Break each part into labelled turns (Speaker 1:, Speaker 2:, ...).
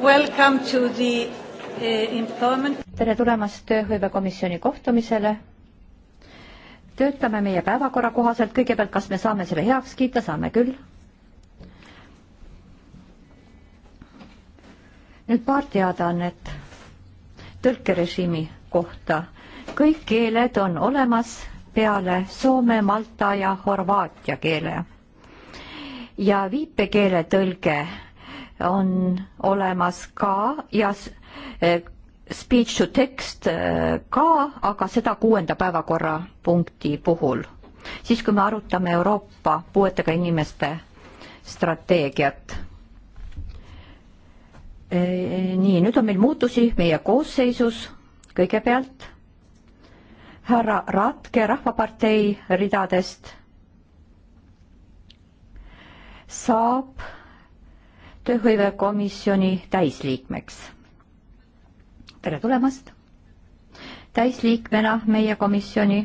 Speaker 1: Welcome to the eh, employment. tere tulemast tööhõivekomisjoni kohtumisele. töötame meie päevakorra kohaselt, kõigepealt, kas me saame selle heaks kiita, saame küll. nüüd paar teadaannet tõlkerežiimi kohta. kõik keeled on olemas peale soome, malta ja horvaatia keele ja viipekeeletõlge on olemas ka ja eh, speech to text eh, ka, aga seda kuuenda päevakorrapunkti puhul. siis, kui me arutame Euroopa puuetega inimeste strateegiat. Eh, nii, nüüd on meil muutusi meie koosseisus. kõigepealt härra Ratke Rahvapartei ridadest saab tööhõivekomisjoni täisliikmeks. tere tulemast täisliikmena meie komisjoni.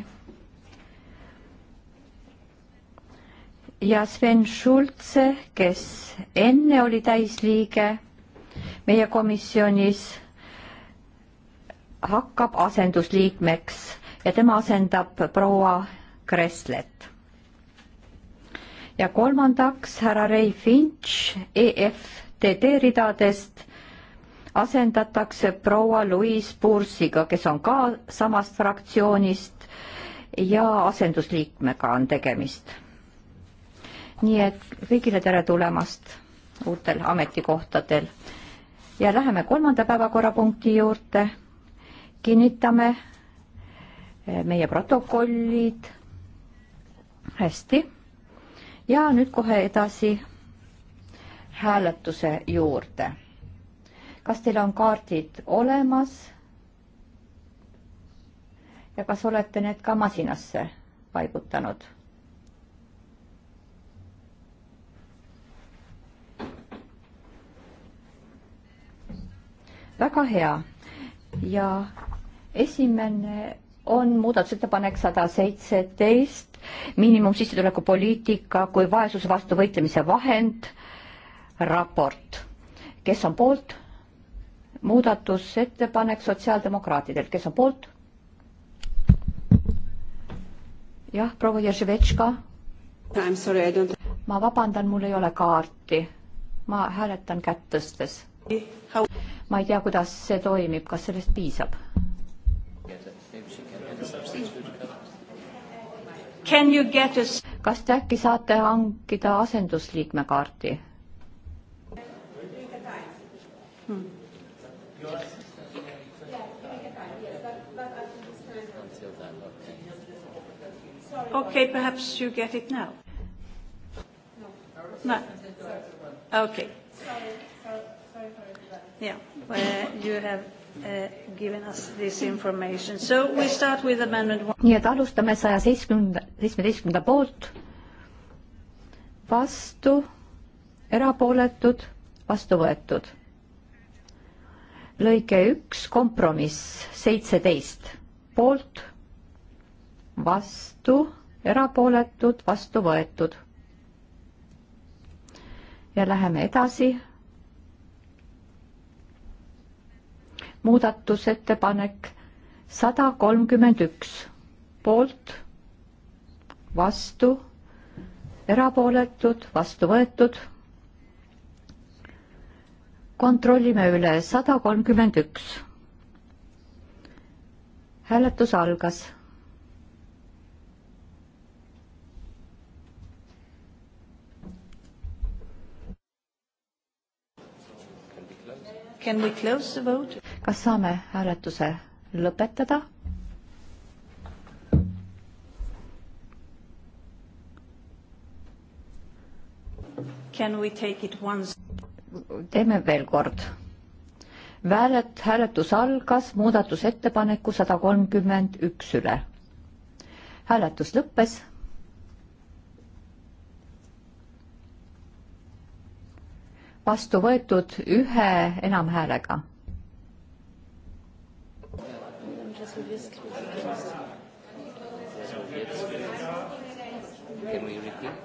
Speaker 1: ja Sven Schulze, kes enne oli täisliige meie komisjonis, hakkab asendusliikmeks ja tema asendab proua Kreslet ja kolmandaks härra Ray Finch EFTD ridadest asendatakse proua Louise Bursiga, kes on ka samast fraktsioonist ja asendusliikmega on tegemist. nii et kõigile tere tulemast uutel ametikohtadel. ja läheme kolmanda päevakorrapunkti juurde. kinnitame eh, meie protokollid. hästi ja nüüd kohe edasi hääletuse juurde. kas teil on kaardid olemas? ja kas olete need ka masinasse paigutanud? väga hea ja esimene on muudatusettepanek sada seitseteist miinimumsissetuleku poliitika kui vaesuse vastu võitlemise vahend, raport. kes on poolt? muudatusettepanek sotsiaaldemokraatidelt, kes on poolt? jah, proua Jerževetška. ma vabandan, mul ei ole kaarti. ma hääletan kätt tõstes. ma ei tea, kuidas see toimib, kas sellest piisab? kas te äkki saate hankida asendusliikme kaardi hmm.?
Speaker 2: Okay, perhaps you get it now. No. Okay. Yeah, well, you have Uh, given us this information. So we start with amendment one.
Speaker 1: nii et alustame saja seitsmekümnenda, seitsmeteistkümnenda poolt, vastu, erapooletud, vastu võetud. lõige üks, kompromiss seitseteist, poolt, vastu, erapooletud, vastu võetud. ja läheme edasi muudatusettepanek sada kolmkümmend üks poolt, vastu, erapooletud, vastu võetud. kontrollime üle sada kolmkümmend üks. hääletus algas Can we close the vote? kas saame hääletuse lõpetada? teeme veel kord. Häälet, hääletus algas muudatusettepaneku sada kolmkümmend üks üle. hääletus lõppes. vastu võetud ühe enamhäälega
Speaker 2: activist. So let's, can we repeat?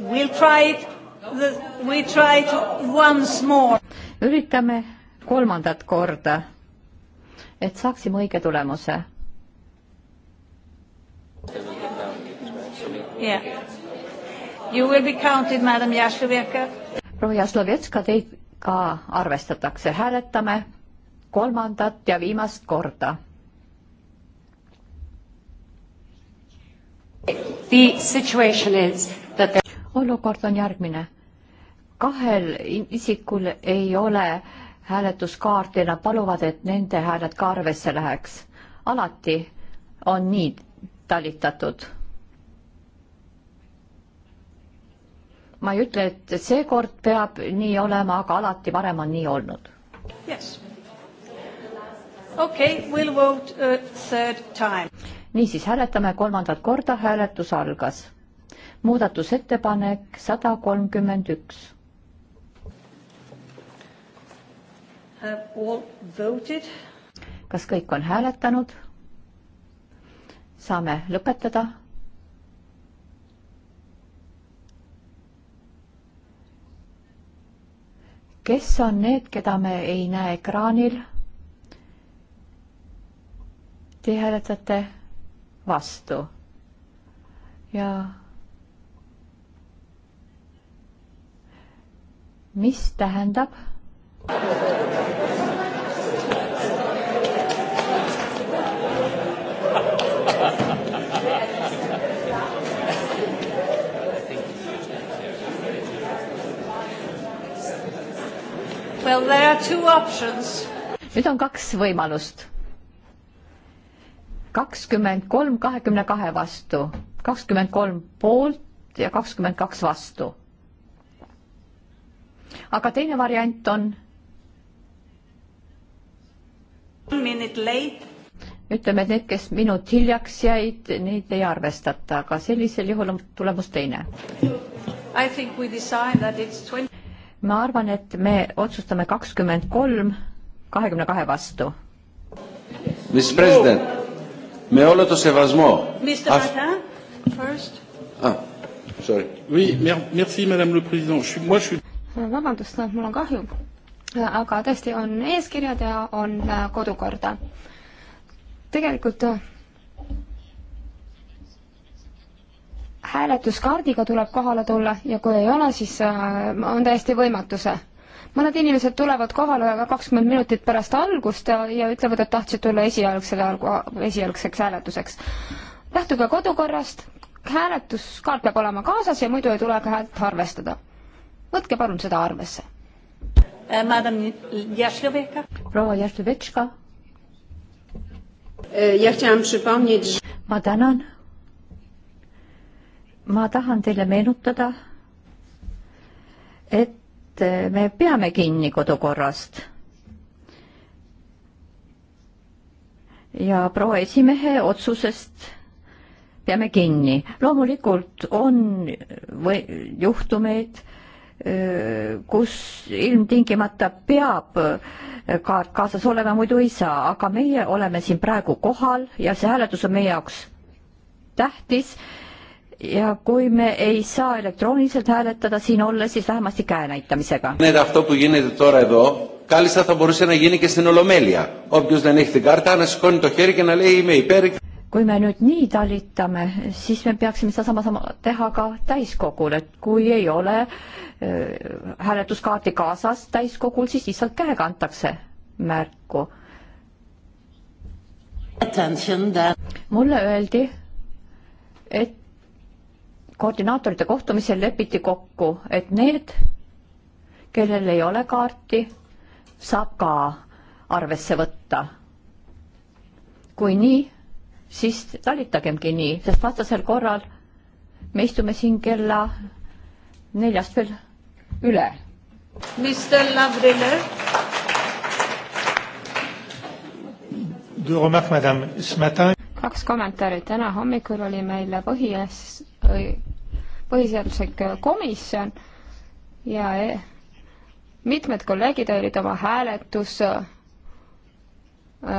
Speaker 2: We'll try it, the, we try it once
Speaker 1: more. üritame kolmandat korda, et saaksime õige tulemuse.
Speaker 2: Yeah. You will be counted, madam Jaslovetska.
Speaker 1: proua Jaslovetska, teid ka arvestatakse, hääletame kolmandat ja viimast korda olukord on järgmine. kahel isikul ei ole hääletuskaarti, nad paluvad, et nende hääled ka arvesse läheks. alati on nii talitatud. ma ei ütle, et seekord peab nii olema, aga alati varem on nii olnud
Speaker 2: yes.. okei okay,, we will vote a uh,
Speaker 1: third time niisiis hääletame kolmandat korda, hääletus algas. muudatusettepanek sada kolmkümmend üks. kas kõik on hääletanud? saame lõpetada. kes on need, keda me ei näe ekraanil? Te hääletate vastu. ja mis tähendab? Well, there are two options. nüüd on kaks võimalust kakskümmend kolm kahekümne kahe vastu, kakskümmend kolm poolt ja kakskümmend kaks vastu. aga teine variant on. ütleme, et need, kes minut hiljaks jäid, neid ei arvestata, aga sellisel juhul on tulemus teine. ma arvan, et me otsustame kakskümmend kolm kahekümne kahe vastu.
Speaker 2: Mr President
Speaker 3: με όλο το σεβασμό.
Speaker 2: Mr.
Speaker 4: Martin, first.
Speaker 3: Ah, sorry. Oui, merci, Madame le Président. Je suis, moi, je suis...
Speaker 4: vabandust, noh, mul on kahju, aga tõesti on eeskirjad ja on äh, kodukorda. tegelikult äh, hääletuskaardiga tuleb kohale tulla ja kui ei ole, siis äh, on täiesti võimatu see mõned inimesed tulevad kohale aga kakskümmend minutit pärast algust ja, ja ütlevad, et tahtsid tulla esialgsele, esialgseks hääletuseks. lähtuge kodukorrast, hääletuskaart peab olema kaasas ja muidu ei tule ka häält arvestada. võtke palun seda arvesse. Eh,
Speaker 1: proua Jašlevetška. Eh, ma tänan. ma tahan teile meenutada, et et me peame kinni kodukorrast. ja proua esimehe otsusest peame kinni. loomulikult on või juhtumeid, kus ilmtingimata peab kaart kaasas olema, muidu ei saa, aga meie oleme siin praegu kohal ja see hääletus on meie jaoks tähtis ja kui me ei saa elektrooniliselt hääletada siin olles, siis vähemasti käe näitamisega.
Speaker 2: Κάλλιστα θα μπορούσε να γίνει και στην Ολομέλεια. Όποιος δεν έχει την κάρτα να σηκώνει το χέρι και να λέει είμαι υπέρ.
Speaker 1: Kui me nüüd nii talitame, siis me peaksime seda sama, sama teha ka täiskogul, et kui ei ole äh, hääletuskaarti kaasas täiskogul, siis lihtsalt käega antakse märku. mulle öeldi, et koordinaatorite kohtumisel lepiti kokku, et need, kellel ei ole kaarti, saab ka arvesse võtta. kui nii, siis talitagemgi nii, sest vastasel korral me istume siin kella neljast veel üle. Mr Lavrile. Deux remarques, madame. Ce matin,
Speaker 4: kaks kommentaari, täna hommikul oli meil põhias-, põhiseaduslik komisjon ja e-, mitmed kolleegid olid oma hääletus äh,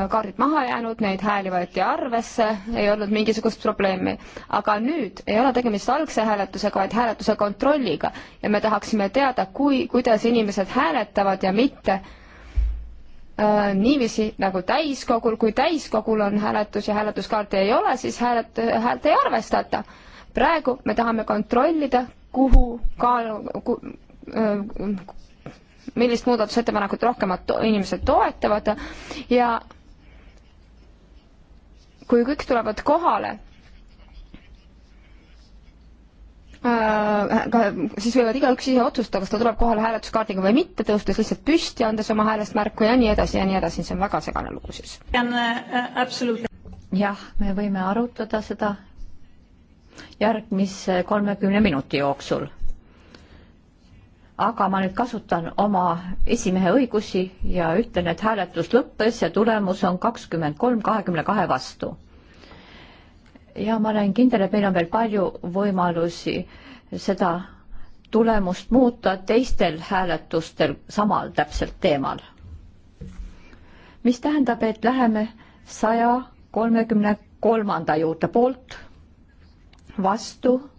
Speaker 4: kaardid maha jäänud, neid hääli võeti arvesse, ei olnud mingisugust probleemi. aga nüüd ei ole tegemist algse hääletusega, vaid hääletuse kontrolliga ja me tahaksime teada, kui, kuidas inimesed hääletavad ja mitte äh, Äh, niiviisi nagu täiskogul, kui täiskogul on hääletus ja hääletuskaarti ei ole, siis häälet, häält ei arvestata. praegu me tahame kontrollida, kuhu kaalu ku,, äh, millist muudatusettepanekut rohkemad to, inimesed toetavad ja kui kõik tulevad kohale Äh, siis võivad igaüks ise otsustada, kas ta tuleb kohale hääletuskaardiga või mitte, tõustes lihtsalt püsti, andes oma häälest märku ja nii edasi ja nii edasi, see on väga segane lugu siis.
Speaker 2: Äh,
Speaker 1: jah, me võime arutada seda järgmise kolmekümne minuti jooksul. aga ma nüüd kasutan oma esimehe õigusi ja ütlen, et hääletus lõppes ja tulemus on kakskümmend kolm kahekümne kahe vastu ja ma olen kindel, et meil on veel palju võimalusi seda tulemust muuta teistel hääletustel samal täpselt teemal. mis tähendab, et läheme saja kolmekümne kolmanda juurde poolt, vastu.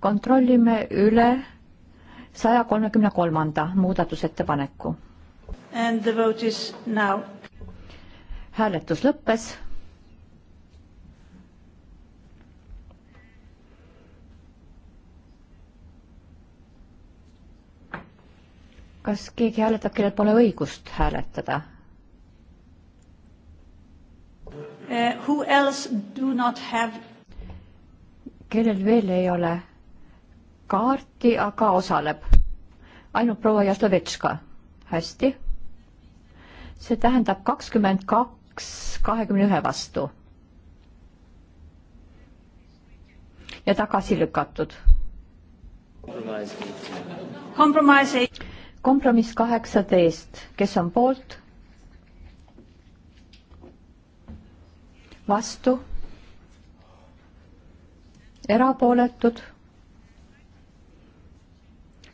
Speaker 1: kontrollime üle saja kolmekümne kolmanda muudatusettepaneku. hääletus lõppes kas keegi hääletab, kellel pole õigust hääletada? Uh, who else
Speaker 2: do not have
Speaker 1: kellel veel ei ole kaarti, aga osaleb. ainult proua Jastovetška. hästi. see tähendab kakskümmend kaks kahekümne ühe vastu. ja tagasi lükatud. kompromiss ei kompromiss kaheksateist, kes on poolt? vastu? erapooletud?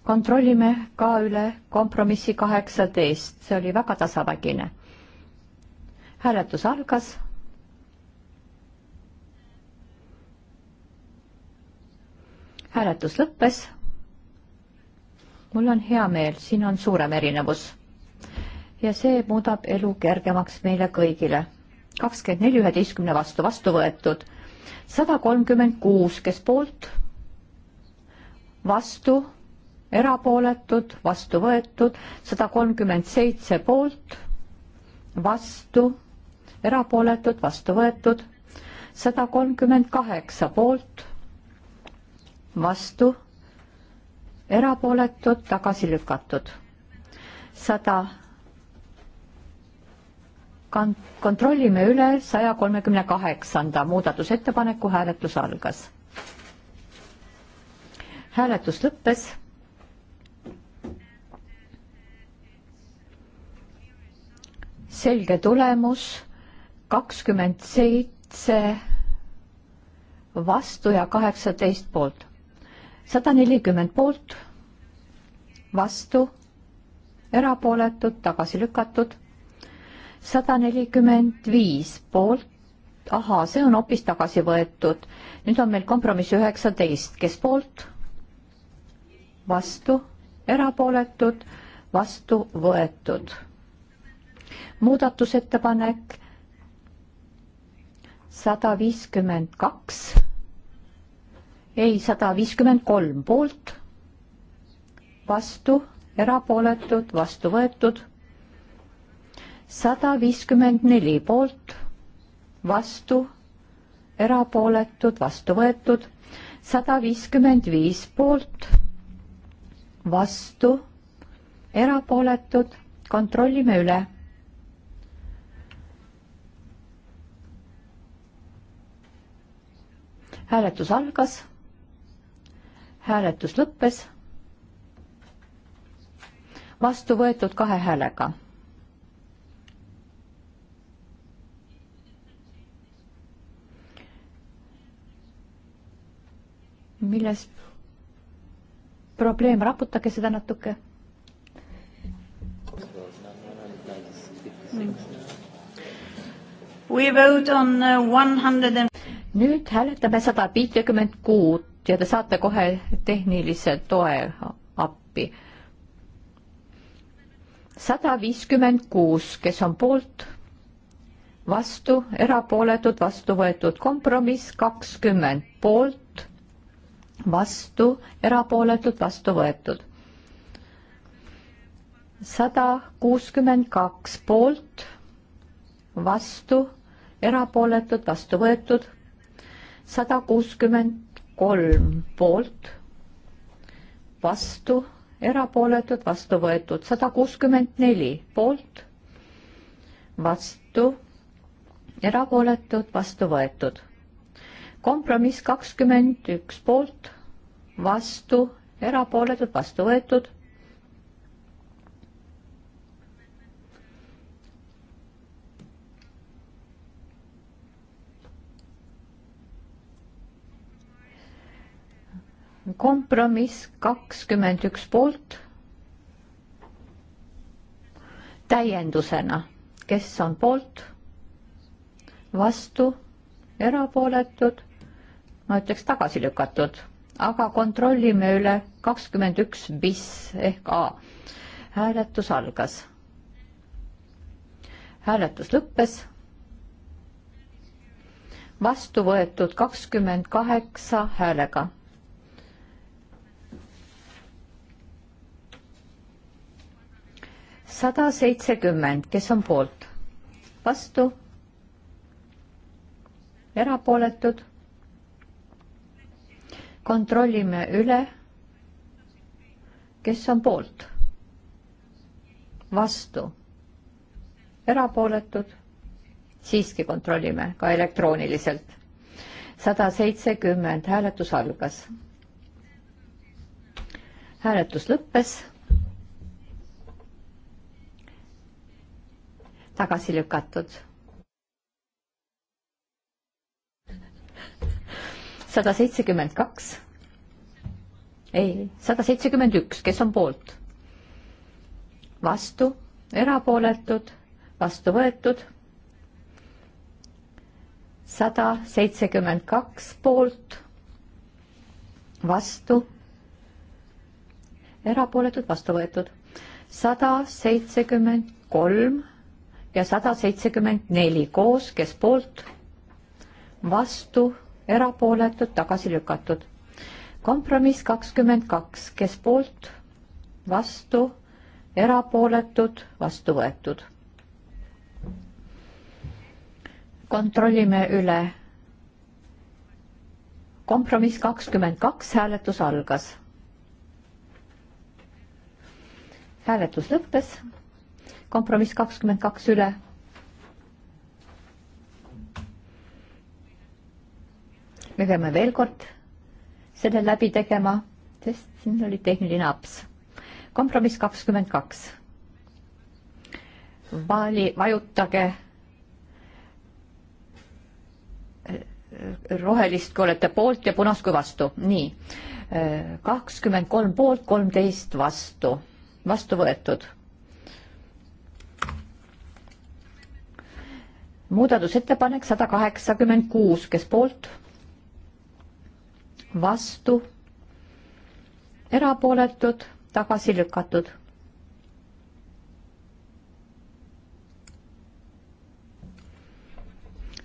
Speaker 1: kontrollime ka üle kompromissi kaheksateist, see oli väga tasavägine. hääletus algas. hääletus lõppes mul on hea meel, siin on suurem erinevus. ja see muudab elu kergemaks meile kõigile. kakskümmend neli üheteistkümne vastu, vastu võetud. sada kolmkümmend kuus, kes poolt, vastu, erapooletud, vastu võetud, sada kolmkümmend seitse poolt, vastu, erapooletud, vastu võetud, sada kolmkümmend kaheksa poolt, vastu erapooletud, tagasi lükatud. sada, kontrollime üle saja kolmekümne kaheksanda muudatusettepaneku hääletus algas. hääletus lõppes selge tulemus, kakskümmend seitse vastu ja kaheksateist poolt sada nelikümmend poolt, vastu, erapooletud, tagasi lükatud. sada nelikümmend viis poolt, ahaa, see on hoopis tagasi võetud. nüüd on meil kompromiss üheksateist, kes poolt, vastu, erapooletud, vastu võetud. muudatusettepanek sada viiskümmend kaks ei, sada viiskümmend kolm poolt, vastu, erapooletud, vastu võetud. sada viiskümmend neli poolt, vastu, erapooletud, vastu võetud. sada viiskümmend viis poolt, vastu, erapooletud, kontrollime üle hääletus algas hääletus lõppes. vastu võetud kahe häälega. milles probleem, raputage seda natuke. Uh, nüüd hääletame sada viitekümmet kuut ja te saate kohe tehnilise toe appi. sada viiskümmend kuus, kes on poolt, vastu, erapooletud, vastu võetud, kompromiss kakskümmend, poolt, vastu, erapooletud, vastu võetud. sada kuuskümmend kaks poolt, vastu, erapooletud, vastu võetud, sada kuuskümmend kolm poolt, vastu, erapooletud, vastu võetud, sada kuuskümmend neli poolt, vastu, erapooletud, vastu võetud. kompromiss kakskümmend üks poolt, vastu, erapooletud, vastu võetud kompromiss kakskümmend üks poolt täiendusena, kes on poolt, vastu, erapooletud, ma ütleks tagasi lükatud, aga kontrollime üle kakskümmend üks bis ehk A. hääletus algas. hääletus lõppes. vastu võetud kakskümmend kaheksa häälega sada seitsekümmend, kes on poolt? vastu? erapooletud? kontrollime üle. kes on poolt? vastu? erapooletud? siiski kontrollime ka elektrooniliselt. sada seitsekümmend, hääletus algas. hääletus lõppes tagasi lükatud. sada seitsekümmend kaks. ei, sada seitsekümmend üks, kes on poolt? vastu, erapooletud, vastu võetud. sada seitsekümmend kaks poolt, vastu, erapooletud, vastu võetud. sada seitsekümmend kolm ja sada seitsekümmend neli koos, kes poolt, vastu, erapooletud, tagasi lükatud. kompromiss kakskümmend kaks, kes poolt, vastu, erapooletud, vastu võetud. kontrollime üle. kompromiss kakskümmend kaks, hääletus algas. hääletus lõppes kompromiss kakskümmend kaks üle. me peame veel kord selle läbi tegema, sest siin oli tehniline aps. kompromiss kakskümmend kaks. vali, vajutage äh, rohelist, kui olete poolt ja punast kui vastu, nii. Äh, kakskümmend kolm poolt, kolmteist vastu, vastu võetud muudatusettepanek sada kaheksakümmend kuus, kes poolt? vastu? erapooletud, tagasi lükatud.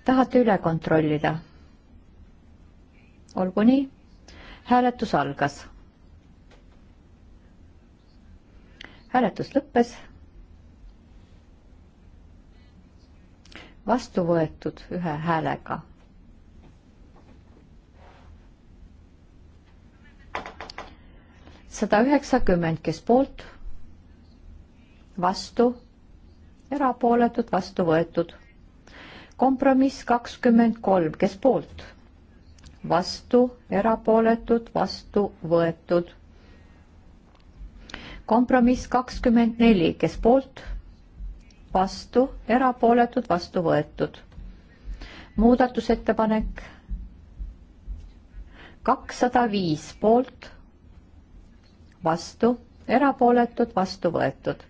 Speaker 1: tahate üle kontrollida? olgu nii, hääletus algas. hääletus lõppes vastu võetud ühe häälega. sada üheksakümmend, kes poolt, vastu, erapooletud, vastu võetud. kompromiss kakskümmend kolm, kes poolt, vastu, erapooletud, vastu võetud. kompromiss kakskümmend neli, kes poolt vastu, erapooletud, vastu võetud. muudatusettepanek kakssada viis poolt, vastu, erapooletud, vastu võetud.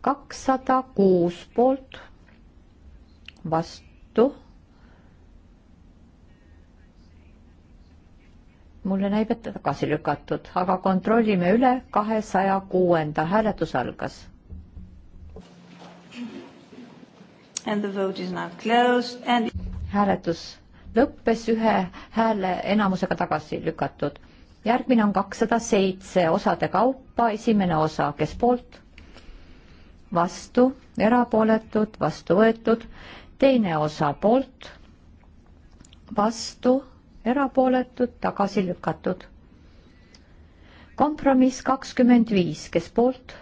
Speaker 1: kakssada kuus poolt, vastu. mulle näib, et tagasi lükatud, aga kontrollime üle, kahesaja kuuenda hääletus algas And the vote is now closed and hääletus lõppes ühe hääle enamusega tagasi lükatud. järgmine on kakssada seitse osade kaupa, esimene osa, kes poolt? vastu, erapooletud, vastu võetud, teine osa poolt, vastu, erapooletud, tagasi lükatud. kompromiss kakskümmend viis, kes poolt?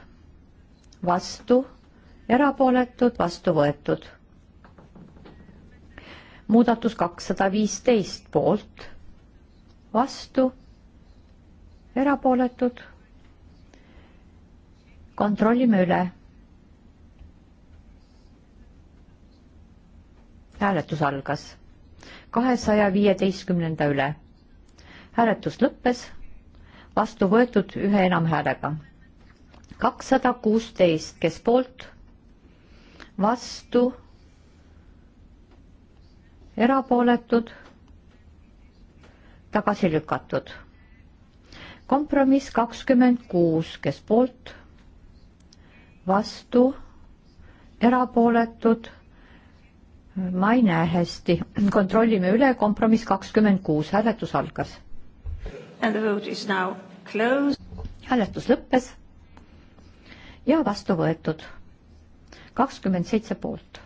Speaker 1: vastu erapooletud, vastu võetud. muudatus kakssada viisteist poolt, vastu, erapooletud. kontrollime üle. hääletus algas kahesaja viieteistkümnenda üle. hääletus lõppes, vastu võetud ühe enamhäälega. kakssada kuusteist, kes poolt vastu, erapooletud, tagasi lükatud. kompromiss kakskümmend kuus, kes poolt, vastu, erapooletud, ma ei näe hästi, kontrollime üle, kompromiss kakskümmend kuus, hääletus algas. hääletus lõppes ja vastu võetud kakskümmend seitse poolt.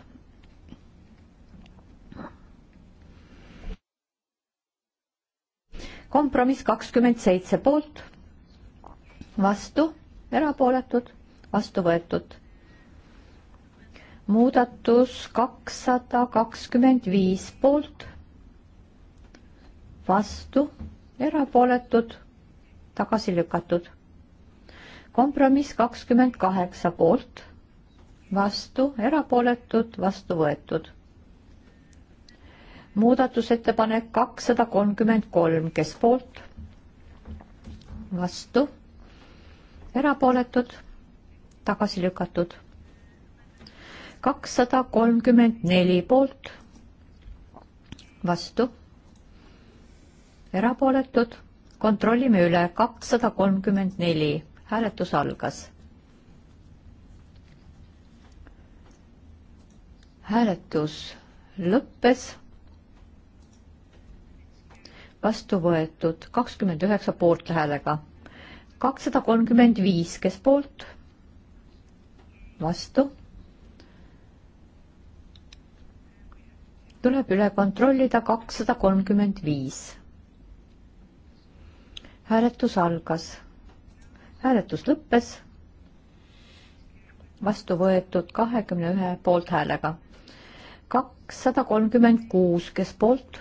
Speaker 1: kompromiss kakskümmend seitse poolt, vastu, erapooletud, vastu võetud. muudatus kakssada kakskümmend viis poolt, vastu, erapooletud, tagasi lükatud. kompromiss kakskümmend kaheksa poolt vastu, erapooletud, vastu võetud. muudatusettepanek kakssada kolmkümmend kolm, kes poolt? vastu, erapooletud, tagasi lükatud. kakssada kolmkümmend neli poolt, vastu, erapooletud, kontrollime üle, kakssada kolmkümmend neli, hääletus algas hääletus lõppes. vastu võetud kakskümmend üheksa poolthäälega, kakssada kolmkümmend viis, kes poolt, vastu. tuleb üle kontrollida kakssada kolmkümmend viis. hääletus algas, hääletus lõppes vastu võetud kahekümne ühe poolthäälega kakssada kolmkümmend kuus, kes poolt,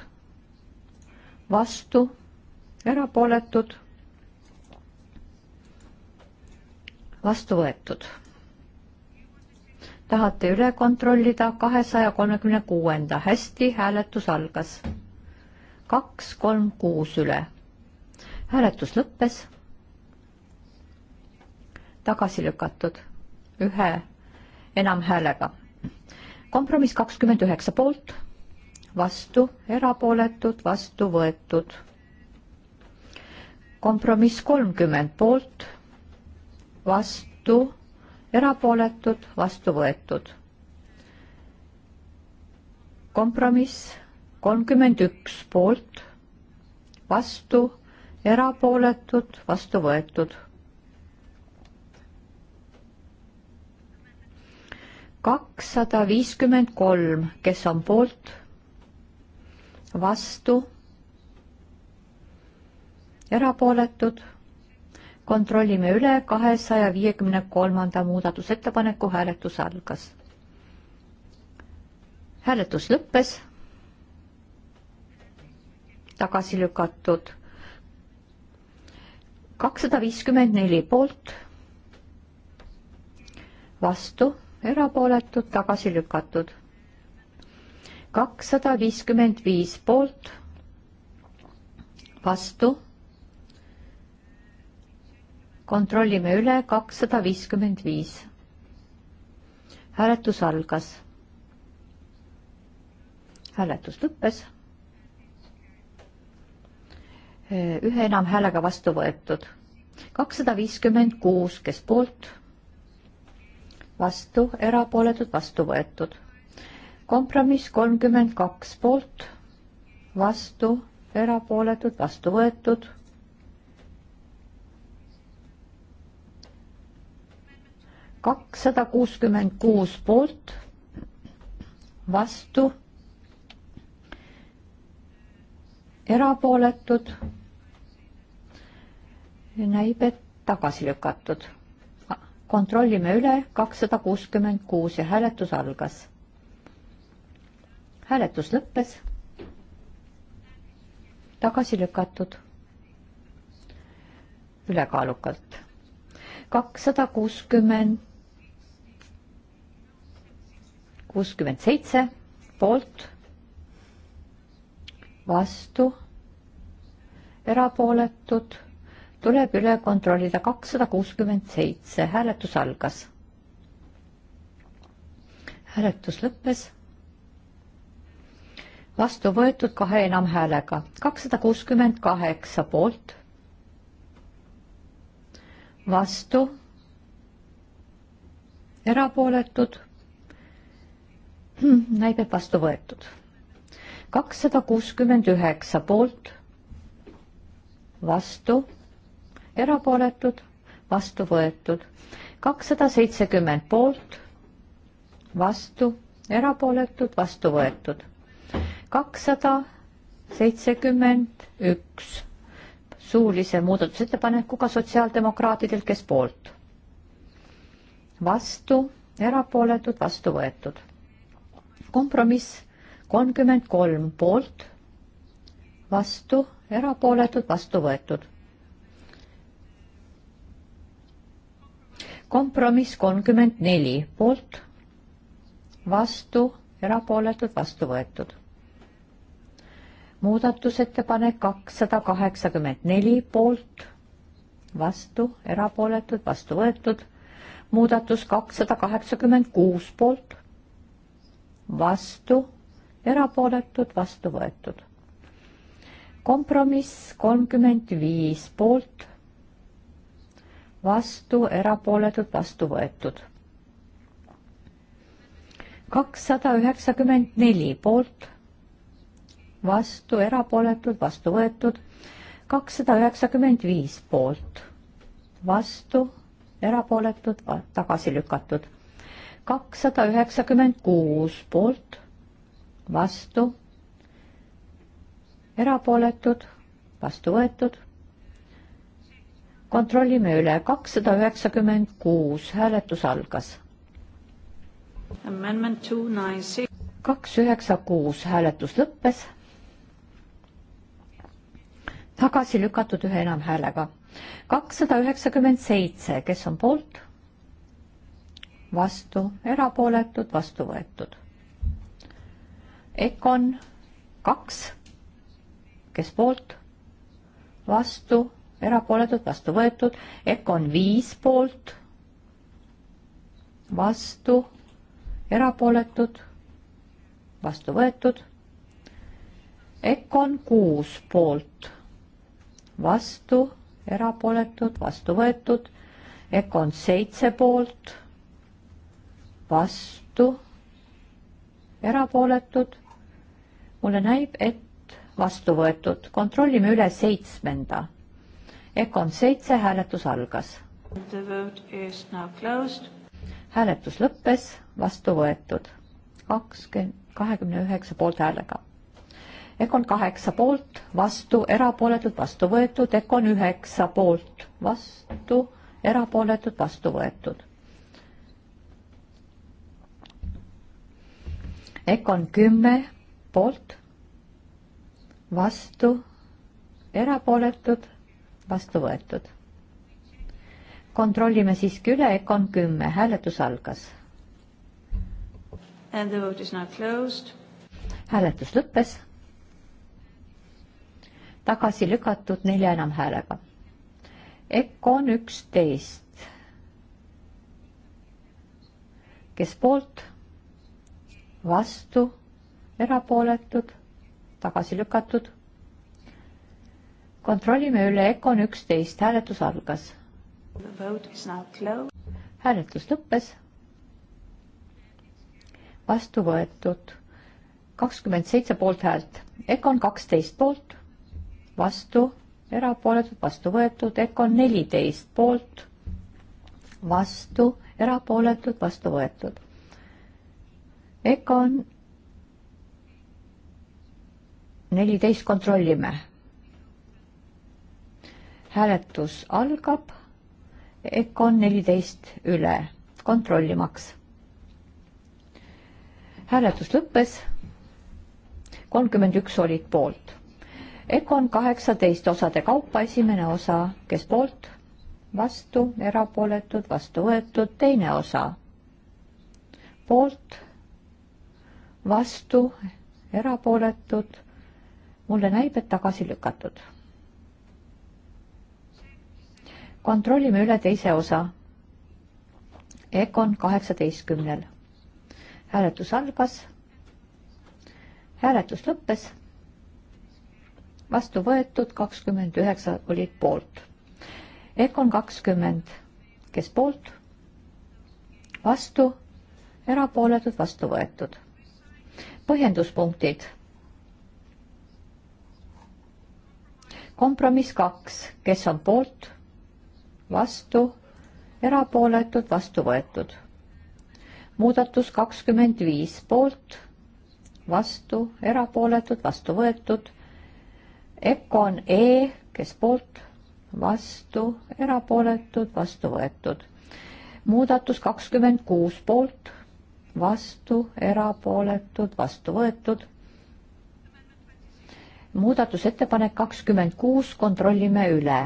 Speaker 1: vastu, erapooletud, vastu võetud. tahate üle kontrollida kahesaja kolmekümne kuuenda, hästi, hääletus algas. kaks, kolm, kuus üle. hääletus lõppes. tagasi lükatud ühe enamhäälega kompromiss kakskümmend üheksa poolt, vastu, erapooletud, vastu võetud. kompromiss kolmkümmend poolt, vastu, erapooletud, vastu võetud. kompromiss kolmkümmend üks poolt, vastu, erapooletud, vastu võetud kakssada viiskümmend kolm, kes on poolt, vastu, erapooletud. kontrollime üle, kahesaja viiekümne kolmanda muudatusettepaneku hääletus algas. hääletus lõppes, tagasi lükatud kakssada viiskümmend neli poolt, vastu erapooletud, tagasi lükatud. kakssada viiskümmend viis poolt, vastu. kontrollime üle, kakssada viiskümmend viis. hääletus algas. hääletus lõppes. ühe enamhäälega vastu võetud kakssada viiskümmend kuus, kes poolt vastu, erapooletud, vastu võetud. kompromiss kolmkümmend kaks poolt, vastu, erapooletud, vastu võetud. kakssada kuuskümmend kuus poolt, vastu, erapooletud. näib, et tagasi lükatud kontrollime üle kakssada kuuskümmend kuus ja hääletus algas. hääletus lõppes. tagasi lükatud. ülekaalukalt. kakssada kuuskümmend, kuuskümmend seitse poolt, vastu, erapooletud tuleb üle kontrollida kakssada kuuskümmend seitse, hääletus algas. hääletus lõppes. vastu võetud kahe enamhäälega, kakssada kuuskümmend kaheksa poolt. vastu. erapooletud. Hmm, näib, et vastu võetud. kakssada kuuskümmend üheksa poolt. vastu erapooletud, vastu võetud. kakssada seitsekümmend poolt, vastu, erapooletud, vastu võetud. kakssada seitsekümmend üks suulise muudatusettepanekuga sotsiaaldemokraatidelt, kes poolt? vastu, erapooletud, vastu võetud. kompromiss kolmkümmend kolm poolt, vastu, erapooletud, vastu võetud. kompromiss kolmkümmend neli poolt, vastu, erapooletud, vastu võetud. muudatusettepanek kakssada kaheksakümmend neli poolt, vastu, erapooletud, vastu võetud. muudatus kakssada kaheksakümmend kuus poolt, vastu, erapooletud, vastu võetud. kompromiss kolmkümmend viis poolt vastu, erapooletud, vastu võetud. kakssada üheksakümmend neli poolt, vastu, erapooletud, vastu võetud, kakssada üheksakümmend viis poolt, vastu, erapooletud, tagasi lükatud, kakssada üheksakümmend kuus poolt, vastu, erapooletud, vastu võetud kontrollime üle, kakssada üheksakümmend kuus, hääletus algas. kaks üheksa kuus, hääletus lõppes. tagasi lükatud ühe enamhäälega. kakssada üheksakümmend seitse, kes on poolt? vastu, erapooletud, vastu võetud. Econ kaks, kes poolt? vastu erapooletud, vastu võetud, EKOn viis poolt, vastu, erapooletud, vastu võetud, EKOn kuus poolt, vastu, erapooletud, vastu võetud, EKOn seitse poolt, vastu, erapooletud, mulle näib, et vastu võetud, kontrollime üle seitsmenda Econ seitse hääletus algas. hääletus lõppes, vastu võetud kakskümmend, kahekümne üheksa poolthäälega. Econ kaheksa poolt, vastu, erapooletud, vastu võetud, Econ üheksa poolt, vastu, erapooletud, vastu võetud. Econ kümme poolt, vastu, erapooletud vastu võetud. kontrollime siiski üle, EKOn kümme, hääletus algas. hääletus lõppes. tagasi lükatud nelja enamhäälega. EKOn üksteist. kes poolt, vastu, erapooletud, tagasi lükatud kontrollime üle Econ üksteist, hääletus algas. hääletus lõppes. vastu võetud kakskümmend seitse poolthäält, Econ kaksteist poolt, vastu, erapooletud, vastu võetud, Econ neliteist poolt, vastu, erapooletud, vastu võetud. Econ neliteist kontrollime hääletus algab. EKOn neliteist üle, kontrollimaks. hääletus lõppes. kolmkümmend üks olid poolt. EKOn kaheksateist osade kaupa, esimene osa, kes poolt, vastu, erapooletud, vastu võetud, teine osa, poolt, vastu, erapooletud. mulle näib, et tagasi lükatud kontrollime üle teise osa. Econ kaheksateistkümnel. hääletus algas. hääletus lõppes. vastu võetud kakskümmend üheksa olid poolt. Econ kakskümmend, kes poolt? vastu, erapooletud, vastu võetud. põhjenduspunktid kompromiss kaks, kes on poolt, vastu, erapooletud, vastu võetud. muudatus kakskümmend viis poolt, vastu, erapooletud, vastu võetud. Econ E, kes poolt, vastu, erapooletud, vastu võetud. muudatus kakskümmend kuus poolt, vastu, erapooletud, vastu võetud muudatusettepanek kakskümmend kuus, kontrollime üle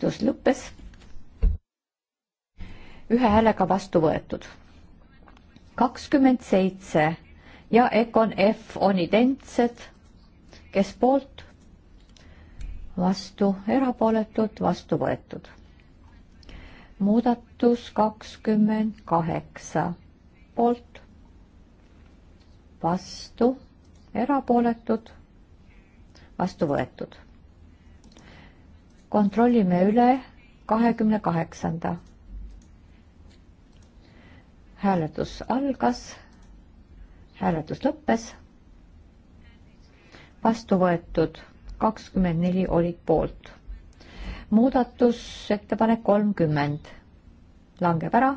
Speaker 1: hääletus lõppes. ühe häälega vastu võetud. kakskümmend seitse ja Econ F on identsed. kes poolt? vastu, erapooletud, vastu võetud. muudatus kakskümmend kaheksa poolt, vastu, erapooletud, vastu võetud kontrollime üle kahekümne kaheksanda. hääletus algas, hääletus lõppes. vastu võetud kakskümmend neli olid poolt. muudatusettepanek kolmkümmend langeb ära.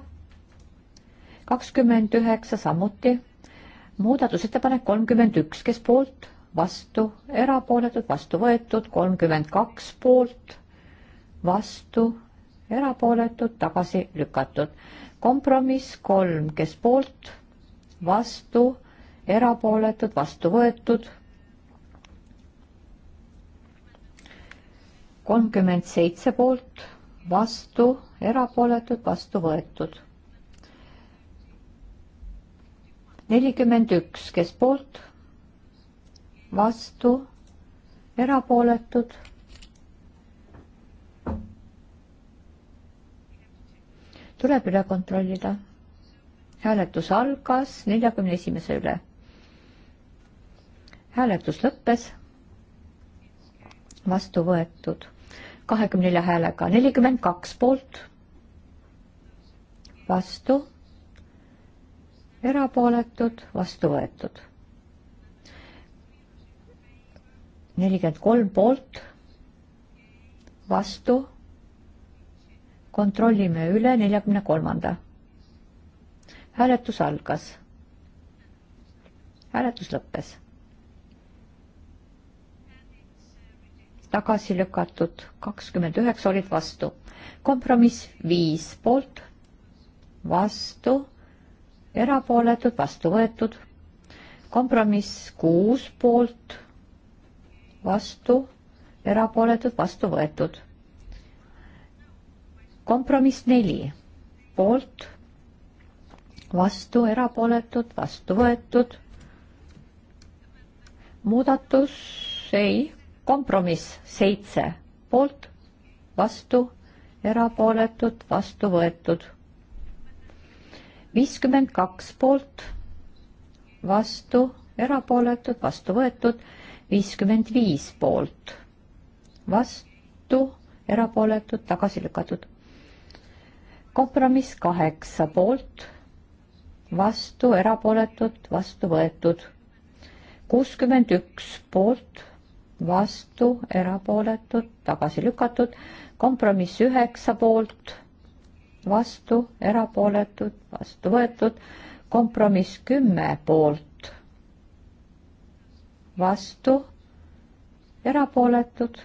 Speaker 1: kakskümmend üheksa samuti. muudatusettepanek kolmkümmend üks, kes poolt vastu, erapooletud, vastu võetud, kolmkümmend kaks poolt, vastu, erapooletud, tagasi lükatud. kompromiss kolm, kes poolt, vastu, erapooletud, vastu võetud. kolmkümmend seitse poolt, vastu, erapooletud, vastu võetud. nelikümmend üks, kes poolt vastu, erapooletud. tuleb üle kontrollida. hääletus algas neljakümne esimese üle. hääletus lõppes. vastu võetud kahekümne nelja häälega, nelikümmend kaks poolt, vastu, erapooletud, vastu võetud nelikümmend kolm poolt, vastu. kontrollime üle neljakümne kolmanda. hääletus algas. hääletus lõppes. tagasi lükatud kakskümmend üheksa olid vastu. kompromiss viis poolt, vastu, erapooletud, vastu võetud. kompromiss kuus poolt vastu, erapooletud, vastu võetud. kompromiss neli, poolt, vastu, erapooletud, vastu võetud. muudatus ei, kompromiss seitse, poolt, vastu, erapooletud, vastu võetud. viiskümmend kaks poolt, vastu, erapooletud, vastu võetud viiskümmend viis poolt, vastu, erapooletud, tagasi lükatud. kompromiss kaheksa poolt, vastu, erapooletud, vastu võetud. kuuskümmend üks poolt, vastu, erapooletud, tagasi lükatud. kompromiss üheksa poolt, vastu, erapooletud, vastu võetud. kompromiss kümme poolt, vastu, erapooletud.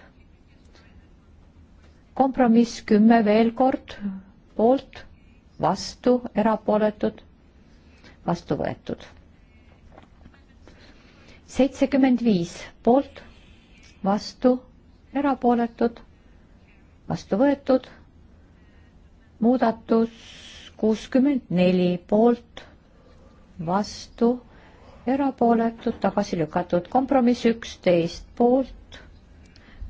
Speaker 1: kompromiss kümme veel kord, poolt, vastu, erapooletud, vastu võetud. seitsekümmend viis poolt, vastu, erapooletud, vastu võetud. muudatus kuuskümmend neli poolt, vastu erapooletud, tagasi lükatud, kompromiss üksteist poolt,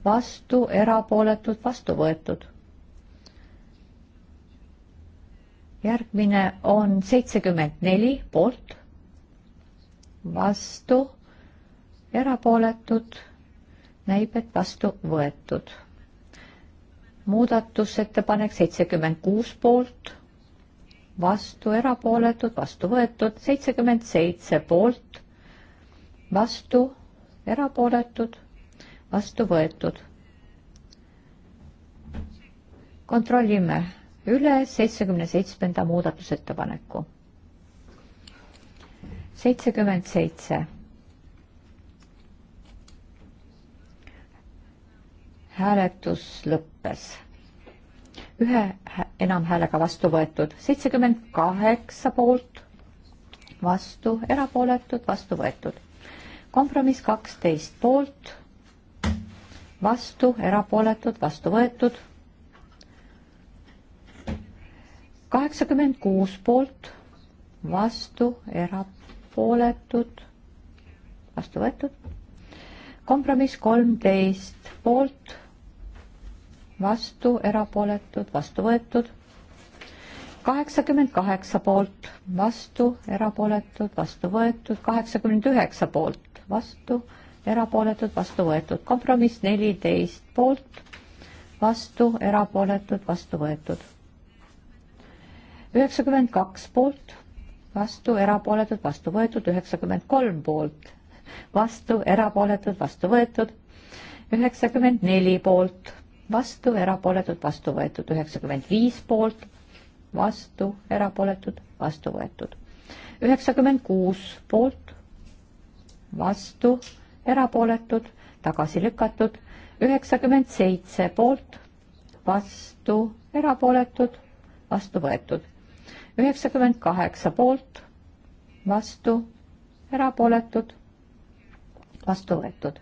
Speaker 1: vastu, erapooletud, vastu võetud. järgmine on seitsekümmend neli poolt, vastu, erapooletud, näib, et vastu võetud muudatusettepanek seitsekümmend kuus poolt, vastu erapooletud, vastu võetud, seitsekümmend seitse poolt, vastu erapooletud, vastu võetud. kontrollime üle seitsmekümne seitsmenda muudatusettepaneku. seitsekümmend seitse. hääletus lõppes ühe enamhäälega vastu võetud, seitsekümmend kaheksa poolt, vastu, erapooletud, vastu võetud. kompromiss kaksteist poolt, vastu, erapooletud, vastu võetud. kaheksakümmend kuus poolt, vastu, erapooletud, vastu võetud. kompromiss kolmteist poolt vastu, erapooletud, vastu võetud. kaheksakümmend kaheksa poolt, vastu, erapooletud, vastu võetud, kaheksakümmend üheksa poolt, vastu, erapooletud, vastu võetud, kompromiss neliteist poolt, vastu, erapooletud, vastu võetud. üheksakümmend kaks poolt, vastu, erapooletud, vastu võetud, üheksakümmend kolm poolt, vastu, erapooletud, vastu võetud, üheksakümmend neli poolt vastu, erapooletud, vastu võetud, üheksakümmend viis poolt, vastu, erapooletud, vastu võetud. üheksakümmend kuus poolt, vastu, erapooletud, tagasi lükatud, üheksakümmend seitse poolt, vastu, erapooletud, vastu võetud. üheksakümmend kaheksa poolt, vastu, erapooletud, vastu võetud.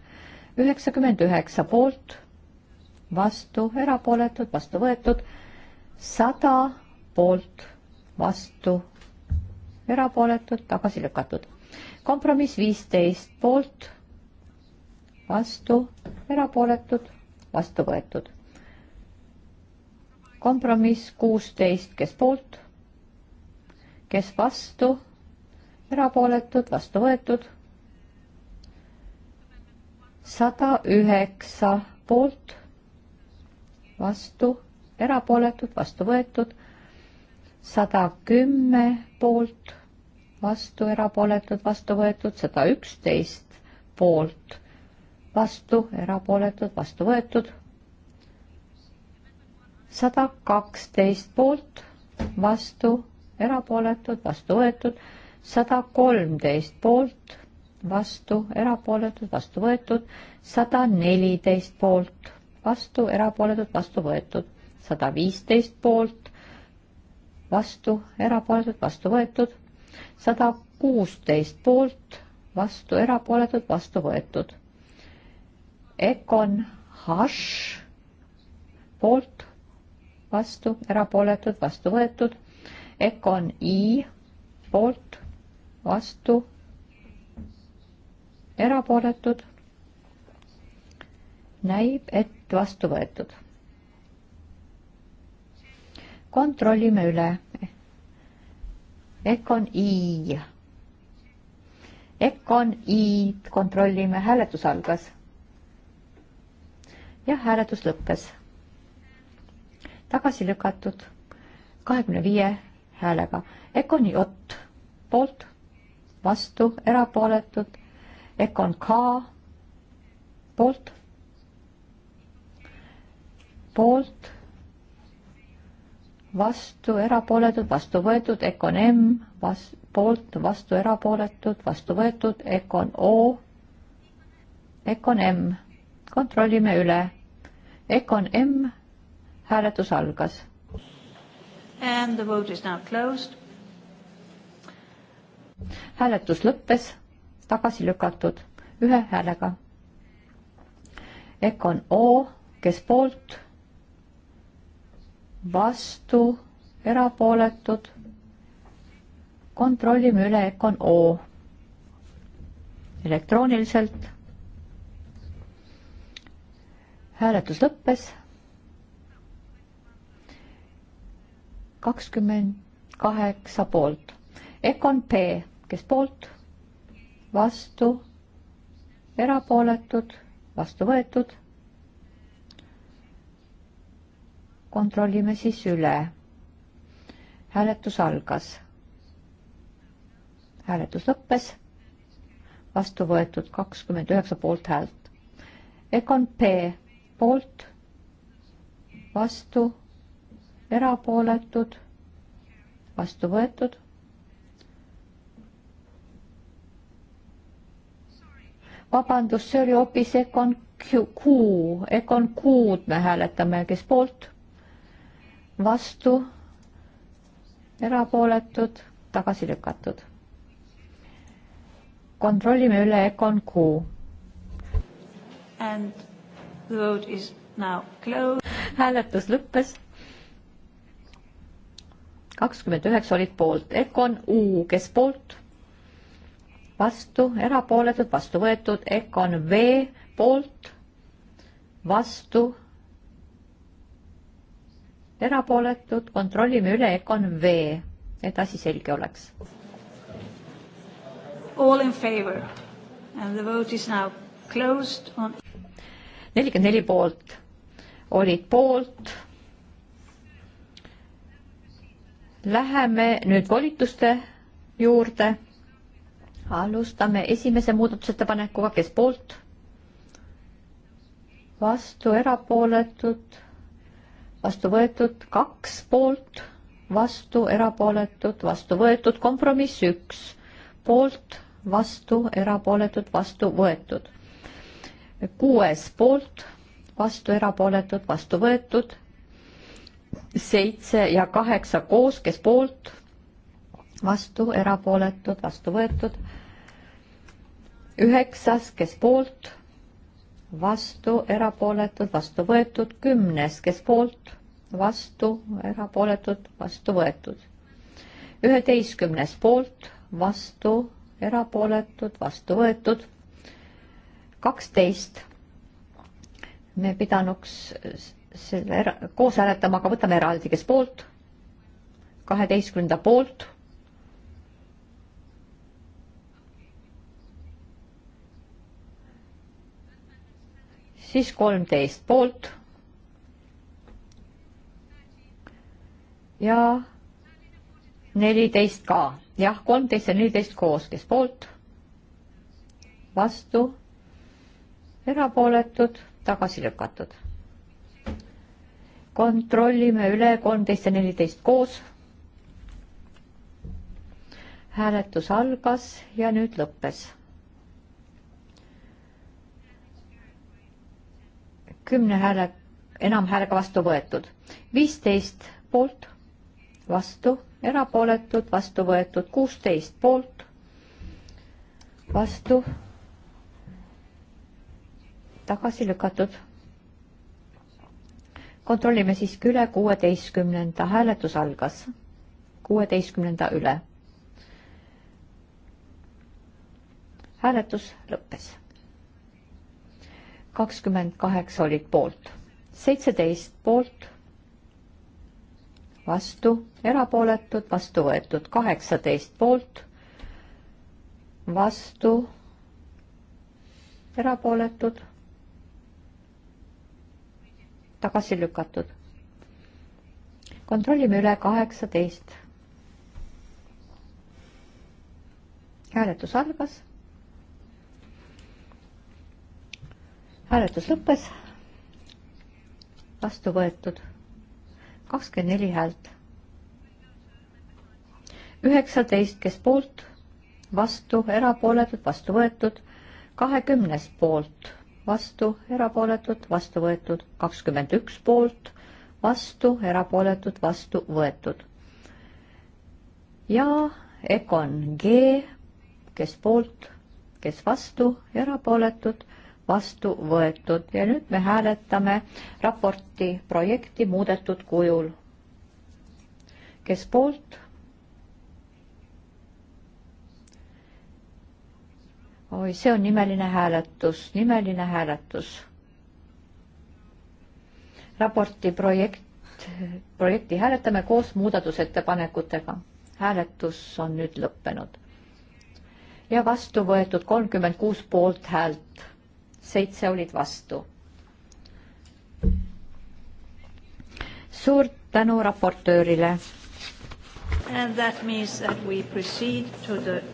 Speaker 1: üheksakümmend üheksa poolt vastu, erapooletud, vastu võetud, sada poolt, vastu, erapooletud, tagasi lükatud. kompromiss viisteist poolt, vastu, erapooletud, vastu võetud. kompromiss kuusteist, kes poolt, kes vastu, erapooletud, vastu võetud sada üheksa poolt, vastu, erapooletud, vastu võetud, sada kümme poolt, vastu, erapooletud, vastu võetud, sada üksteist poolt, vastu, erapooletud, vastu võetud, sada kaksteist poolt, vastu, erapooletud, vastu võetud, sada kolmteist poolt, vastu, erapooletud, vastu võetud, sada neliteist poolt vastu, erapooletud, vastu võetud. sada viisteist poolt, vastu, erapooletud, vastu võetud. sada kuusteist poolt, vastu, erapooletud, vastu võetud. Econ Hash poolt, vastu, erapooletud, vastu võetud. Econ I poolt, vastu, erapooletud näib, et pakett vastu võetud. kontrollime üle. Econ I. Econ I-d kontrollime, hääletus algas. jah, hääletus lõppes. tagasi lükatud kahekümne viie häälega. Econi Ott poolt, vastu, erapooletud. Econ K poolt poolt, vastu, erapooletud, vastu võetud, Econ M, vas-, poolt, vastu, erapooletud, vastu võetud, Econ O, Econ M. kontrollime üle. Econ M, hääletus algas.
Speaker 2: And the vote is now closed.
Speaker 1: hääletus lõppes, tagasi lükatud ühe häälega. Econ O, kes poolt vastu, erapooletud. kontrollime üle Econ O elektrooniliselt. hääletus lõppes. kakskümmend kaheksa poolt. Econ P, kes poolt, vastu, erapooletud, vastu võetud kontrollime siis üle. hääletus algas. hääletus lõppes. vastu võetud kakskümmend üheksa poolthäält. Egon P poolt, vastu, erapooletud, vastu võetud. vabandust, see oli hoopis Egon Q, Egon Q-d me hääletame, kes poolt vastu, erapooletud, tagasi lükatud. kontrollime üle Econ Q.
Speaker 2: And the vote
Speaker 1: is now closed. hääletus lõppes. kakskümmend üheksa olid poolt, Econ U, kes poolt? vastu, erapooletud, vastu võetud, Econ V poolt, vastu erapooletud, kontrollime üle Econ V, et asi selge oleks.
Speaker 2: All in favor and the vote is now closed on.
Speaker 1: nelikümmend neli poolt olid poolt. Läheme nüüd volituste juurde. alustame esimese muudatusettepanekuga, kes poolt? vastu erapooletud vastu võetud kaks poolt, vastu erapooletud, vastu võetud, kompromiss üks, poolt, vastu erapooletud, vastu võetud. kuues poolt, vastu erapooletud, vastu võetud, seitse ja kaheksa koos, kes poolt, vastu erapooletud, vastu võetud, üheksas, kes poolt vastu, erapooletud, vastu võetud, kümnes, kes poolt, vastu, erapooletud, vastu võetud. üheteistkümnes poolt, vastu, erapooletud, vastu võetud. kaksteist. me pidanuks selle era-, koos hääletama, aga võtame eraldi, kes poolt, kaheteistkümnenda poolt siis kolmteist poolt. ja neliteist ka, jah, kolmteist ja neliteist koos, kes poolt, vastu, erapooletud, tagasi lükatud. kontrollime üle kolmteist ja neliteist koos. hääletus algas ja nüüd lõppes kümne hääle, enamhäälega vastu võetud. viisteist poolt, vastu, erapooletud, vastu võetud, kuusteist poolt, vastu, tagasi lükatud. kontrollime siiski üle, kuueteistkümnenda hääletus algas, kuueteistkümnenda üle. hääletus lõppes kakskümmend kaheksa olid poolt, seitseteist poolt, vastu, erapooletud, vastu võetud, kaheksateist poolt, vastu, erapooletud, tagasi lükatud. kontrollime üle kaheksateist. hääletus algas hääletus lõppes. vastu võetud kakskümmend neli häält. üheksateist, kes poolt, vastu, erapooletud, vastu võetud, kahekümnes poolt, vastu, erapooletud, vastu võetud, kakskümmend üks poolt, vastu, erapooletud, vastu võetud. ja Econ G, kes poolt, kes vastu, erapooletud vastu võetud ja nüüd me hääletame raporti projekti muudetud kujul. kes poolt? oi, see on nimeline hääletus, nimeline hääletus. raporti projekt, projekti hääletame koos muudatusettepanekutega. hääletus on nüüd lõppenud ja vastu võetud kolmkümmend kuus poolthäält seitse olid vastu. suur tänu raportöörile.
Speaker 2: The...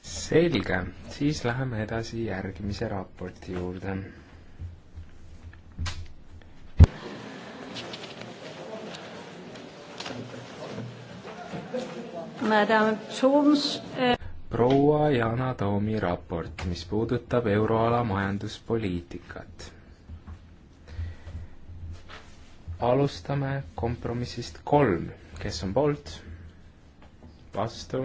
Speaker 3: selge, siis läheme edasi järgmise raporti juurde.
Speaker 2: Madame Tooms eh
Speaker 3: proua Yana Toomi raport, mis puudutab euroala majanduspoliitikat. alustame kompromissist kolm, kes on poolt, vastu,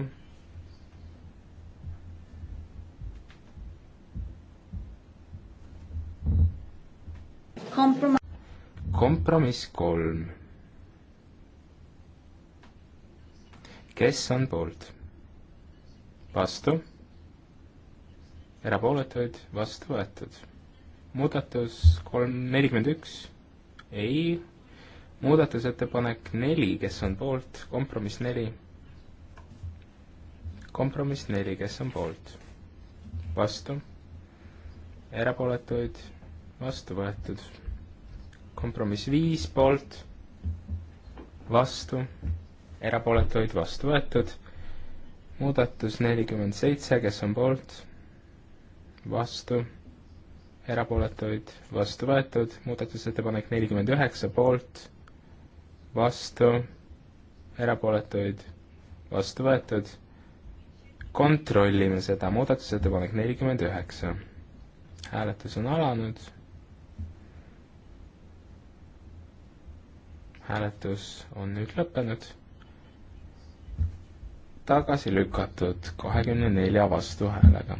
Speaker 3: kompromiss kolm. kes on poolt? vastu, erapooletuid, vastu võetud. muudatus kolm, nelikümmend üks, ei, muudatusettepanek neli, kes on poolt, kompromiss neli, kompromiss neli, kes on poolt, vastu, erapooletuid, vastu võetud. kompromiss viis poolt, vastu, erapooletuid, vastu võetud muudatus nelikümmend seitse, kes on poolt, vastu, erapooletuid, vastu võetud, muudatusettepanek nelikümmend üheksa, poolt, vastu, erapooletuid, vastu võetud, kontrollime seda, muudatusettepanek nelikümmend üheksa. hääletus on alanud hääletus on nüüd lõppenud tagasi lükatud kahekümne nelja vastuhäälega.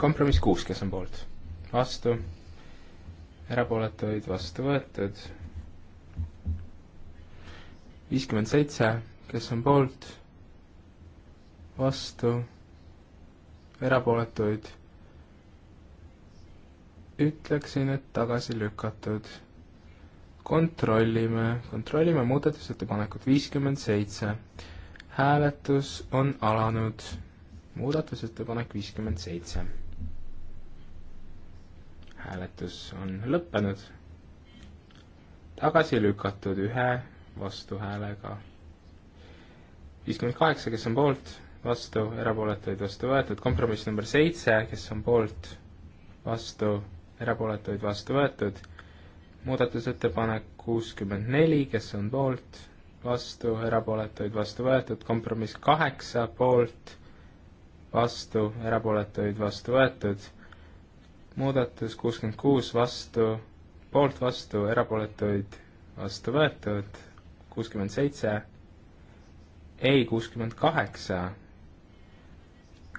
Speaker 3: kompromiss kuus, kes on poolt? vastu, erapooletuid vastu võetud, viiskümmend seitse, kes on poolt, vastu, erapooletuid, ütleksin, et tagasi lükatud. kontrollime, kontrollime muudatusettepanekut viiskümmend seitse hääletus on alanud. muudatusettepanek viiskümmend seitse. hääletus on lõppenud. tagasi lükatud ühe vastuhäälega. viiskümmend kaheksa, kes on poolt, vastu, erapooletuid vastu võetud, kompromiss number seitse, kes on poolt, vastu, erapooletuid vastu võetud, muudatusettepanek kuuskümmend neli, kes on poolt, vastu, erapooletuid vastu võetud, kompromiss kaheksa poolt, vastu, erapooletuid vastu võetud, muudatus kuuskümmend kuus vastu, poolt vastu, erapooletuid vastu võetud, kuuskümmend seitse, ei, kuuskümmend kaheksa,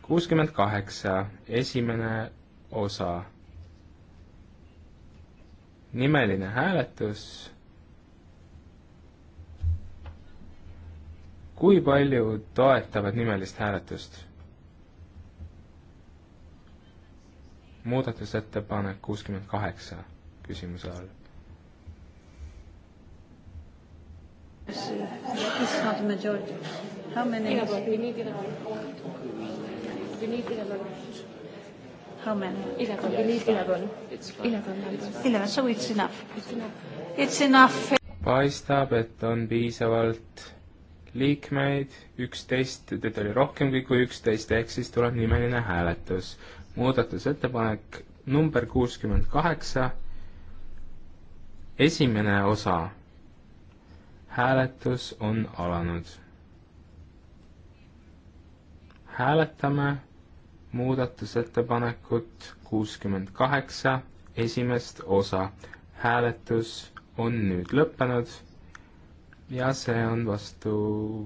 Speaker 3: kuuskümmend kaheksa, esimene osa. nimeline hääletus kui palju toetavad nimelist hääletust? muudatusettepanek kuuskümmend kaheksa küsimuse all.
Speaker 2: How many? Eleven. We need eleven. Eleven. Eleven. So it's enough. It's enough.
Speaker 3: paistab, et on piisavalt liikmeid, üksteist, teda oli rohkemgi kui üksteist, ehk siis tuleb nimeline hääletus. muudatusettepanek number kuuskümmend kaheksa, esimene osa, hääletus on alanud. hääletame muudatusettepanekut kuuskümmend kaheksa, esimest osa. hääletus on nüüd lõppenud ja see on vastu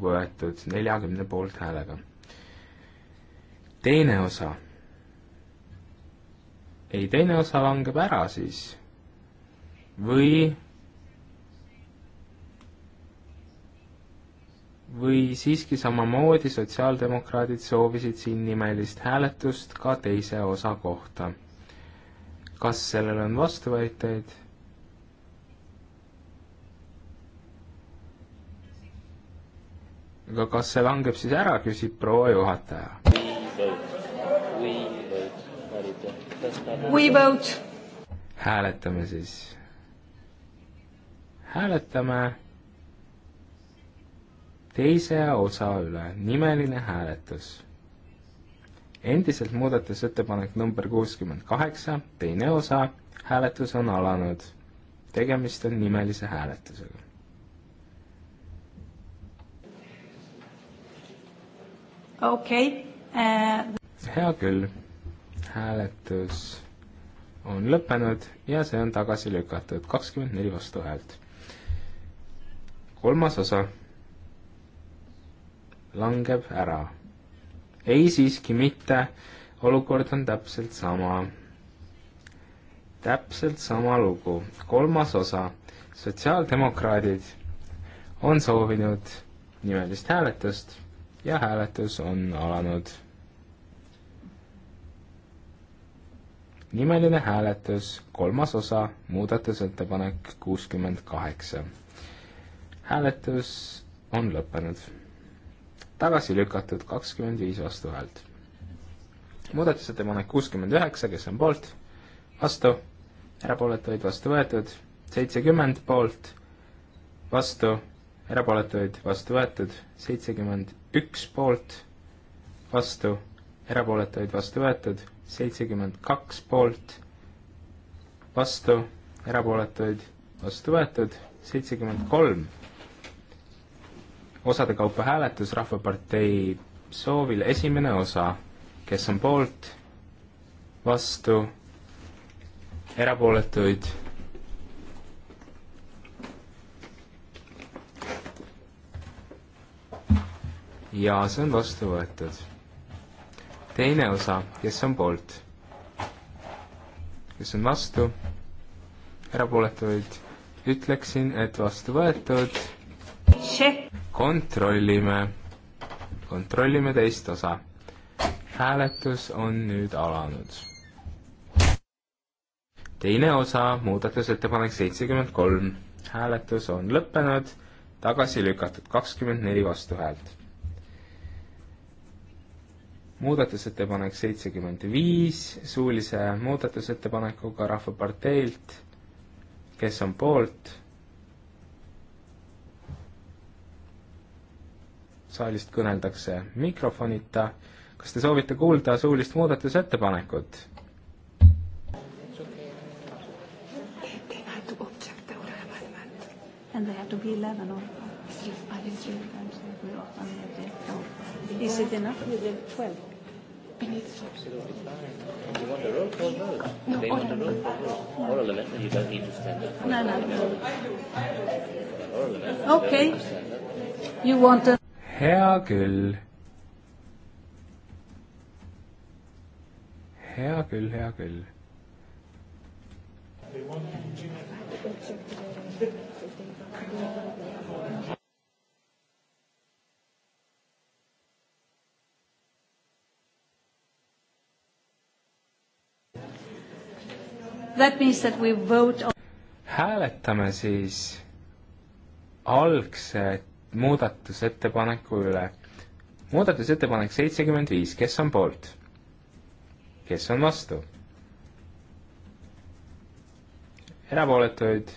Speaker 3: võetud neljakümne poolthäälega. teine osa. ei, teine osa langeb ära siis. või või siiski samamoodi sotsiaaldemokraadid soovisid siin nimelist hääletust ka teise osa kohta. kas sellele on vastuväiteid? aga kas see langeb siis ära, küsib proua juhataja. hääletame siis. hääletame teise osa üle, nimeline hääletus. endiselt muudatusettepanek number kuuskümmend kaheksa, teine osa, hääletus on alanud. tegemist on nimelise hääletusega.
Speaker 2: okei okay. uh....
Speaker 3: hea küll, hääletus on lõppenud ja see on tagasi lükatud, kakskümmend neli vastuhäält. kolmas osa langeb ära. ei siiski mitte, olukord on täpselt sama. täpselt sama lugu, kolmas osa, sotsiaaldemokraadid on soovinud nimelist hääletust ja hääletus on alanud. nimeline hääletus, kolmas osa, muudatusettepanek kuuskümmend kaheksa. hääletus on lõppenud. tagasi lükatud kakskümmend viis vastuhäält. muudatusettepanek kuuskümmend üheksa, kes on poolt, vastu, erapooletuid vastu võetud, seitsekümmend poolt, vastu erapooletuid vastu võetud, seitsekümmend üks poolt, vastu, erapooletuid vastu võetud, seitsekümmend kaks poolt, vastu, erapooletuid vastu võetud, seitsekümmend kolm. osade kaupa hääletus Rahvapartei soovil, esimene osa, kes on poolt, vastu, erapooletuid ja see on vastu võetud. teine osa, kes on poolt? kes on vastu? erapooletuid ütleksin, et vastu võetud. kontrollime, kontrollime teist osa. hääletus on nüüd alanud. teine osa, muudatusettepanek seitsekümmend kolm. hääletus on lõppenud, tagasi lükatud kakskümmend neli vastuhäält muudatusettepanek seitsekümmend viis suulise muudatusettepanekuga Rahvaparteilt, kes on poolt, saalist kõneldakse mikrofonita, kas te soovite kuulda suulist muudatusettepanekut?
Speaker 2: And they have to be 11 or 3, I think 3 times, we often have to Is it enough with the 12?
Speaker 4: We need absolutely fine. You want a roll call vote? No,
Speaker 2: they want a roll
Speaker 4: call vote. No. Oral amendment, you don't need to stand up. No, no.
Speaker 2: Oral amendment. Okay. You want
Speaker 3: a... Hea küll. hea küll, hea küll. They want to check.
Speaker 2: On...
Speaker 3: hääletame siis algse muudatusettepaneku üle. muudatusettepanek seitsekümmend viis, kes on poolt? kes on vastu? erapooletuid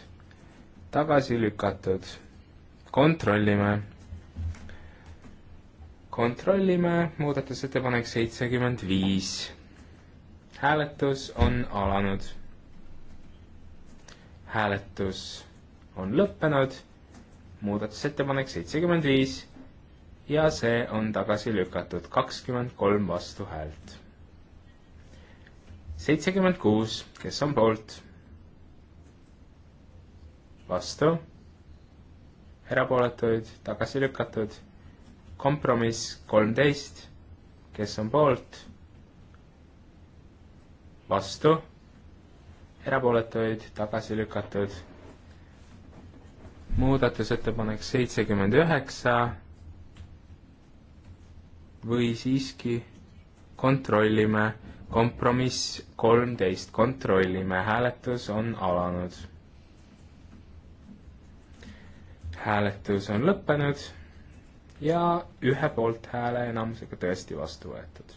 Speaker 3: tagasi lükatud. kontrollime. kontrollime muudatusettepanek seitsekümmend viis. hääletus on alanud hääletus on lõppenud, muudatusettepanek seitsekümmend viis ja see on tagasi lükatud, kakskümmend kolm vastuhäält. seitsekümmend kuus, kes on poolt? vastu? erapooletuid, tagasi lükatud. kompromiss kolmteist, kes on poolt? vastu? erapooletuid tagasi lükatud. muudatusettepanek seitsekümmend üheksa või siiski kontrollime, kompromiss kolmteist, kontrollime, hääletus on alanud. hääletus on lõppenud ja ühe poolthääle enamusega tõesti vastu võetud.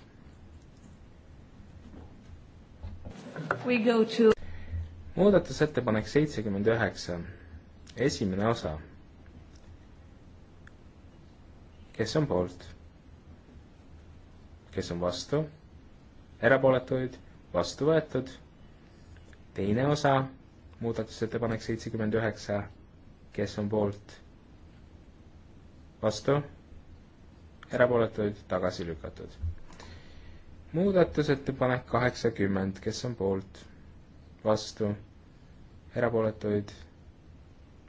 Speaker 3: To muudatusettepanek seitsekümmend üheksa, esimene osa. kes on poolt? kes on vastu? erapooletuid, vastu võetud. teine osa, muudatusettepanek seitsekümmend üheksa, kes on poolt? vastu? erapooletuid, tagasi lükatud. muudatusettepanek kaheksakümmend, kes on poolt? vastu, erapooletuid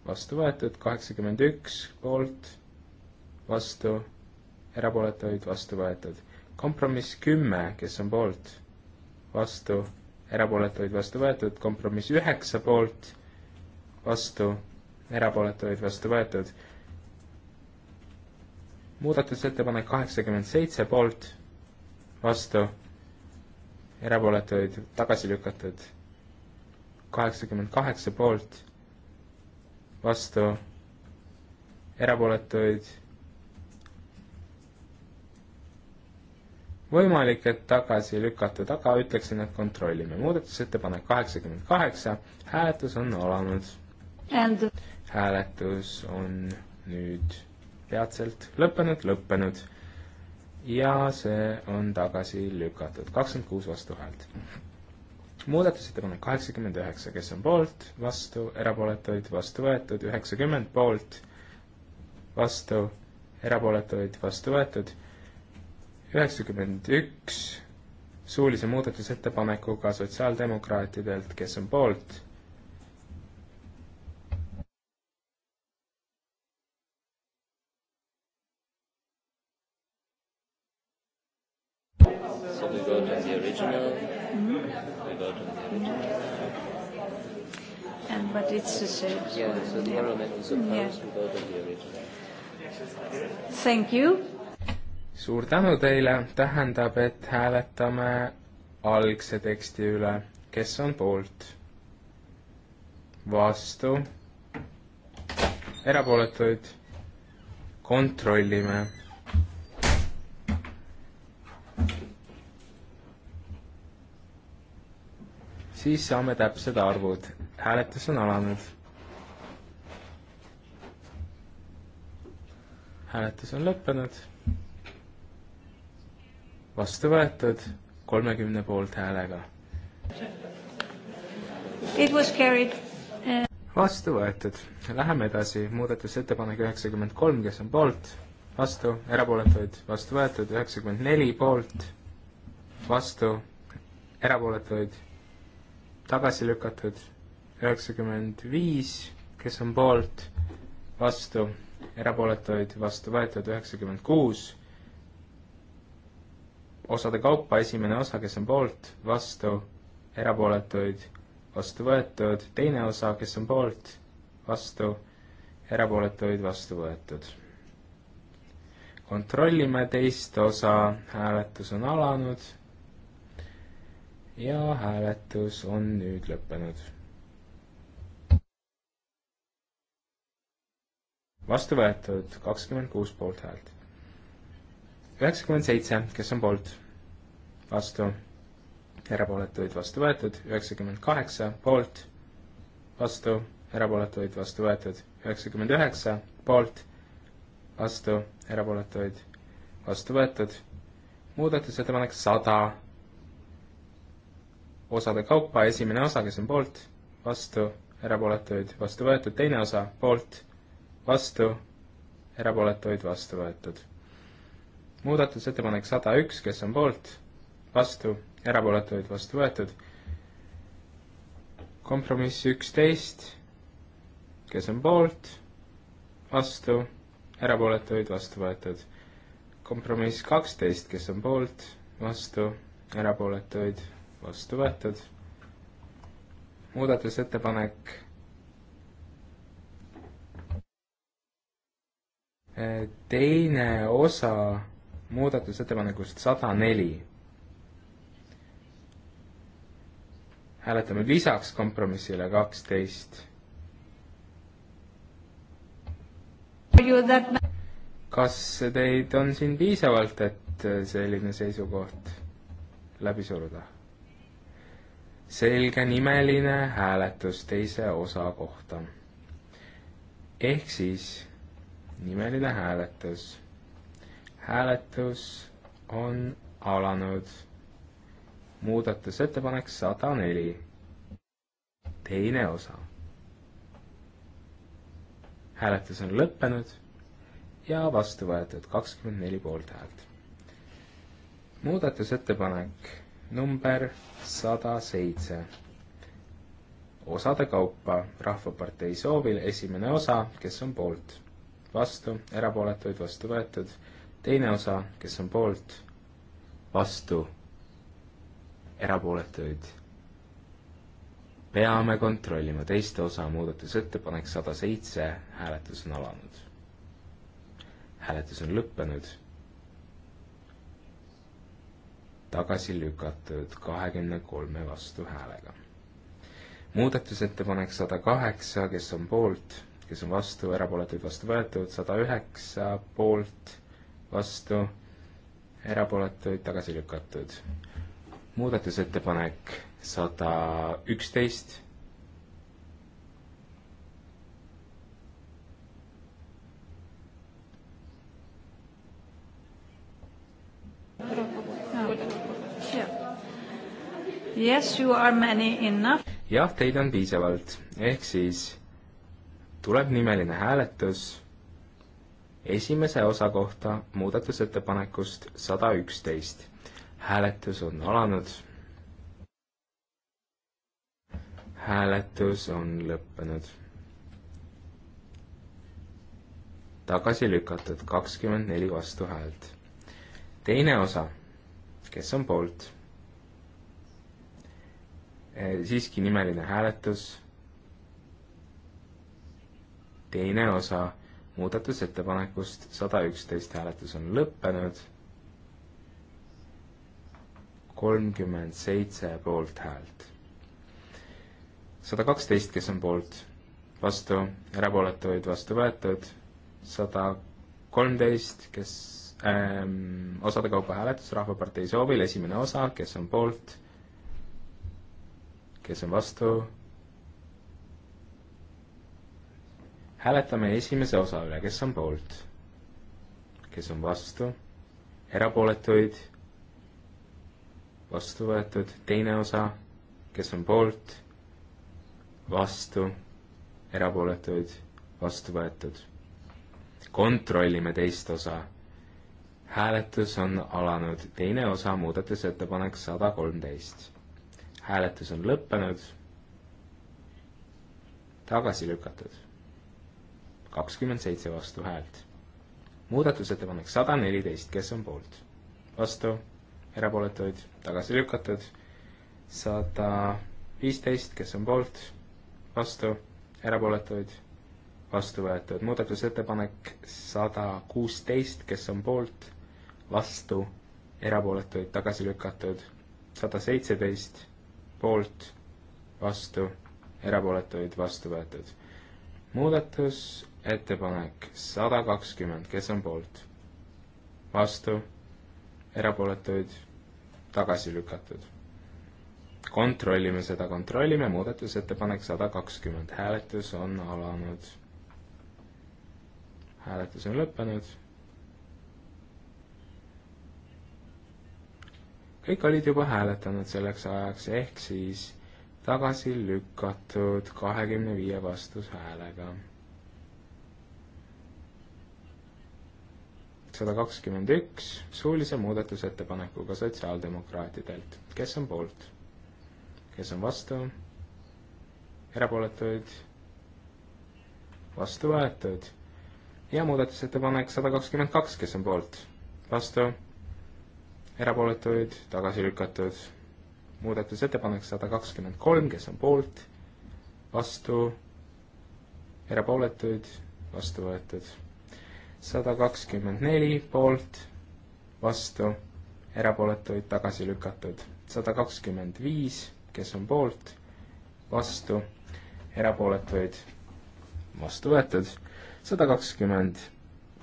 Speaker 3: vastu võetud, kaheksakümmend üks poolt, vastu, erapooletuid vastu võetud. kompromiss kümme, kes on poolt, vastu, erapooletuid vastu võetud, kompromiss üheksa poolt, vastu, erapooletuid vastu võetud. muudatusettepanek kaheksakümmend seitse poolt, vastu, erapooletuid tagasi lükatud kaheksakümmend kaheksa poolt, vastu, erapooletuid. võimalik, et tagasi lükatud, aga ütleksin, et kontrollime. muudatusettepanek kaheksakümmend kaheksa, hääletus on alanud. hääletus on nüüd peatselt lõppenud, lõppenud. ja see on tagasi lükatud, kakskümmend kuus vastuhäält muudatusettepanek kaheksakümmend üheksa, kes on poolt, vastu, erapooletuid, vastu võetud, üheksakümmend poolt, vastu, erapooletuid, vastu võetud, üheksakümmend üks suulise muudatusettepanekuga sotsiaaldemokraatidelt, kes on poolt
Speaker 2: it's the same. Yeah, so the arrowhead is opposed yeah.
Speaker 3: without the original. Thank you. suur tänu teile, tähendab, et hääletame algse teksti üle, kes on poolt, vastu, erapooletuid, kontrollime siis saame täpsed arvud. hääletus on alanud. hääletus on lõppenud. vastu võetud kolmekümne poolthäälega. vastu võetud. Läheme edasi, muudatusettepanek üheksakümmend kolm, kes on poolt, vastu, erapooletuid, vastu võetud, üheksakümmend neli poolt, vastu, erapooletuid tagasi lükatud, üheksakümmend viis, kes on poolt, vastu, erapooletuid vastu võetud üheksakümmend kuus, osade kaupa esimene osa, kes on poolt, vastu, erapooletuid vastu võetud, teine osa, kes on poolt, vastu, erapooletuid vastu võetud. kontrollime teist osa, hääletus on alanud ja hääletus on nüüd lõppenud. vastu võetud kakskümmend kuus poolthäält. üheksakümmend seitse, kes on poolt, vastu, erapooletuid vastu võetud, üheksakümmend kaheksa poolt, vastu, erapooletuid vastu võetud, üheksakümmend üheksa poolt, vastu, erapooletuid vastu võetud, muudatusettepanek sada osade kaupa, esimene osa, kes on poolt, vastu, erapooletuid, vastu võetud, teine osa, poolt, vastu, erapooletuid, vastu võetud. muudatusettepanek sada üks, kes on poolt, vastu, erapooletuid, vastu võetud. kompromiss üksteist, kes on poolt, vastu, erapooletuid, vastu võetud. kompromiss kaksteist, kes on poolt, vastu, erapooletuid, vastu võetud. muudatusettepanek äh, teine osa muudatusettepanekust sada neli. hääletame lisaks kompromissile kaksteist kas teid on siin piisavalt, et selline seisukoht läbi suruda? selge nimeline hääletus teise osa kohta. ehk siis nimeline hääletus. hääletus on alanud. muudatusettepanek sada neli. teine osa. hääletus on lõppenud ja vastu võetud kakskümmend neli poolthäält. muudatusettepanek number sada seitse. osade kaupa Rahvapartei soovil esimene osa, kes on poolt, vastu, erapooletuid vastu võetud, teine osa, kes on poolt, vastu, erapooletuid. peame kontrollima teiste osa muudatusettepanek sada seitse, hääletus on alanud. hääletus on lõppenud tagasi lükatud kahekümne kolme vastuhäälega. muudatusettepanek sada kaheksa, kes on poolt, kes on vastu, erapooletuid vastu võetud, sada üheksa poolt, vastu, erapooletuid tagasi lükatud. muudatusettepanek sada üksteist Gracias. Yes,
Speaker 2: you are many enough.
Speaker 3: jah, teid on piisavalt, ehk siis tuleb nimeline hääletus esimese osa kohta muudatusettepanekust sada üksteist. hääletus on alanud. hääletus on lõppenud. tagasi lükatud kakskümmend neli vastuhäält. teine osa, kes on poolt Eh, siiski nimeline hääletus. teine osa muudatusettepanekust sada üksteist hääletus on lõppenud. kolmkümmend seitse poolthäält. sada kaksteist, kes on poolt, vastu, erapooletuid vastu võetud, sada kolmteist, kes ähm, osade kaupa hääletus Rahvapartei soovil, esimene osa, kes on poolt kes on vastu? hääletame esimese osa üle, kes on poolt, kes on vastu, erapooletuid, vastu võetud, teine osa, kes on poolt, vastu, erapooletuid, vastu võetud. kontrollime teist osa. hääletus on alanud, teine osa muudatusettepanek sada kolmteist hääletus on lõppenud, tagasi lükatud, kakskümmend seitse vastuhäält. muudatusettepanek sada neliteist, kes on poolt? vastu, erapooletuid, tagasi lükatud, sada viisteist, kes on poolt, vastu, erapooletuid, vastu võetud. muudatusettepanek sada kuusteist, kes on poolt, vastu, erapooletuid, tagasi lükatud, sada seitseteist poolt, vastu, erapooletuid vastu võetud. muudatusettepanek sada kakskümmend, kes on poolt, vastu, erapooletuid tagasi lükatud. kontrollime seda, kontrollime, muudatusettepanek sada kakskümmend, hääletus on alanud. hääletus on lõppenud kõik olid juba hääletanud selleks ajaks, ehk siis tagasi lükatud kahekümne viie vastushäälega. sada kakskümmend üks suulise muudatusettepanekuga sotsiaaldemokraatidelt. kes on poolt? kes on vastu? erapooletuid? vastu võetud. ja muudatusettepanek sada kakskümmend kaks, kes on poolt? vastu? erapooletuid, tagasi lükatud. muudatusettepanek sada kakskümmend kolm, kes on poolt, vastu, erapooletuid, vastu võetud. sada kakskümmend neli poolt, vastu, erapooletuid, tagasi lükatud. sada kakskümmend viis, kes on poolt, vastu, erapooletuid, vastu võetud. sada kakskümmend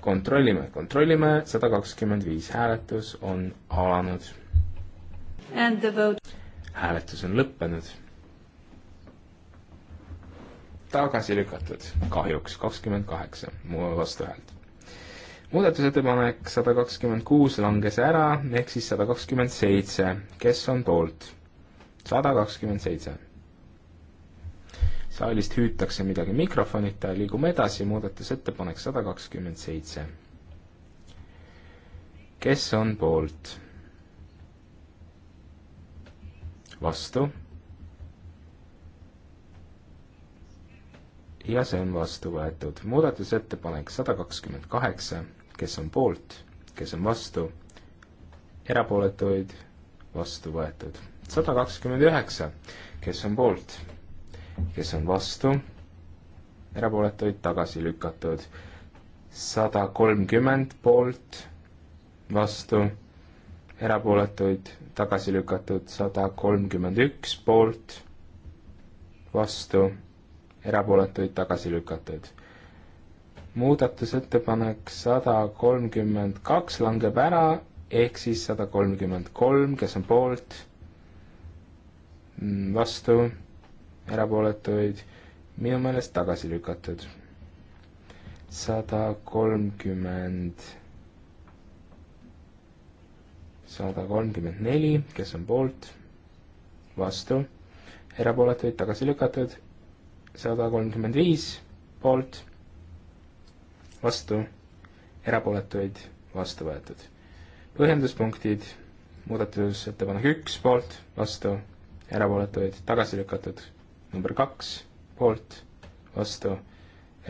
Speaker 3: kontrollime, kontrollime, sada kakskümmend viis hääletus on alanud. hääletus on lõppenud. tagasi lükatud, kahjuks kakskümmend kaheksa, mu vastuhäält muudatusettepanek sada kakskümmend kuus langes ära, ehk siis sada kakskümmend seitse, kes on poolt? sada kakskümmend seitse saalist hüütakse midagi mikrofonita, liigume edasi, muudatusettepanek sada kakskümmend seitse. kes on poolt? vastu? ja see on vastu võetud. muudatusettepanek sada kakskümmend kaheksa, kes on poolt, kes on vastu, erapooletuid vastu võetud. sada kakskümmend üheksa, kes on poolt, kes on vastu, erapooletuid tagasi lükatud. sada kolmkümmend poolt, vastu, erapooletuid tagasi lükatud, sada kolmkümmend üks poolt, vastu, erapooletuid tagasi lükatud. muudatusettepanek sada kolmkümmend kaks langeb ära, ehk siis sada kolmkümmend kolm, kes on poolt, mm, vastu erapooletuid minu meelest tagasi lükatud. sada kolmkümmend, sada kolmkümmend neli, kes on poolt, vastu, erapooletuid tagasi lükatud, sada kolmkümmend viis poolt, vastu, erapooletuid vastu võetud. põhjenduspunktid, muudatusettepanek üks poolt, vastu, erapooletuid tagasi lükatud number kaks, poolt, vastu,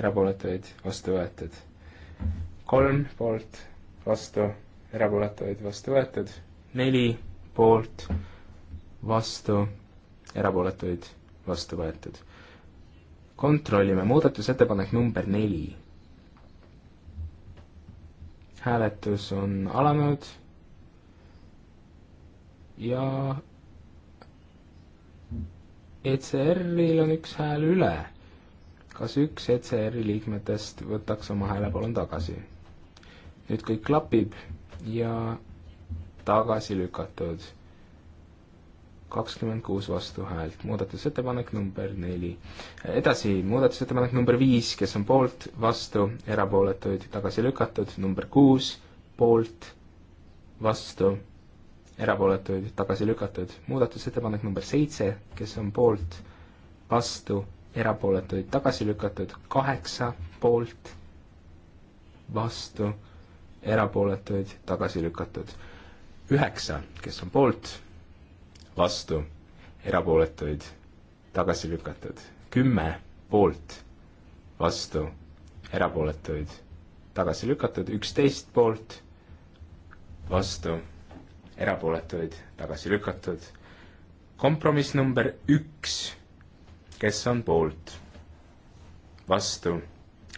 Speaker 3: erapooletuid, vastu võetud. kolm poolt, vastu, erapooletuid, vastu võetud. neli poolt, vastu, erapooletuid, vastu võetud. kontrollime muudatusettepanek number neli. hääletus on alanud ja ECR-il on üks hääl üle. kas üks ECR-i liikmetest võtaks oma hääle palun tagasi? nüüd kõik klapib ja tagasi lükatud. kakskümmend kuus vastuhäält, muudatusettepanek number neli. edasi, muudatusettepanek number viis, kes on poolt, vastu, erapooletuid, tagasi lükatud, number kuus, poolt, vastu erapooletuid tagasi lükatud. muudatusettepanek number seitse, kes on poolt, vastu, erapooletuid tagasi lükatud, kaheksa poolt, vastu, erapooletuid tagasi lükatud. üheksa, kes on poolt, vastu, erapooletuid tagasi lükatud. kümme poolt, vastu, erapooletuid tagasi lükatud, üksteist poolt, vastu erapooletuid tagasi lükatud. kompromiss number üks, kes on poolt, vastu,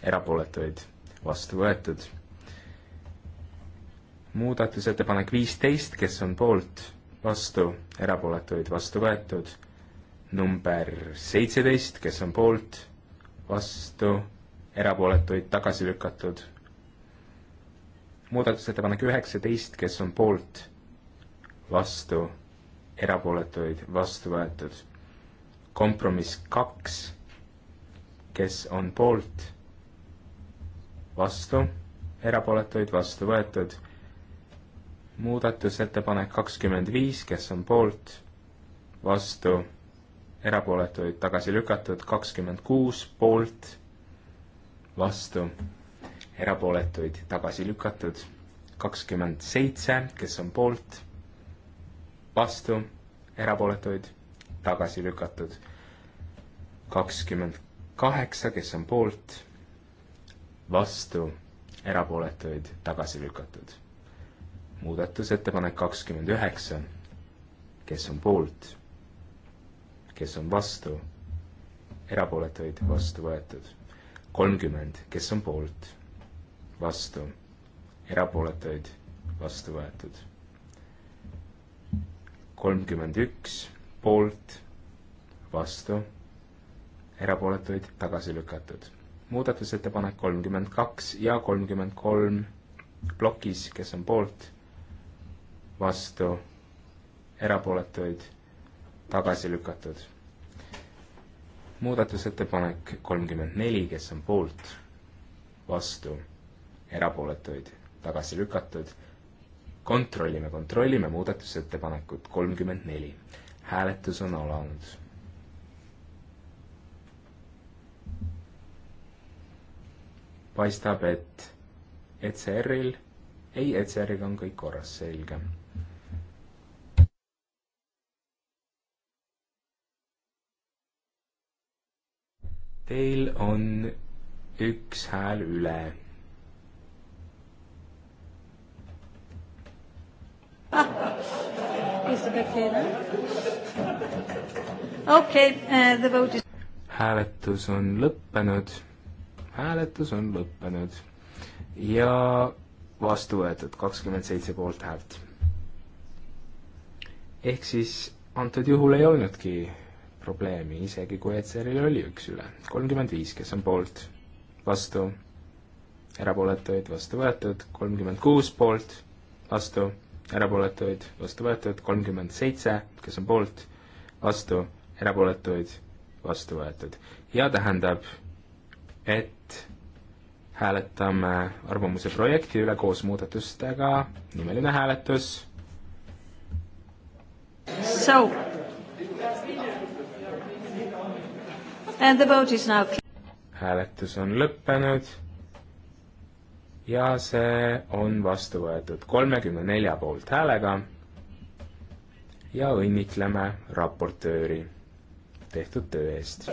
Speaker 3: erapooletuid vastu võetud. muudatusettepanek viisteist, kes on poolt, vastu, erapooletuid vastu võetud. number seitseteist, kes on poolt, vastu, erapooletuid tagasi lükatud muudatusettepanek üheksateist, kes on poolt, vastu, erapooletuid vastu võetud. kompromiss kaks, kes on poolt, vastu, erapooletuid vastu võetud. muudatusettepanek kakskümmend viis, kes on poolt, vastu, erapooletuid tagasi lükatud, kakskümmend kuus poolt, vastu, erapooletuid tagasi lükatud kakskümmend seitse, kes on poolt, vastu, erapooletuid tagasi lükatud. kakskümmend kaheksa, kes on poolt, vastu, erapooletuid tagasi lükatud. muudatusettepanek kakskümmend üheksa, kes on poolt, kes on vastu, erapooletuid vastu võetud. kolmkümmend, kes on poolt, vastu, erapooletuid vastu võetud kolmkümmend üks poolt, vastu, erapooletuid tagasi lükatud. muudatusettepanek kolmkümmend kaks ja kolmkümmend kolm plokis, kes on poolt, vastu, erapooletuid tagasi lükatud. muudatusettepanek kolmkümmend neli, kes on poolt, vastu, erapooletuid tagasi lükatud kontrollime, kontrollime muudatusettepanekut kolmkümmend neli. hääletus on alanud. paistab, et ECR-il, ei, ECR-iga on kõik korras, selge Teil on üks hääl üle
Speaker 2: okay, uh, is...
Speaker 3: hääletus on lõppenud, hääletus on lõppenud ja vastu võetud kakskümmend seitse poolthäält. ehk siis antud juhul ei olnudki probleemi, isegi kui Etzeril oli üks üle. kolmkümmend viis, kes on poolt, vastu, erapooletuid vastu võetud, kolmkümmend kuus poolt, vastu erapooletuid, vastu võetud, kolmkümmend seitse, kes on poolt, vastu, erapooletuid, vastu võetud. ja tähendab, et hääletame arvamuse projekti üle koos muudatustega, nimeline hääletus.
Speaker 2: So and the vote is now
Speaker 3: hääletus on lõppenud ja see on vastu võetud kolmekümne nelja poolthäälega ja õnnitleme raportööri tehtud töö eest.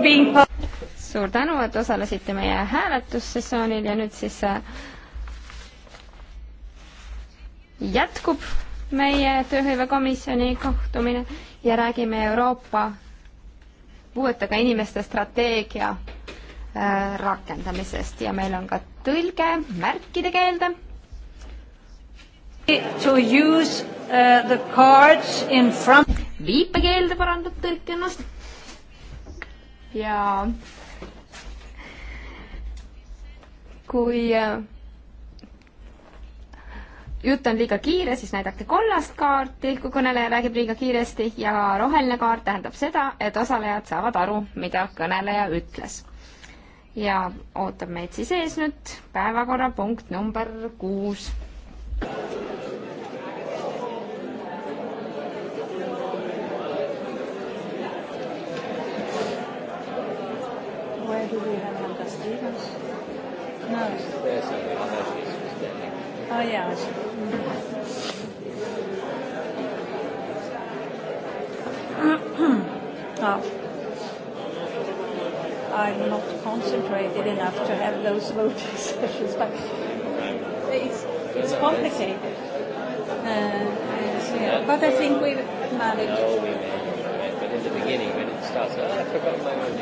Speaker 2: being...
Speaker 4: suur tänu, et osalesite meie hääletussessioonil ja nüüd siis äh, jätkub meie tööhõivekomisjoni kohtumine ja räägime Euroopa puuetega inimeste strateegia äh, rakendamisest ja meil on ka tõlge märkide keelde. To use uh, the cards in front. viipekeelde parandab tõlkenust ja kui äh, jutt on liiga kiire, siis näidake kollast kaarti, kui kõneleja räägib liiga kiiresti ja roheline kaart tähendab seda, et osalejad saavad aru, mida kõneleja ütles. ja ootab meid siis ees nüüd päevakorrapunkt number
Speaker 1: kuus.
Speaker 2: do we have Helga Stevens? No. She's there somewhere. I know she is. She's there now. Oh, yeah. oh. I'm not concentrated enough to have those voting sessions, but it's, it's complicated. Uh, and, yeah. But I think we've managed. No,
Speaker 3: we managed. But in the beginning, when it starts, oh, I forgot my own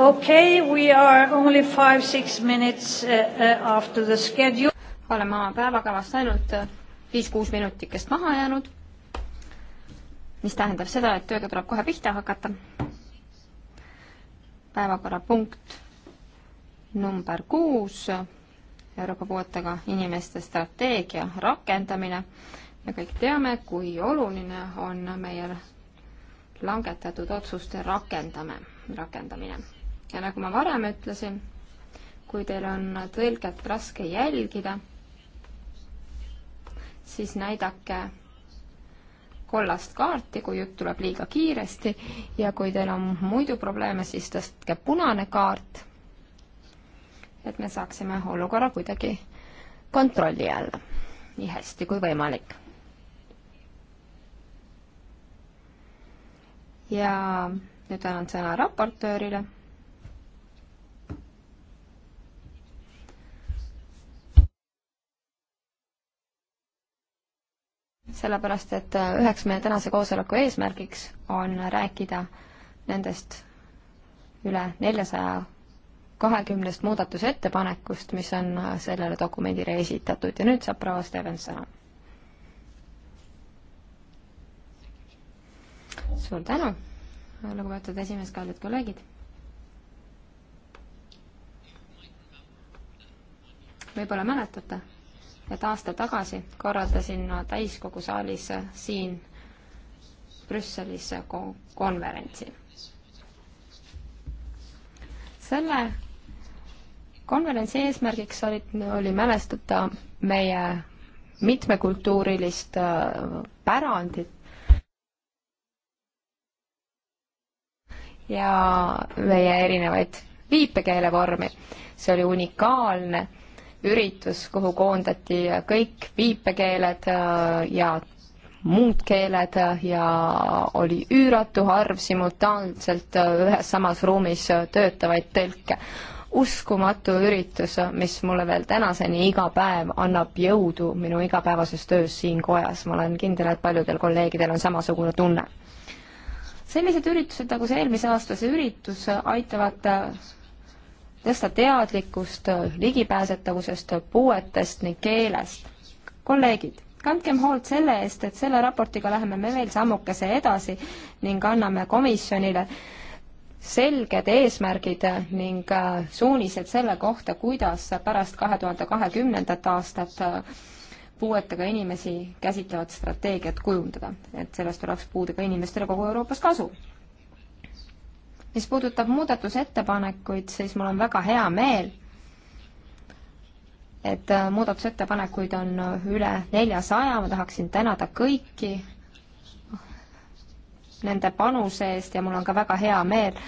Speaker 2: Okay, we are only five, six minutes uh,
Speaker 4: uh, after the schedule. oleme oma päevakavast ainult uh, viis-kuus minutikest maha jäänud, mis tähendab seda, et tööga tuleb kohe pihta hakata. päevakorrapunkt number kuus, Euroopa puuetega inimeste strateegia rakendamine. me kõik teame, kui oluline on meie langetatud otsuste rakendame, rakendamine ja nagu ma varem ütlesin, kui teil on tõlget raske jälgida, siis näidake kollast kaarti, kui jutt tuleb liiga kiiresti ja kui teil on muidu probleeme, siis tõstke punane kaart, et me saaksime olukorra kuidagi kontrolli alla nii hästi kui võimalik. ja nüüd annan sõna raportöörile sellepärast et äh, üheks meie tänase koosoleku eesmärgiks on rääkida nendest üle neljasaja kahekümnest muudatusettepanekust, mis on äh, sellele dokumendile esitatud ja nüüd saab proua Stevens sõna. suur tänu, lugupeetud esimees, kallid kolleegid. võib-olla mäletate et aasta tagasi korraldasin ma täiskogu saalis äh, siin Brüsselis äh, konverentsi. selle konverentsi eesmärgiks oli, oli mälestada meie mitmekultuurilist äh, pärandit ja meie erinevaid viipekeelevormi. see oli unikaalne üritus, kuhu koondati kõik viipekeeled äh, ja muud keeled äh, ja oli üüratu arv simultaanselt äh, ühes samas ruumis töötavaid tõlke. uskumatu üritus, mis mulle veel tänaseni iga päev annab jõudu minu igapäevases töös siin kojas, ma olen kindel, et paljudel kolleegidel on samasugune tunne. sellised üritused nagu see eelmise aastase üritus aitavad tõsta teadlikkust ligipääsetavusest, puuetest ning keelest. kolleegid, kandkem hoolt selle eest, et selle raportiga läheme me veel sammukese edasi ning anname komisjonile selged eesmärgid ning äh, suunised selle kohta, kuidas pärast kahe tuhande kahekümnendat aastat äh, puuetega inimesi käsitlevat strateegiat kujundada, et sellest oleks puudega inimestele kogu Euroopas kasu mis puudutab muudatusettepanekuid, siis mul on väga hea meel, et äh, muudatusettepanekuid on üle neljasaja, ma tahaksin tänada kõiki nende panuse eest ja mul on ka väga hea meel,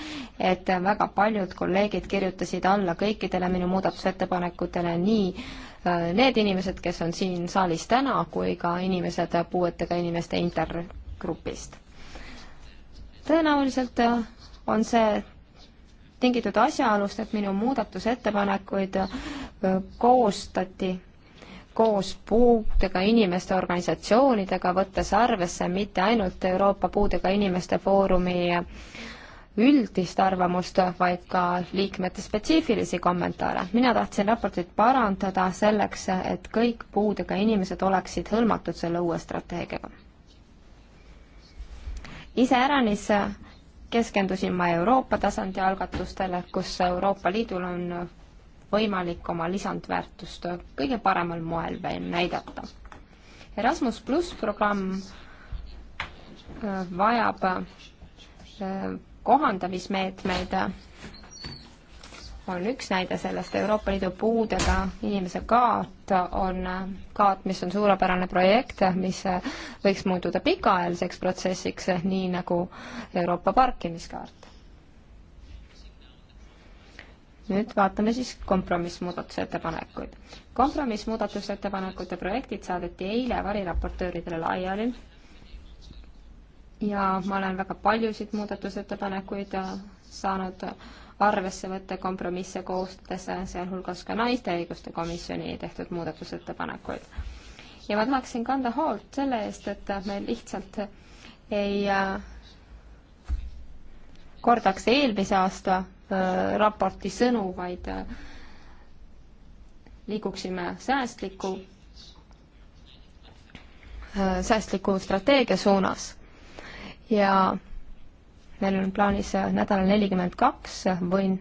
Speaker 4: et väga paljud kolleegid kirjutasid alla kõikidele minu muudatusettepanekutele, nii äh, need inimesed, kes on siin saalis täna, kui ka inimesed puuetega inimeste intergrupist. tõenäoliselt äh, on see tingitud asjaolust, et minu muudatusettepanekuid äh, koostati koos puudega inimeste organisatsioonidega, võttes arvesse mitte ainult Euroopa Puudega Inimeste Foorumi üldist arvamust, vaid ka liikmete spetsiifilisi kommentaare. mina tahtsin raportit parandada selleks, et kõik puudega inimesed oleksid hõlmatud selle uue strateegiaga. iseäranis keskendusin ma Euroopa tasandi algatustele, kus Euroopa Liidul on võimalik oma lisandväärtust kõige paremal moel veel näidata. Erasmus pluss programm äh, vajab äh, kohandamismeetmeid on üks näide sellest, Euroopa Liidu puudega inimese kaart on kaart, mis on suurepärane projekt, mis võiks muutuda pikaajaliseks protsessiks, nii nagu Euroopa parkimiskaart. nüüd vaatame siis kompromissmuudatusettepanekuid. kompromissmuudatusettepanekute projektid saadeti eile variraportööridele laiali ja ma olen väga paljusid muudatusettepanekuid saanud arvesse võtta kompromisse koostades, sealhulgas ka naiste õiguste komisjoni tehtud muudatusettepanekuid. ja ma tahaksin kanda hoolt selle eest, et me lihtsalt ei äh, kordaks eelmise aasta äh, raporti sõnu, vaid äh, liiguksime säästliku, säästliku strateegia suunas ja meil on plaanis nädalal nelikümmend kaks või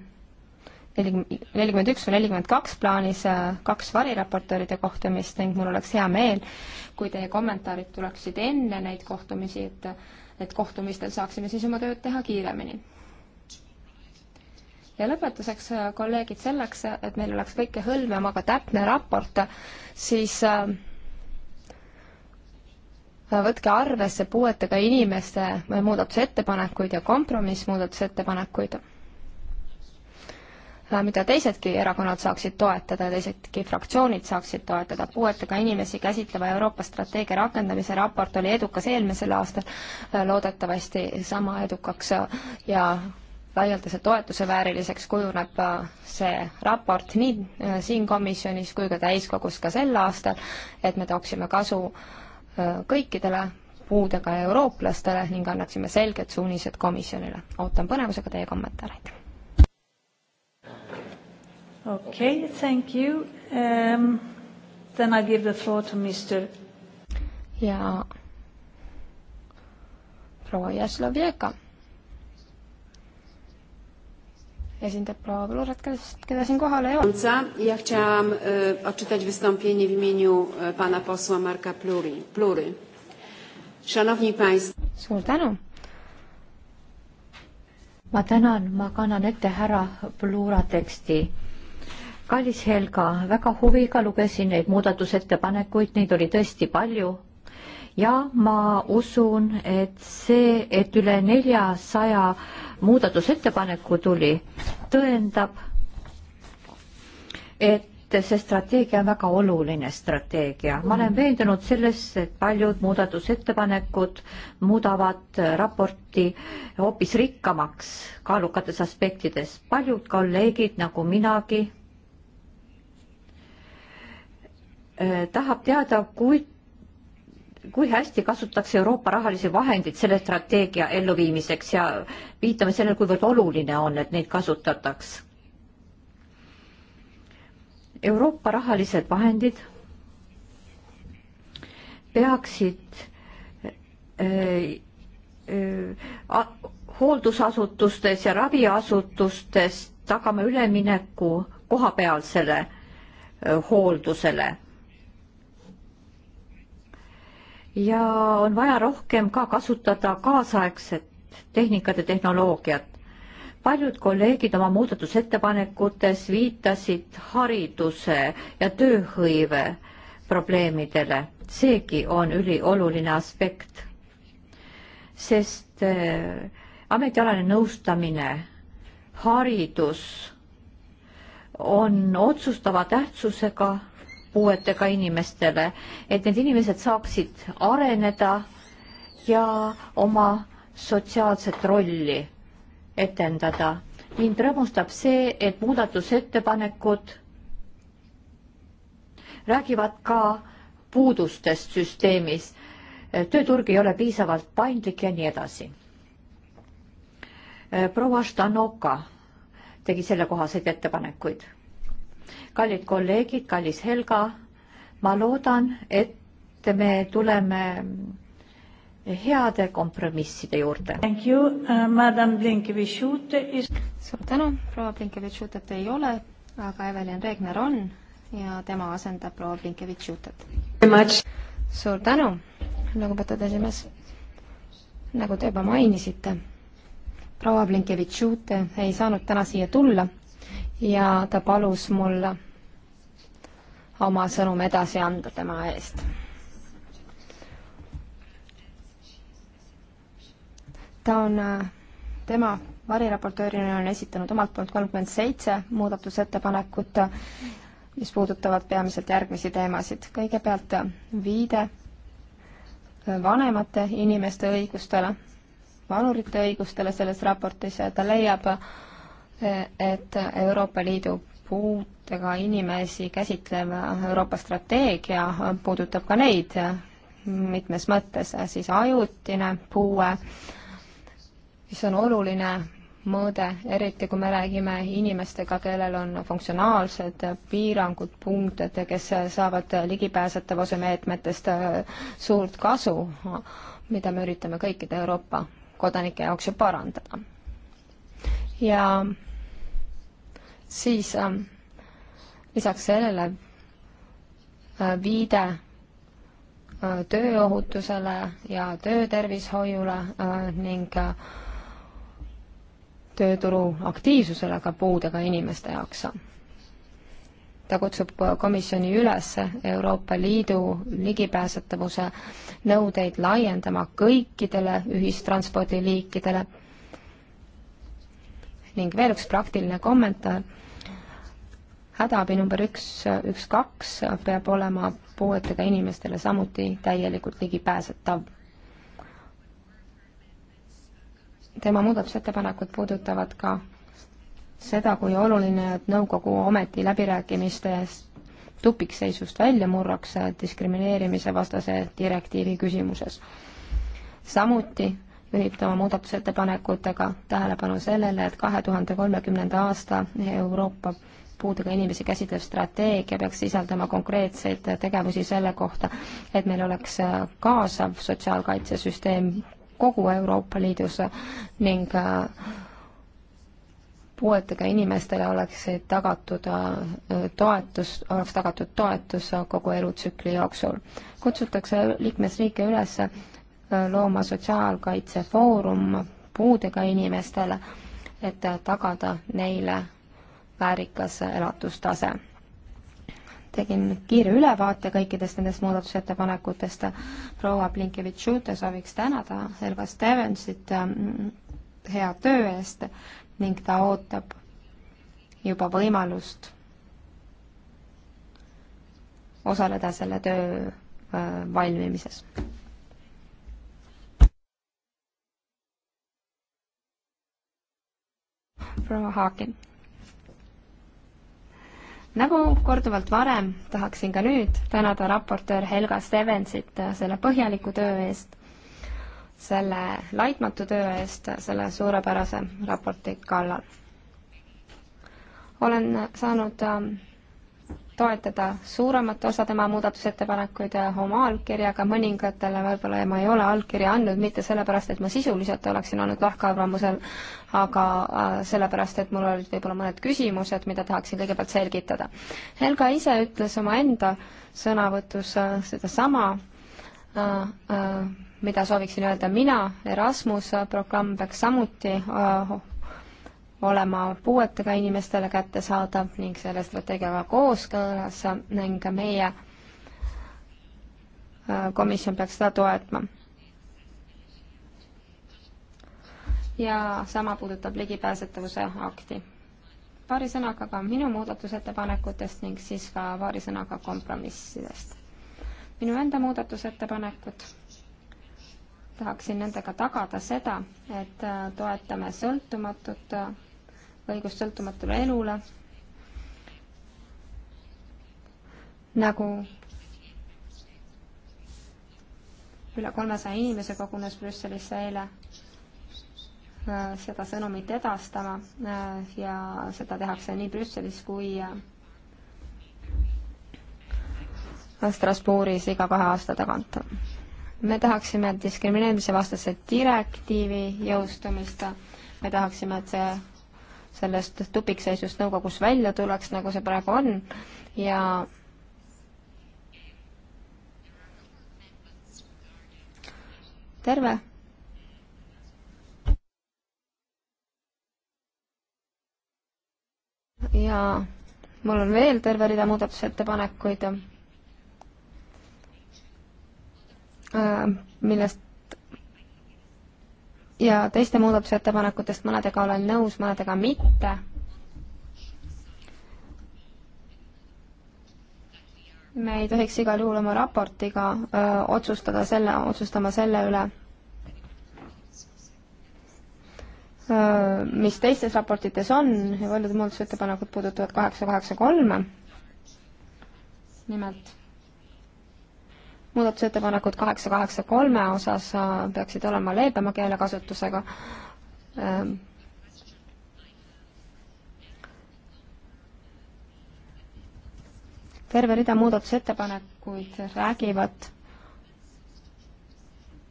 Speaker 4: nelikümmend üks või nelikümmend kaks plaanis kaks variraportööride kohtumist ning mul oleks hea meel, kui teie kommentaarid tuleksid enne neid kohtumisi, et, et kohtumistel saaksime siis oma tööd teha kiiremini. ja lõpetuseks, kolleegid, selleks, et meil oleks kõikehõlmav, aga täpne raport, siis äh, võtke arvesse puuetega inimeste muudatusettepanekuid ja kompromissmuudatusettepanekuid, äh, mida teisedki erakonnad saaksid toetada ja teisedki fraktsioonid saaksid toetada. puuetega inimesi käsitleva Euroopa strateegia rakendamise raport oli edukas eelmisel aastal, äh, loodetavasti sama edukaks äh, ja laialdase toetuse vääriliseks kujuneb see raport nii siin komisjonis kui ka täiskogus ka sel aastal, et me tooksime kasu äh, Äh, kõikidele puudega eurooplastele ning annaksime selged suunised komisjonile. ootan põnevusega teie kommentaareid. okei okay,, thank you
Speaker 2: um,. Then I give the floor to Mr. ja
Speaker 4: proua Jaslovjeka esindab proua Plurat, kes, keda siin kohal ei ole. Ja chciałam y, e, odczytać wystąpienie w imieniu e, pana posła Marka Plury. Plury.
Speaker 1: Szanowni Państwo. Suur tänu. Ma tänan, ma kannan ette härra Plura teksti. Kallis Helga, väga huviga lugesin neid muudatusettepanekuid, neid oli tõesti palju ja ma usun, et see, et üle neljasaja muudatusettepaneku tuli, tõendab, et see strateegia on väga oluline strateegia. ma olen veendunud selles, et paljud muudatusettepanekud muudavad raporti hoopis rikkamaks kaalukates aspektides. paljud kolleegid nagu minagi eh, tahab teada, kui kui hästi kasutatakse Euroopa rahalisi vahendeid selle strateegia elluviimiseks ja viitame sellele, kuivõrd oluline on, et neid kasutataks. Euroopa rahalised vahendid peaksid öö, äh, öö, äh, a, hooldusasutustes ja raviasutustes tagama ülemineku kohapealsele äh, hooldusele ja on vaja rohkem ka kasutada kaasaegset tehnikat ja tehnoloogiat. paljud kolleegid oma muudatusettepanekutes viitasid hariduse ja tööhõive probleemidele, seegi on ülioluline aspekt, sest äh, ametialane nõustamine, haridus on otsustava tähtsusega puuetega inimestele, et need inimesed saaksid areneda ja oma sotsiaalset rolli etendada. mind rõõmustab see, et muudatusettepanekud räägivad ka puudustest süsteemis, tööturg ei ole piisavalt paindlik ja nii edasi. proua Štanoka tegi sellekohaseid ettepanekuid kallid kolleegid, kallis Helga, ma loodan, et me tuleme heade kompromisside juurde. Thank you uh,, madam Blinkevitš-Jute is.... suur tänu, proua Blinkevitš-Jutet ei ole, aga Evelyn Regner on
Speaker 4: ja tema asendab proua Blinkevitš-Jutet. suur tänu, lugupeetud esimees. nagu te juba mainisite, proua Blinkevitš-Jute ei saanud täna siia tulla ja ta palus mul oma sõnum edasi anda tema eest. ta on, tema variraportöörina on esitanud omalt poolt kolmkümmend seitse muudatusettepanekut, mis puudutavad peamiselt järgmisi teemasid. kõigepealt viide vanemate inimeste õigustele, vanurite õigustele selles raportis ja ta leiab äh, et Euroopa Liidu puudega inimesi käsitlev Euroopa strateegia puudutab ka neid mitmes mõttes, siis ajutine puue, mis on oluline mõõde, eriti kui me räägime inimestega, kellel on funktsionaalsed piirangud, puuded, kes saavad ligipääsetavuse meetmetest suurt kasu, mida me üritame kõikide Euroopa kodanike jaoks ju parandada. ja siis ähm, lisaks sellele äh, viide äh, tööohutusele ja töötervishoiule äh, ning tööturu aktiivsusele ka puudega inimeste jaoks. ta kutsub komisjoni üles Euroopa Liidu ligipääsetavuse nõudeid laiendama kõikidele ühistranspordiliikidele ning veel üks praktiline kommentaar. hädaabi number üks, üks, kaks peab olema puuetega inimestele samuti täielikult ligipääsetav. tema muudatusettepanekud puudutavad ka seda, kui oluline, et nõukogu ometi läbirääkimistest tupikseisust välja murraks diskrimineerimise vastase direktiivi küsimuses. samuti juhib ta oma muudatusettepanekutega tähelepanu sellele, et kahe tuhande kolmekümnenda aasta Euroopa puudega inimesi käsitlev strateegia peaks sisaldama konkreetseid tegevusi selle kohta, et meil oleks kaasav sotsiaalkaitsesüsteem kogu Euroopa Liidus ning äh, puuetega inimestele oleksid tagatud äh, toetus, oleks tagatud toetus kogu elutsükli jooksul. kutsutakse liikmesriike üles looma sotsiaalkaitsefoorum puudega inimestele, et tagada neile väärikas elatustase. tegin kiire ülevaate kõikidest nendest muudatusettepanekutest. proua Blinkevitš-Jute sooviks tänada Elva Stevensit mm, hea töö eest ning ta ootab juba võimalust osaleda selle töö äh, valmimises. proua Haakin. nagu korduvalt varem, tahaksin ka nüüd tänada raportöör Helga Stevensit selle põhjaliku töö eest, selle laitmatu töö eest selle suurepärase raporti kallal. olen saanud ähm, toetada suuremat osa tema muudatusettepanekuid oma allkirjaga, mõningatele võib-olla ma ei ole allkirja andnud, mitte sellepärast, et ma sisuliselt oleksin olnud lahkarvamusel, aga äh, sellepärast, et mul olid võib-olla mõned küsimused, mida tahaksin kõigepealt selgitada. Helga ise ütles omaenda sõnavõtus äh, sedasama, äh, mida sooviksin öelda mina, Erasmus programm peaks samuti olema puuetega inimestele kättesaadav ning selle strateegiaga kooskõlas ning meie äh, komisjon peaks seda toetma. ja sama puudutab ligipääsetavuse akti. paari sõnaga ka minu muudatusettepanekutest ning siis ka paari sõnaga kompromissidest. minu enda muudatusettepanekud tahaksin nendega tagada seda, et äh, toetame sõltumatut äh, õigust sõltumatule elule, nagu üle kolmesaja inimese kogunes Brüsselisse eile äh, seda sõnumit edastama äh, ja seda tehakse nii Brüsselis kui äh, Strasbourgis iga kahe aasta tagant. me tahaksime diskrimineerimise vastase direktiivi jõustumist, me tahaksime, et see sellest tupikseisust nõukogus välja tuleks, nagu see praegu on ja terve. ja mul on veel terve rida muudatusettepanekuid, äh, millest ja teiste muudatusettepanekutest mõnedega olen nõus, mõnedega mitte. me ei tohiks igal juhul oma raportiga öö, otsustada selle, otsustama selle üle, mis teistes raportites on ja paljud muudatusettepanekud puudutavad kaheksa, kaheksa, kolme. nimelt muudatusettepanekud kaheksa, kaheksa, kolme osas äh, peaksid olema leebema keelekasutusega. Ähm, terve rida muudatusettepanekuid räägivad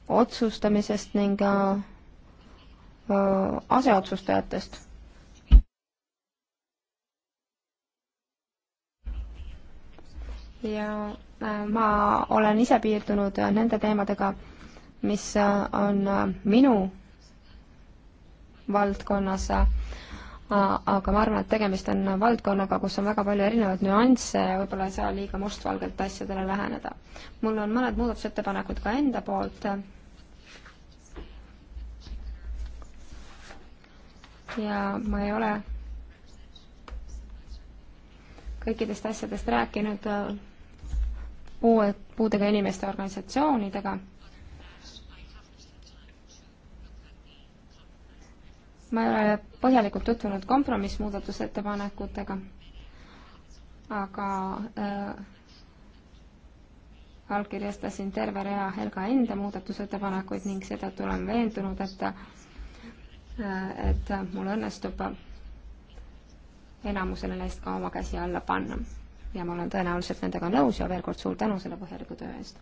Speaker 4: otsustamisest ning äh, äh, aseotsustajatest. ja ma olen ise piirdunud nende teemadega, mis on minu valdkonnas, aga ma arvan, et tegemist on valdkonnaga, kus on väga palju erinevaid nüansse ja võib-olla ei saa liiga mustvalgelt asjadele läheneda. mul on mõned muudatusettepanekud ka enda poolt. ja ma ei ole kõikidest asjadest rääkinud puue, puudega inimeste organisatsioonidega. ma ei ole põhjalikult tutvunud kompromissmuudatusettepanekutega, aga äh, allkirjastasin terve rea Helga enda muudatusettepanekuid ning seetõttu olen veendunud, et äh, et mul õnnestub enamusele neist ka oma käsi alla panna ja ma olen tõenäoliselt nendega nõus ja veel kord suur tänu selle põhjaliku töö eest.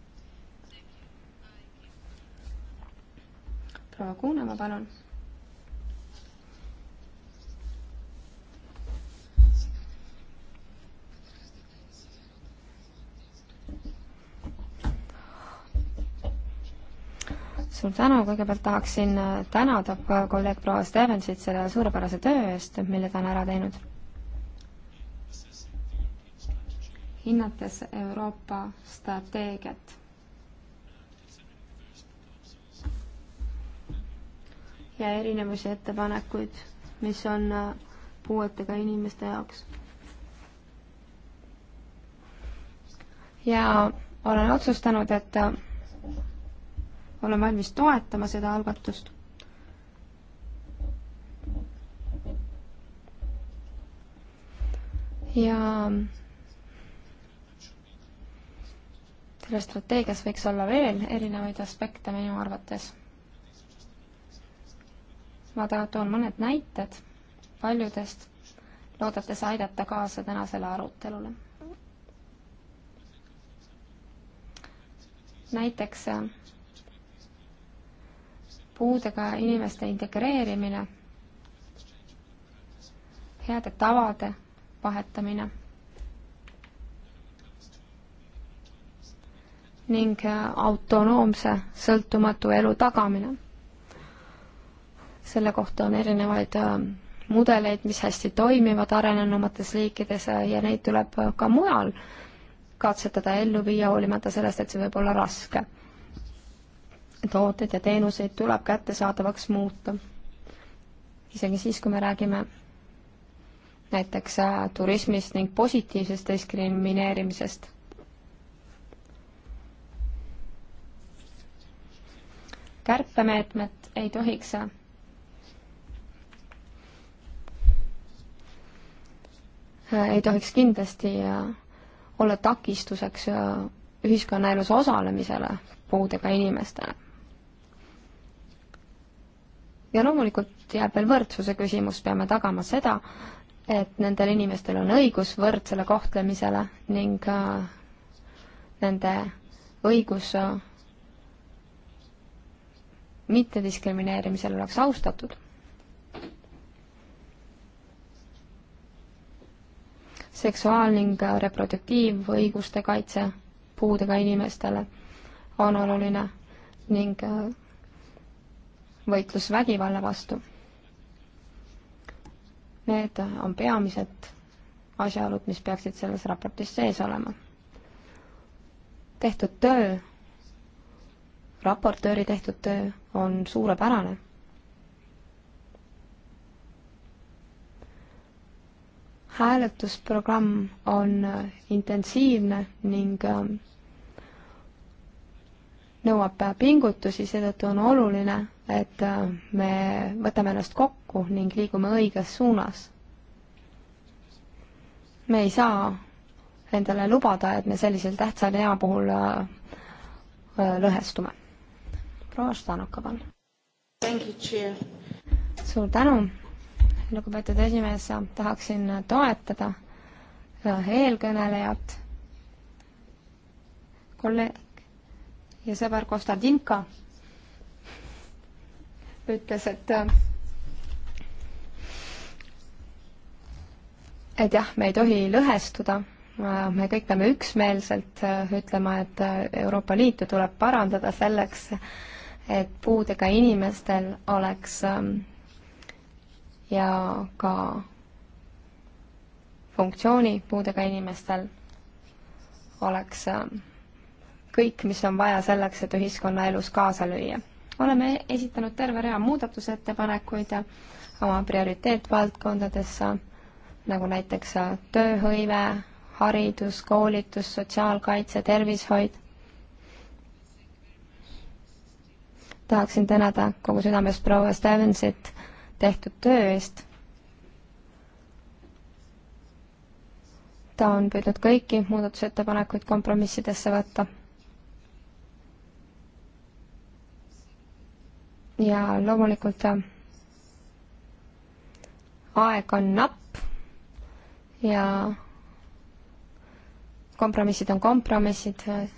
Speaker 4: proua Kuuna, ma palun. suur tänu, kõigepealt tahaksin tänada kolleeg proua Stevensit selle suurepärase töö eest, mille ta on ära teinud hinnates Euroopa strateegiat. ja erinevusi ettepanekuid, mis on äh, puuetega inimeste jaoks. ja olen otsustanud, et äh, olen valmis toetama seda algatust ja selles strateegias võiks olla veel erinevaid aspekte minu arvates. ma toon mõned näited paljudest, loodetes aidata kaasa tänasele arutelule. näiteks puudega inimeste integreerimine, heade tavade vahetamine ning äh, autonoomse sõltumatu elu tagamine. selle kohta on erinevaid äh, mudeleid, mis hästi toimivad arenenumates riikides äh, ja neid tuleb ka mujal katsetada ellu viia, hoolimata sellest, et see võib olla raske. tooteid ja teenuseid tuleb kättesaadavaks muuta. isegi siis, kui me räägime näiteks turismist ning positiivsest diskrimineerimisest kärpemeetmed ei tohiks ei tohiks kindlasti olla takistuseks ühiskonnaelus osalemisele puudega inimestele. ja loomulikult jääb veel võrdsuse küsimus, peame tagama seda, et nendel inimestel on õigus võrdsele kohtlemisele ning äh, nende õigus äh, mittediskrimineerimisel oleks austatud. seksuaal- ning reproduktiivõiguste kaitse puudega inimestele on oluline ning äh, võitlus vägivalla vastu. Need on peamised asjaolud, mis peaksid selles raportis sees olema. tehtud töö raportööri tehtud töö on suurepärane. hääletusprogramm on intensiivne ning ähm, nõuab pingutusi, seetõttu on oluline, et äh, me võtame ennast kokku ning liigume õiges suunas. me ei saa endale lubada, et me sellisel tähtsal ea puhul äh, lõhestume proua Štanoka, palun. suur tänu, lugupeetud esimees, tahaksin toetada äh, eelkõnelejat, kolleeg ja sõber Konstantinka ütles, et äh, et jah, me ei tohi lõhestuda, äh, me kõik peame üksmeelselt ütlema, et Euroopa Liitu tuleb parandada selleks, et puudega inimestel oleks ähm, ja ka funktsiooni puudega inimestel oleks ähm, kõik, mis on vaja selleks, et ühiskonnaelus kaasa lüüa. oleme esitanud terve rea muudatusettepanekuid oma prioriteetvaldkondadesse, nagu näiteks äh, tööhõive, haridus, koolitus, sotsiaalkaitse, tervishoid tahaksin tänada kogu südamest proua Stevensit tehtud töö eest. ta on püüdnud kõiki muudatusettepanekuid kompromissidesse võtta. ja loomulikult äh, aeg on napp ja kompromissid on kompromissid äh,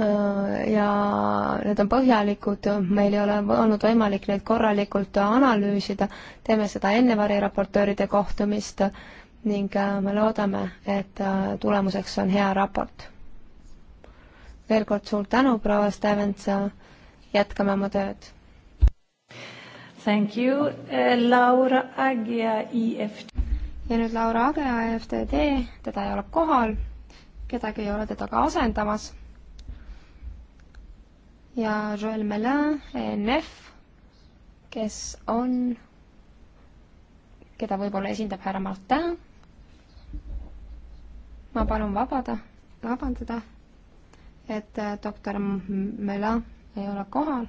Speaker 4: Äh, ja need on põhjalikud, meil ei ole olnud võimalik neid korralikult analüüsida, teeme seda enne variraportööride kohtumist ning äh, me loodame, et äh, tulemuseks on hea raport. veel kord suur tänu, proua Stevens, jätkame oma tööd. Thank you, eh, Laura Agia, EFT. ja nüüd Laura Agia, EFTD, teda ei ole kohal, kedagi ei ole teda ka asendamas ja Joel Melin, ENF, kes on, keda võib-olla esindab härra Martin. ma palun vabada, vabandada, et äh, doktor Melin ei ole kohal.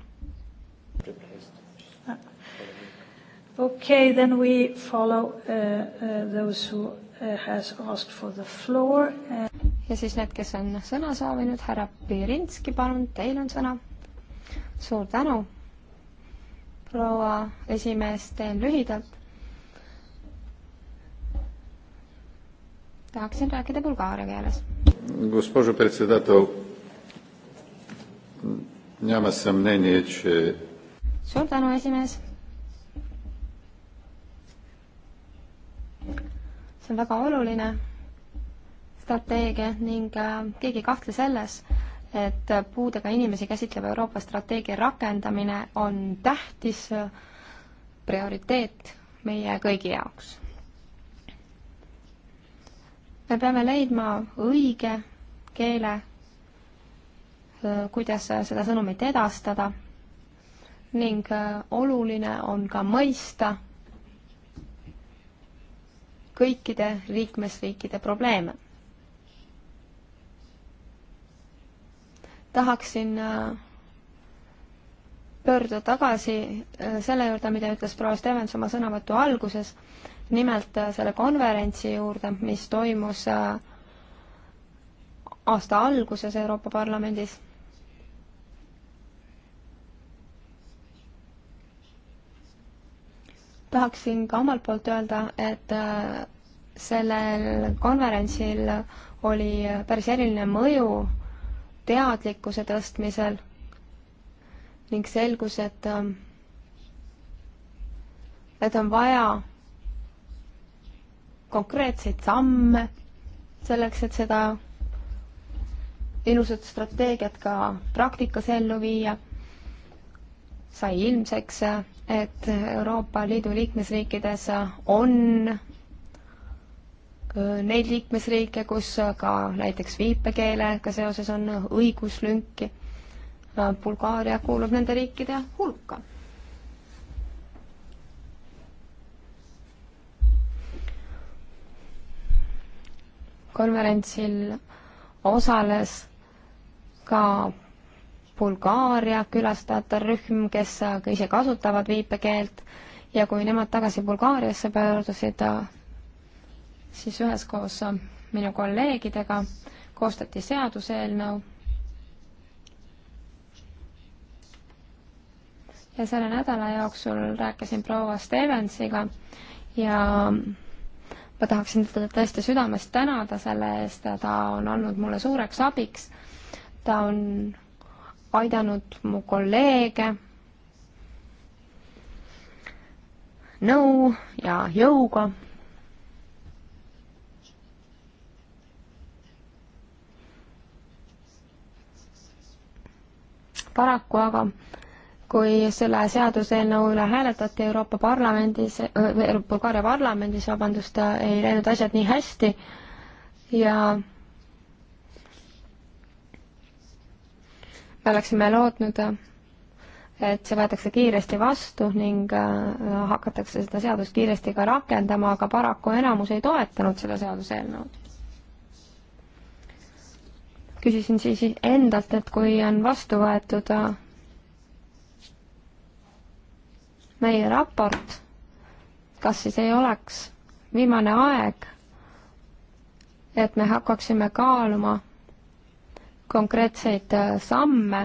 Speaker 4: Okay, then we follow uh, uh, those who uh, has asked for the floor. Uh... ja siis need, kes on sõna soovinud, härra Pirinski, palun, teil on sõna suur tänu, proua esimees, teen lühidalt. tahaksin rääkida bulgaaria keeles.
Speaker 2: Госпожо председател, няма съмнение, че...
Speaker 4: Suur tänu, esimees. see on väga oluline strateegia ning äh, keegi ei kahtle selles, et puudega inimesi käsitlev Euroopa strateegia rakendamine on tähtis prioriteet meie kõigi jaoks. me peame leidma õige keele, kuidas seda sõnumit edastada ning oluline on ka mõista kõikide liikmesriikide probleeme tahaksin äh, pöörduda tagasi äh, selle juurde, mida ütles proua Stevens oma sõnavõtu alguses, nimelt äh, selle konverentsi juurde, mis toimus aasta alguses Euroopa Parlamendis. tahaksin ka omalt poolt öelda, et sellel konverentsil oli päris eriline mõju teadlikkuse tõstmisel ning selgus, et, et on vaja konkreetseid samme selleks, et seda ilusat strateegiat ka praktikas ellu viia, sai ilmseks, et Euroopa Liidu liikmesriikides on neid liikmesriike, kus ka näiteks viipekeelega seoses on õiguslünki. Bulgaaria kuulub nende riikide hulka. konverentsil osales ka Bulgaaria külastajate rühm, kes ka ise kasutavad viipekeelt ja kui nemad tagasi Bulgaariasse pöördusid, siis üheskoos minu kolleegidega koostati seaduseelnõu ja selle nädala jooksul rääkisin proua Stevensiga ja ma tahaksin teda tõesti südamest tänada selle eest ja ta on olnud mulle suureks abiks. ta on aidanud mu kolleege nõu ja jõuga paraku aga kui selle seaduseelnõu üle hääletati Euroopa Parlamendis, Bulgaaria parlamendis, vabandust, ei läinud asjad nii hästi ja me oleksime lootnud, et see võetakse kiiresti vastu ning äh, hakatakse seda seadust kiiresti ka rakendama, aga paraku enamus ei toetanud seda seaduseelnõud küsisin siis endalt, et kui on vastu võetud äh, meie raport, kas siis ei oleks viimane aeg, et me hakkaksime kaaluma konkreetseid äh, samme,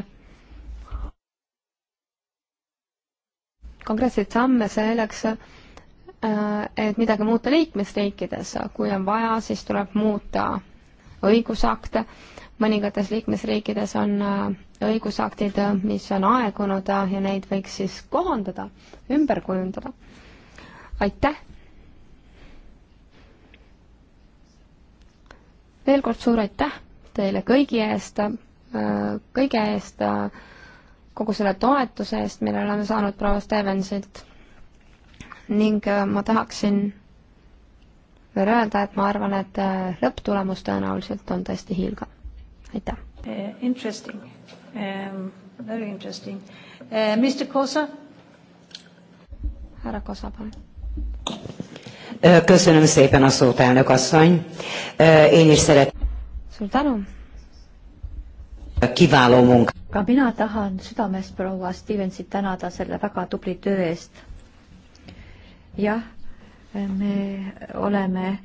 Speaker 4: konkreetseid samme selleks, äh, et midagi muuta liikmesriikides, kui on vaja, siis tuleb muuta õigusakte mõningates liikmesriikides on äh, õigusaktid, äh, mis on aegunud äh, ja neid võiks siis kohandada, ümber kujundada. aitäh! veel kord suur aitäh teile kõigi eest, kõige eest, kogu selle toetuse eest, mille oleme saanud proua Stevensilt ning ma tahaksin veel öelda, et ma arvan, et lõpptulemus tõenäoliselt on tõesti hiilgav
Speaker 2: aitäh. Eh, interesting um,, very interesting uh,. Eh, Mr
Speaker 4: Kosa. härra Kosa, palun. Köszönöm szépen a szót, elnök asszony. Én is szeret... Suur tänu. Kiváló munka.
Speaker 1: Ka mina tahan südamest proua Stevensit tänada selle väga tubli töö eest. jah, me oleme äh,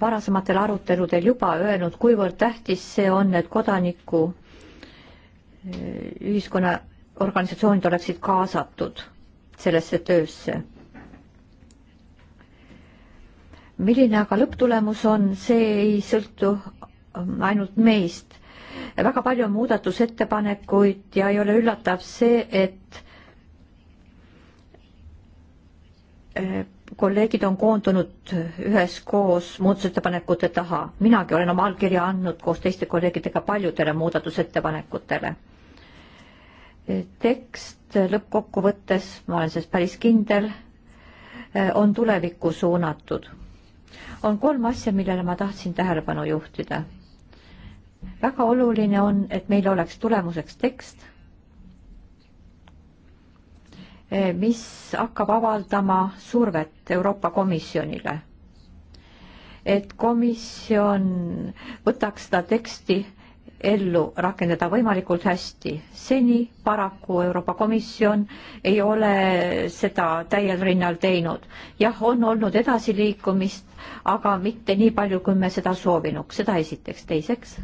Speaker 1: varasematel aruteludel juba öelnud, kuivõrd tähtis see on, et kodaniku eh, ühiskonna organisatsioonid oleksid kaasatud sellesse töösse. milline aga lõpptulemus on, see ei sõltu ainult meist. väga palju on muudatusettepanekuid ja ei ole üllatav see, et eh, kolleegid on koondunud üheskoos muudatusettepanekute taha. minagi olen oma allkirja andnud koos teiste kolleegidega paljudele muudatusettepanekutele. tekst lõppkokkuvõttes, ma olen selles päris kindel, on tulevikku suunatud. on kolm asja, millele ma tahtsin tähelepanu juhtida. väga oluline on, et meil oleks tulemuseks tekst Eh, mis hakkab avaldama survet Euroopa Komisjonile. et komisjon võtaks seda teksti ellu rakendada võimalikult hästi. seni paraku Euroopa Komisjon ei ole seda täiel rinnal teinud. jah, on olnud edasiliikumist, aga mitte nii palju, kui me seda soovinuks, seda esiteks. teiseks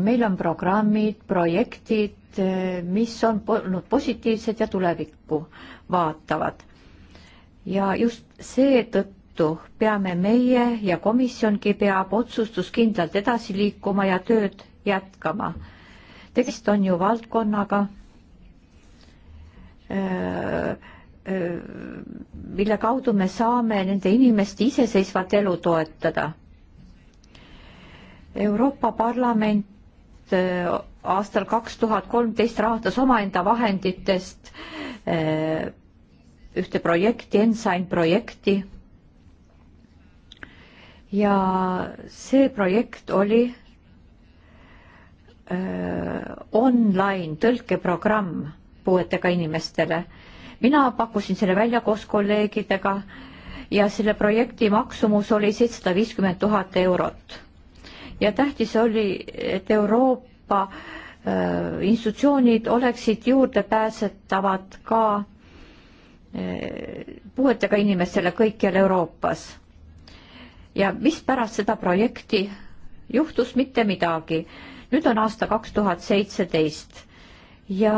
Speaker 1: meil on programmid, projektid, eh, mis on olnud positiivsed ja tulevikku vaatavad. ja just seetõttu peame meie ja komisjongi peab otsustuskindlalt edasi liikuma ja tööd jätkama. tegemist on ju valdkonnaga, eh, eh, mille kaudu me saame nende inimeste iseseisvat elu toetada. Euroopa Parlament Äh, aastal kaks tuhat kolmteist rahastas omaenda vahenditest äh, ühte projekti, Ensign projekti. ja see projekt oli äh, online tõlkeprogramm puuetega inimestele. mina pakkusin selle välja koos kolleegidega ja selle projekti maksumus oli seitsesada viiskümmend tuhat eurot ja tähtis oli, et Euroopa äh, institutsioonid oleksid juurdepääsetavad ka äh, puuetega inimestele kõikjal Euroopas. ja mispärast seda projekti juhtus mitte midagi. nüüd on aasta kaks tuhat seitseteist ja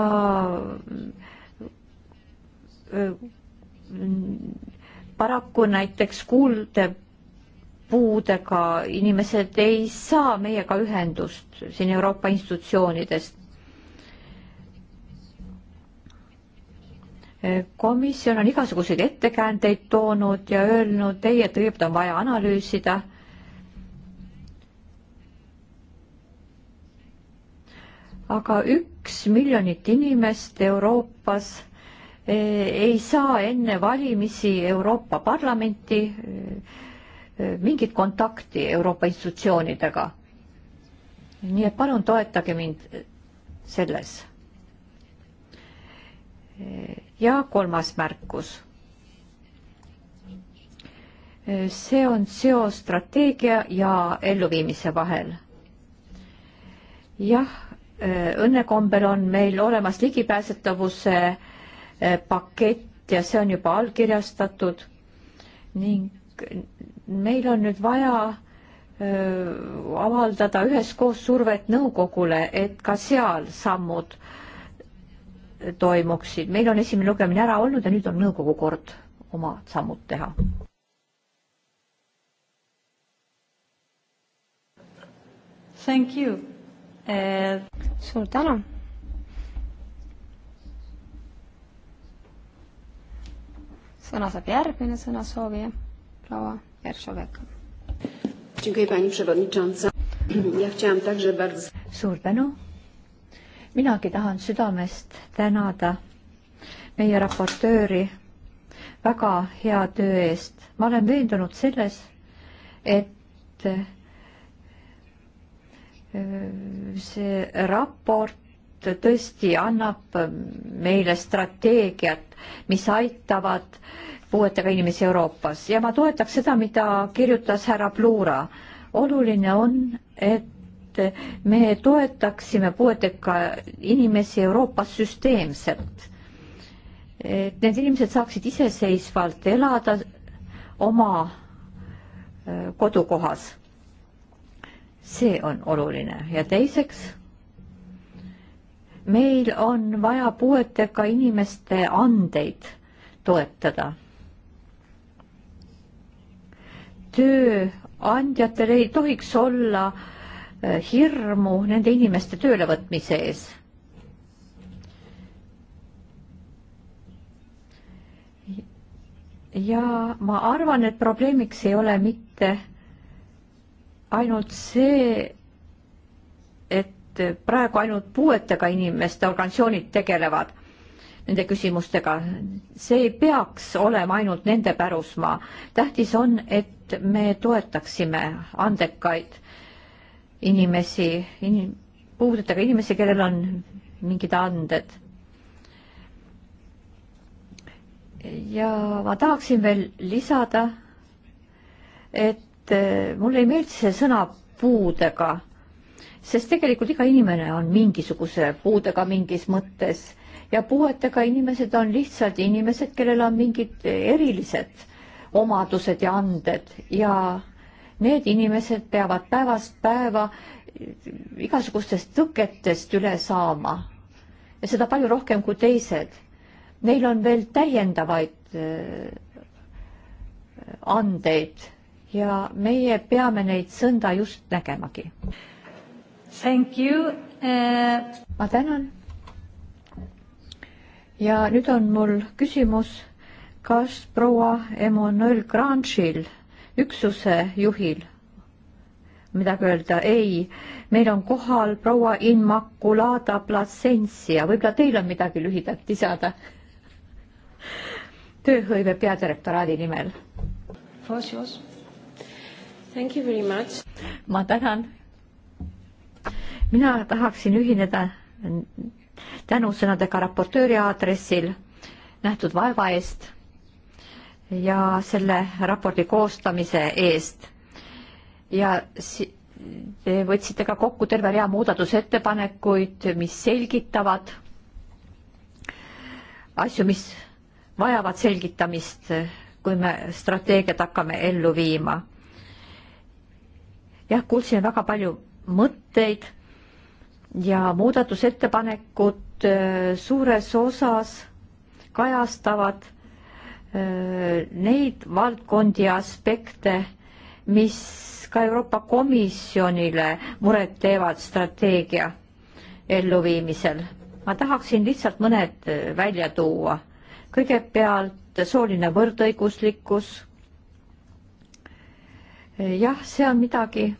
Speaker 1: äh, paraku näiteks kuulde puudega inimesed ei saa meiega ühendust siin Euroopa institutsioonidest. komisjon on igasuguseid ettekäändeid toonud ja öelnud ei, et kõigepealt on vaja analüüsida. aga üks miljonit inimest Euroopas eh, ei saa enne valimisi Euroopa Parlamenti eh, mingit kontakti Euroopa institutsioonidega. nii et palun toetage mind selles. ja kolmas märkus. see on seos strateegia ja elluviimise vahel. jah, õnnekombel on meil olemas ligipääsetavuse eh, pakett ja see on juba allkirjastatud ning meil on nüüd vaja avaldada üheskoos survet nõukogule, et ka seal sammud toimuksid. meil on esimene lugemine ära olnud ja nüüd on nõukogu kord oma sammud teha.
Speaker 2: Thank you eh.... suur
Speaker 4: tänu. sõna saab järgmine sõnasoovija proua Järsovega.
Speaker 1: suur tänu. minagi tahan südamest tänada meie raportööri väga hea töö eest. ma olen veendunud selles, et äh, see raport tõesti annab meile strateegiat, mis aitavad puuetega inimesi Euroopas ja ma toetaks seda, mida kirjutas härra Plura. oluline on, et me toetaksime puuetega inimesi Euroopas süsteemselt. et need inimesed saaksid iseseisvalt elada oma äh, kodukohas. see on oluline ja teiseks, meil on vaja puuetega inimeste andeid toetada tööandjatel ei tohiks olla äh, hirmu nende inimeste töölevõtmise ees. ja ma arvan, et probleemiks ei ole mitte ainult see, et praegu ainult puuetega inimeste organisatsioonid tegelevad nende küsimustega. see ei peaks olema ainult nende pärusmaa. tähtis on, et me toetaksime andekaid inimesi inim,, puudetega inimesi, kellel on mingid anded. ja ma tahaksin veel lisada, et eh, mulle ei meeldi see sõna puudega, sest tegelikult iga inimene on mingisuguse puudega mingis mõttes ja puuetega inimesed on lihtsalt inimesed, kellel on mingid erilised omadused ja anded ja need inimesed peavad päevast päeva igasugustest tõketest üle saama ja seda palju rohkem kui teised. Neil on veel täiendavaid äh, andeid ja meie peame neid sõnda just nägemagi.
Speaker 2: Thank you uh....
Speaker 1: ma tänan ja nüüd on mul küsimus, kas proua Emmanuel Granchil, üksuse juhil, midagi öelda? ei, meil on kohal proua Immaculada Placencia, võib-olla teil on midagi lühidalt lisada? tööhõive peadirektoraadi nimel. ma tänan. mina tahaksin ühineda tänusõnadega raportööri aadressil nähtud vaeva eest ja selle raporti koostamise eest ja si. ja võtsite ka kokku terve rea muudatusettepanekuid, mis selgitavad asju, mis vajavad selgitamist, kui me strateegiat hakkame ellu viima. jah, kuulsime väga palju mõtteid ja muudatusettepanekud äh, suures osas kajastavad äh, neid valdkondi ja aspekte, mis ka Euroopa Komisjonile muret teevad strateegia elluviimisel. ma tahaksin lihtsalt mõned äh, välja tuua. kõigepealt sooline võrdõiguslikkus. jah, see on midagi,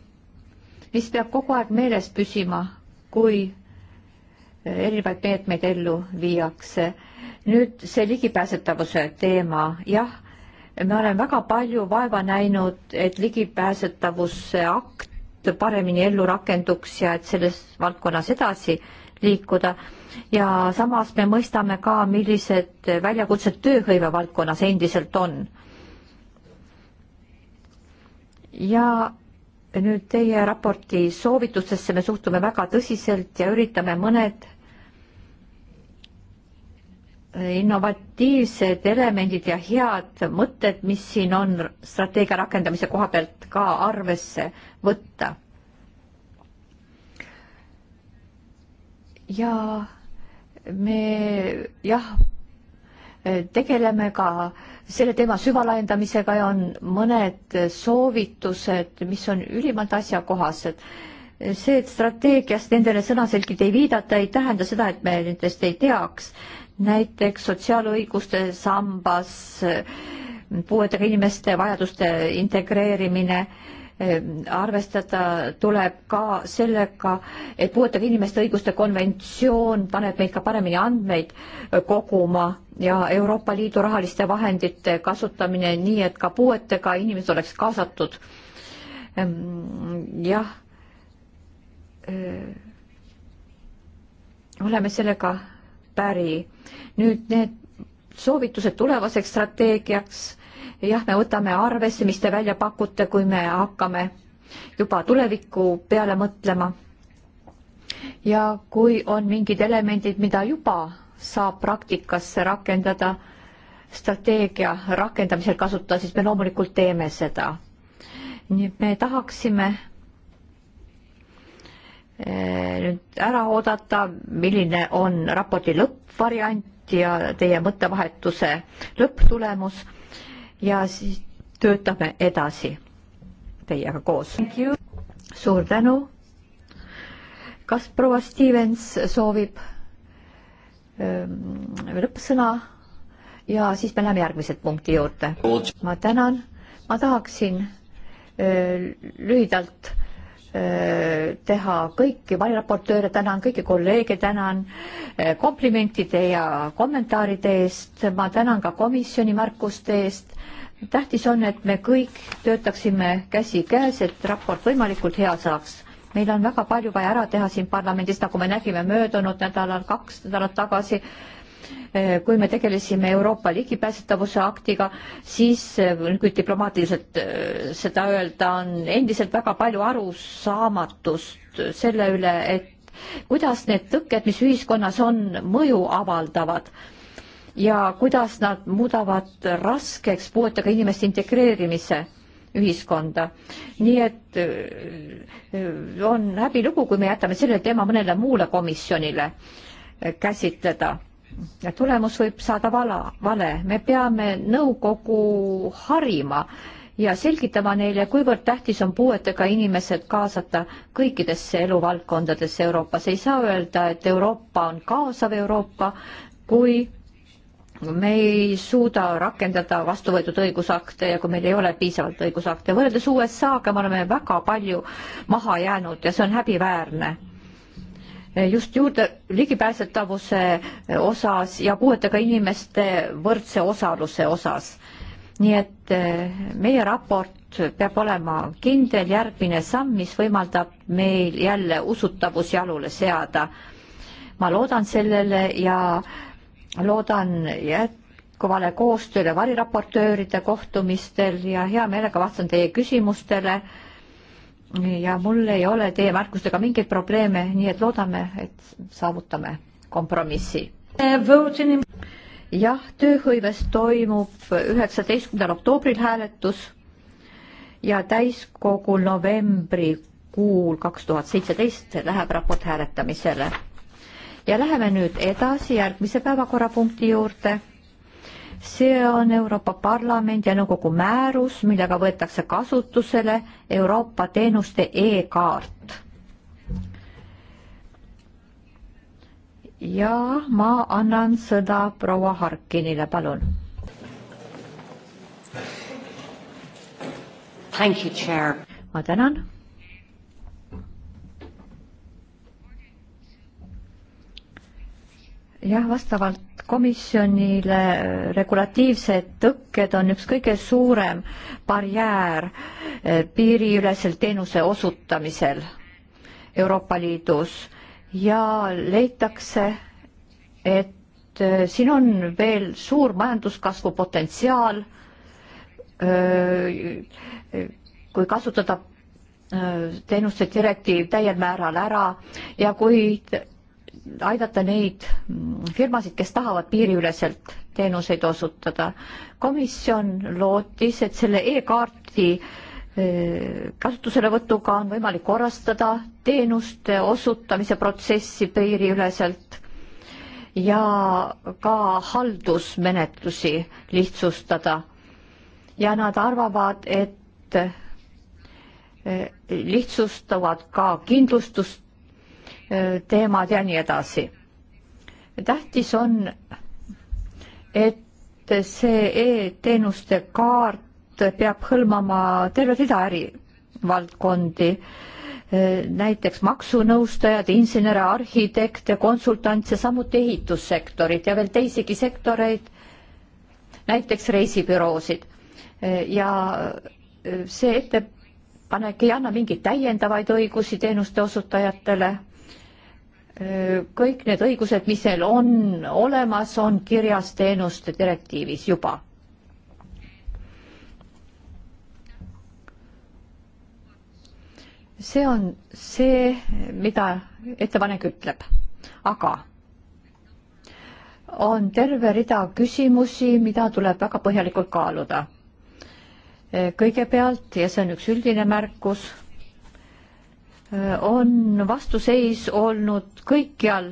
Speaker 1: mis peab kogu aeg meeles püsima kui erinevaid meetmeid ellu viiakse. nüüd see ligipääsetavuse teema, jah, ma olen väga palju vaeva näinud, et ligipääsetavuse akt paremini ellu rakenduks ja et selles valdkonnas edasi liikuda. ja samas me mõistame ka, millised väljakutsed tööhõive valdkonnas endiselt on. ja nüüd teie raporti soovitustesse me suhtume väga tõsiselt ja üritame mõned innovatiivsed elemendid ja head mõtted, mis siin on strateegia rakendamise koha pealt ka arvesse võtta. ja me jah, tegeleme ka äh, selle teema süvalaiendamisega ja on mõned soovitused, mis on ülimalt asjakohased. see, et strateegias nendele sõnaselgelt ei viidata, ei tähenda seda, et me nendest ei teaks. näiteks sotsiaalõiguste sambas puuetega inimeste vajaduste integreerimine äh, Ehm, arvestada tuleb ka sellega, et puuetega inimeste õiguste konventsioon paneb meid ka paremini andmeid äh, koguma ja Euroopa Liidu rahaliste vahendite kasutamine nii, et ka puuetega inimesed oleks kaasatud. Ehm, jah. Äh, oleme sellega päri. nüüd need soovitused tulevaseks strateegiaks jah, me võtame arvesse, mis te välja pakute, kui me hakkame juba tuleviku peale mõtlema. ja kui on mingid elemendid, mida juba saab praktikasse rakendada, strateegia rakendamisel kasutada, siis me loomulikult teeme seda. nii et me tahaksime eh, nüüd ära oodata, milline on raporti lõppvariant ja teie mõttevahetuse lõpptulemus ja siis töötame edasi teiega koos. suur tänu. kas proua Stevens soovib ähm, lõppsõna ja siis me läheme järgmise punkti juurde. ma tänan, ma tahaksin öö, äh, lühidalt teha kõiki variraportööre, tänan kõiki kolleege, tänan eh, komplimentide ja kommentaaride eest, ma tänan ka komisjoni märkuste eest. tähtis on, et me kõik töötaksime käsikäes, et raport võimalikult hea saaks. meil on väga palju vaja ära teha siin parlamendis, nagu me nägime möödunud nädalal, kaks nädalat tagasi Eh, kui me tegelesime Euroopa ligipääsetavuse aktiga, siis eh, kui diplomaatiliselt eh, seda öelda, on endiselt väga palju arusaamatust selle üle, et kuidas need tõkked, mis ühiskonnas on, mõju avaldavad ja kuidas nad muudavad raskeks puuetega inimeste integreerimise ühiskonda. nii et on häbilugu, kui me jätame selle teema mõnele muule komisjonile käsitleda ja tulemus võib saada vala, vale. me peame nõukogu harima ja selgitama neile, kuivõrd tähtis on puuetega inimesed kaasata kõikidesse eluvaldkondadesse Euroopas. ei saa öelda, et Euroopa on kaasav Euroopa, kui me ei suuda rakendada vastu võetud õigusakte ja kui meil ei ole piisavalt õigusakte. võrreldes USA-ga me oleme väga palju maha jäänud ja see on häbiväärne just juurde ligipääsetavuse osas ja puuetega inimeste võrdse osaluse osas. nii et eh, meie raport peab olema kindel järgmine samm, mis võimaldab meil jälle usutavus jalule seada. ma loodan sellele ja loodan jätkuvale koostööle variraportööride kohtumistel ja hea meelega vastan teie küsimustele ja mul ei ole teie märkustega mingeid probleeme, nii et loodame, et saavutame kompromissi. jah, tööhõives toimub üheksateistkümnendal oktoobril hääletus ja täiskogul novembrikuul kaks tuhat seitseteist läheb raport hääletamisele. ja läheme nüüd edasi järgmise päevakorrapunkti juurde see on Euroopa Parlamendi ja Nõukogu määrus, millega võetakse kasutusele Euroopa teenuste e-kaart. ja ma annan sõna proua Harkinile, palun. ma tänan jah, vastavalt komisjonile äh, regulatiivsed tõkked on üks kõige suurem barjäär äh, piiriülesel teenuse osutamisel Euroopa Liidus ja leitakse, et äh, siin on veel suur majanduskasvu potentsiaal, kui kasutada teenuste direktiiv täiel määral ära ja kui aidata neid firmasid, kes tahavad piiriüleselt teenuseid osutada. komisjon lootis, et selle e-kaarti e, kasutuselevõtuga on võimalik korrastada teenuste osutamise protsessi piiriüleselt ja ka haldusmenetlusi lihtsustada. ja nad arvavad, et e, lihtsustavad ka kindlustust teemad ja nii edasi. tähtis on, et see e-teenuste kaart peab hõlmama tervet rida ärivaldkondi, näiteks maksunõustajad, insenere, arhitekte, konsultantse, samuti ehitussektorit ja veel teisigi sektoreid, näiteks reisibüroosid. ja see ettepanek ei anna mingeid täiendavaid õigusi teenuste osutajatele kõik need õigused, mis seal on olemas, on kirjas teenuste direktiivis juba. see on see, mida ettepanek ütleb, aga on terve rida küsimusi, mida tuleb väga põhjalikult kaaluda. kõigepealt, ja see on üks üldine märkus on vastuseis olnud kõikjal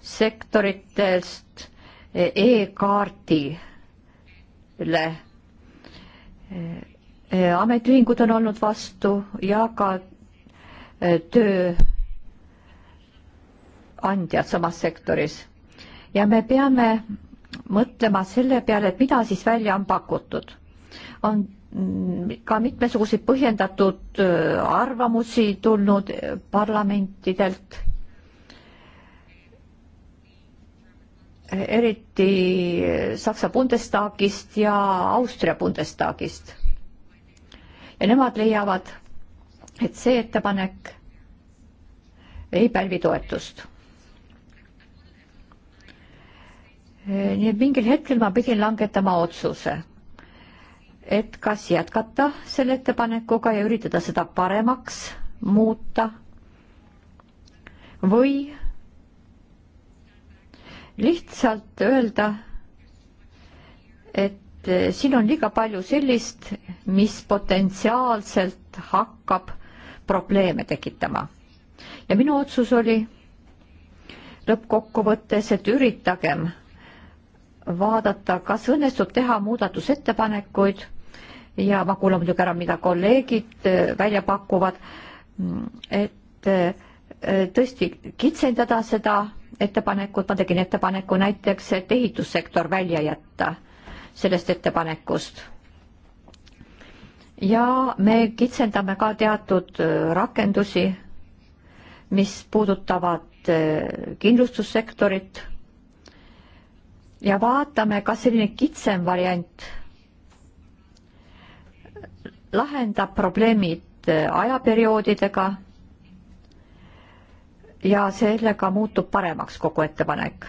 Speaker 1: sektoritest e-kaardile. E, ametiühingud on olnud vastu ja ka e, tööandjad samas sektoris. ja me peame mõtlema selle peale, et mida siis välja on pakutud. on ka mitmesuguseid põhjendatud arvamusi tulnud e, parlamentidelt. eriti e, Saksa Bundestagist ja Austria Bundestagist. ja nemad leiavad, et see ettepanek ei pälvi toetust. E, nii et mingil hetkel ma pidin langetama otsuse et kas jätkata selle ettepanekuga ja üritada seda paremaks muuta või lihtsalt öelda, et siin on liiga palju sellist, mis potentsiaalselt hakkab probleeme tekitama. ja minu otsus oli lõppkokkuvõttes, et üritagem vaadata, kas õnnestub teha muudatusettepanekuid ja ma kuulan muidugi ära, mida kolleegid äh, välja pakuvad, mm, et äh, tõesti kitsendada seda ettepanekut, ma tegin ettepaneku näiteks, et ehitussektor välja jätta sellest ettepanekust. ja me kitsendame ka teatud äh, rakendusi, mis puudutavad kindlustussektorit ja vaatame, kas selline kitsem variant lahendab probleemid äh, ajaperioodidega ja sellega muutub paremaks kogu ettepanek.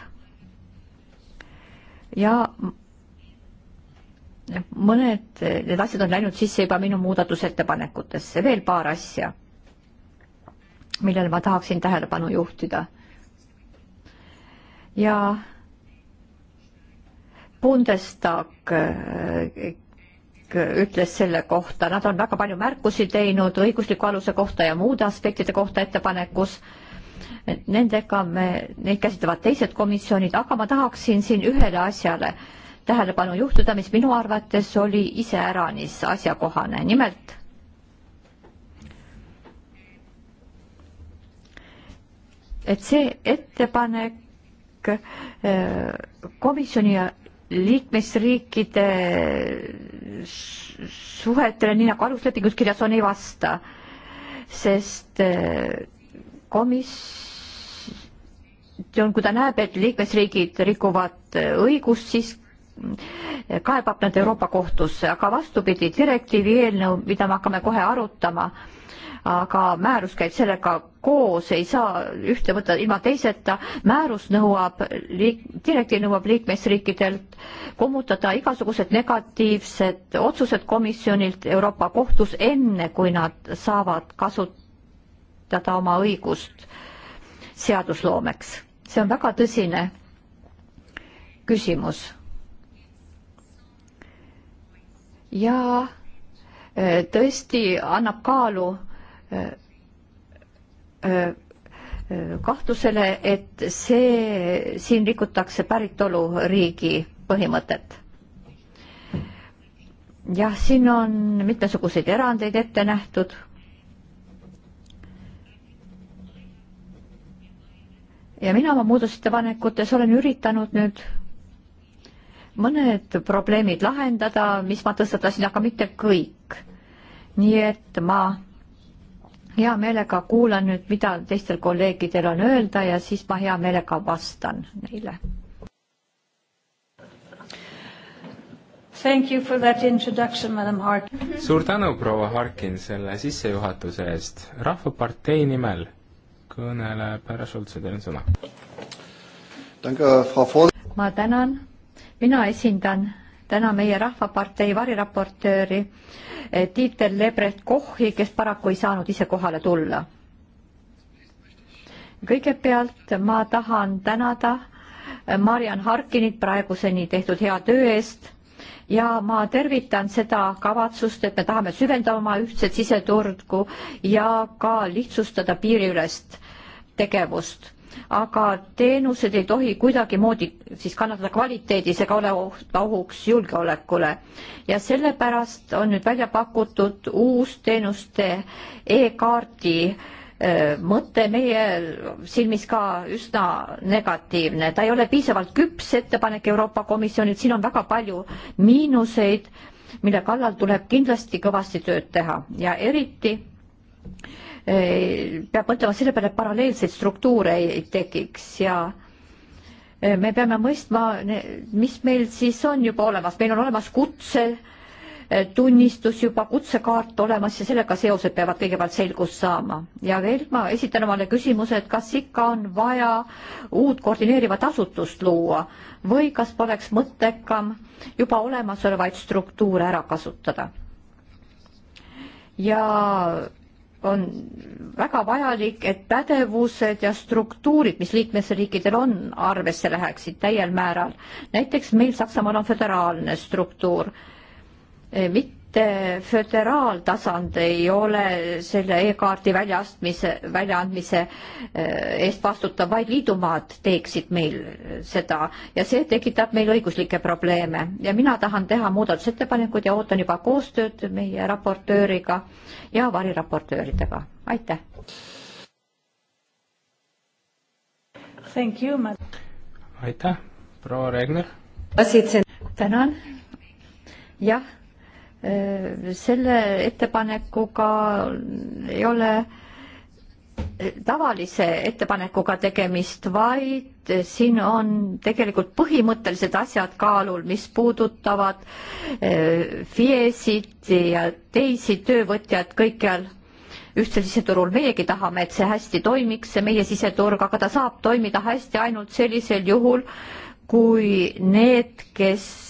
Speaker 1: ja mõned need asjad on läinud sisse juba minu muudatusettepanekutesse, veel paar asja, millele ma tahaksin tähelepanu juhtida. ja Bundestag äh, ütles selle kohta, nad on väga palju märkusi teinud õigusliku aluse kohta ja muude aspektide kohta ettepanekus. Nendega me, neid käsitlevad teised komisjonid, aga ma tahaksin siin ühele asjale tähelepanu juhtida, mis minu arvates oli iseäranis asjakohane, nimelt et see ettepanek eh, komisjoni ja liikmesriikide suhetele, nii nagu aluslepingus kirjas on, ei vasta, sest eh, komisjon, kui ta näeb, et liikmesriigid rikuvad eh, õigust, siis eh, kaebab nad Euroopa kohtusse, aga vastupidi, direktiivi eelnõu, mida me hakkame kohe arutama, aga määrus käib sellega koos, ei saa ühte võtta ilma teiseta. määrus nõuab, direktiiv nõuab liikmesriikidelt kummutada igasugused negatiivsed otsused komisjonilt Euroopa Kohtus, enne kui nad saavad kasutada oma õigust seadusloomeks. see on väga tõsine küsimus. ja äh, tõesti annab kaalu Äh, äh, äh, kahtlusele, et see, siin rikutakse päritoluriigi põhimõtet. jah, siin on mitmesuguseid erandeid ette nähtud. ja mina oma muudatusettepanekutes olen üritanud nüüd mõned probleemid lahendada, mis ma tõstatasin, aga mitte kõik. nii et ma hea meelega kuulan nüüd, mida teistel kolleegidel on öelda ja siis ma hea meelega vastan neile.
Speaker 2: Thank you for that introduction, madam Harkin. suur
Speaker 3: tänu, proua Harkin, selle sissejuhatuse eest. rahvapartei nimel kõneleb härra Schultz ja teil on sõna.
Speaker 1: ma tänan, mina esindan täna meie Rahvapartei variraportööri Tiitel eh, Lebret Kohhi, kes paraku ei saanud ise kohale tulla. kõigepealt ma tahan tänada eh, Marian Harkinit praeguseni tehtud hea töö eest ja ma tervitan seda kavatsust, et me tahame süvendada oma ühtset siseturgu ja ka lihtsustada piiriülest tegevust aga teenused ei tohi kuidagimoodi siis kannatada kvaliteedis ega ole ohuks julgeolekule. ja sellepärast on nüüd välja pakutud uus teenuste e-kaardi e, mõte meie silmis ka üsna negatiivne, ta ei ole piisavalt küps ettepanek Euroopa Komisjonilt, siin on väga palju miinuseid, mille kallal tuleb kindlasti kõvasti tööd teha ja eriti Eh, peab mõtlema selle peale, et paralleelseid struktuure ei tekiks ja eh, me peame mõistma, mis meil siis on juba olemas, meil on olemas kutsetunnistus eh, juba, kutsekaart olemas ja sellega seosed peavad kõigepealt selgust saama. ja veel ma esitan omale küsimuse, et kas ikka on vaja uut koordineerivat asutust luua või kas poleks mõttekam juba olemasolevaid struktuure ära kasutada? ja on väga vajalik, et pädevused ja struktuurid, mis liikmesriikidel on, arvesse läheksid täiel määral. näiteks meil Saksamaal on föderaalne struktuur, eh, mitte mitte föderaaltasand ei ole selle e-kaardi väljaastmise, väljaandmise eh, eest vastutav, vaid liidumaad teeksid meil seda ja see tekitab meil õiguslikke probleeme ja mina tahan teha muudatusettepanekud ja ootan juba koostööd meie raportööriga ja variraportööridega, aitäh.
Speaker 3: aitäh, proua Regner.
Speaker 1: tänan, jah Äh, selle ettepanekuga ei ole äh, tavalise ettepanekuga tegemist, vaid siin on tegelikult põhimõttelised asjad kaalul, mis puudutavad äh, FIE-sid ja teisi töövõtjaid kõikjal ühtsel siseturul. meiegi tahame, et see hästi toimiks, see meie siseturg, aga ta saab toimida hästi ainult sellisel juhul, kui need, kes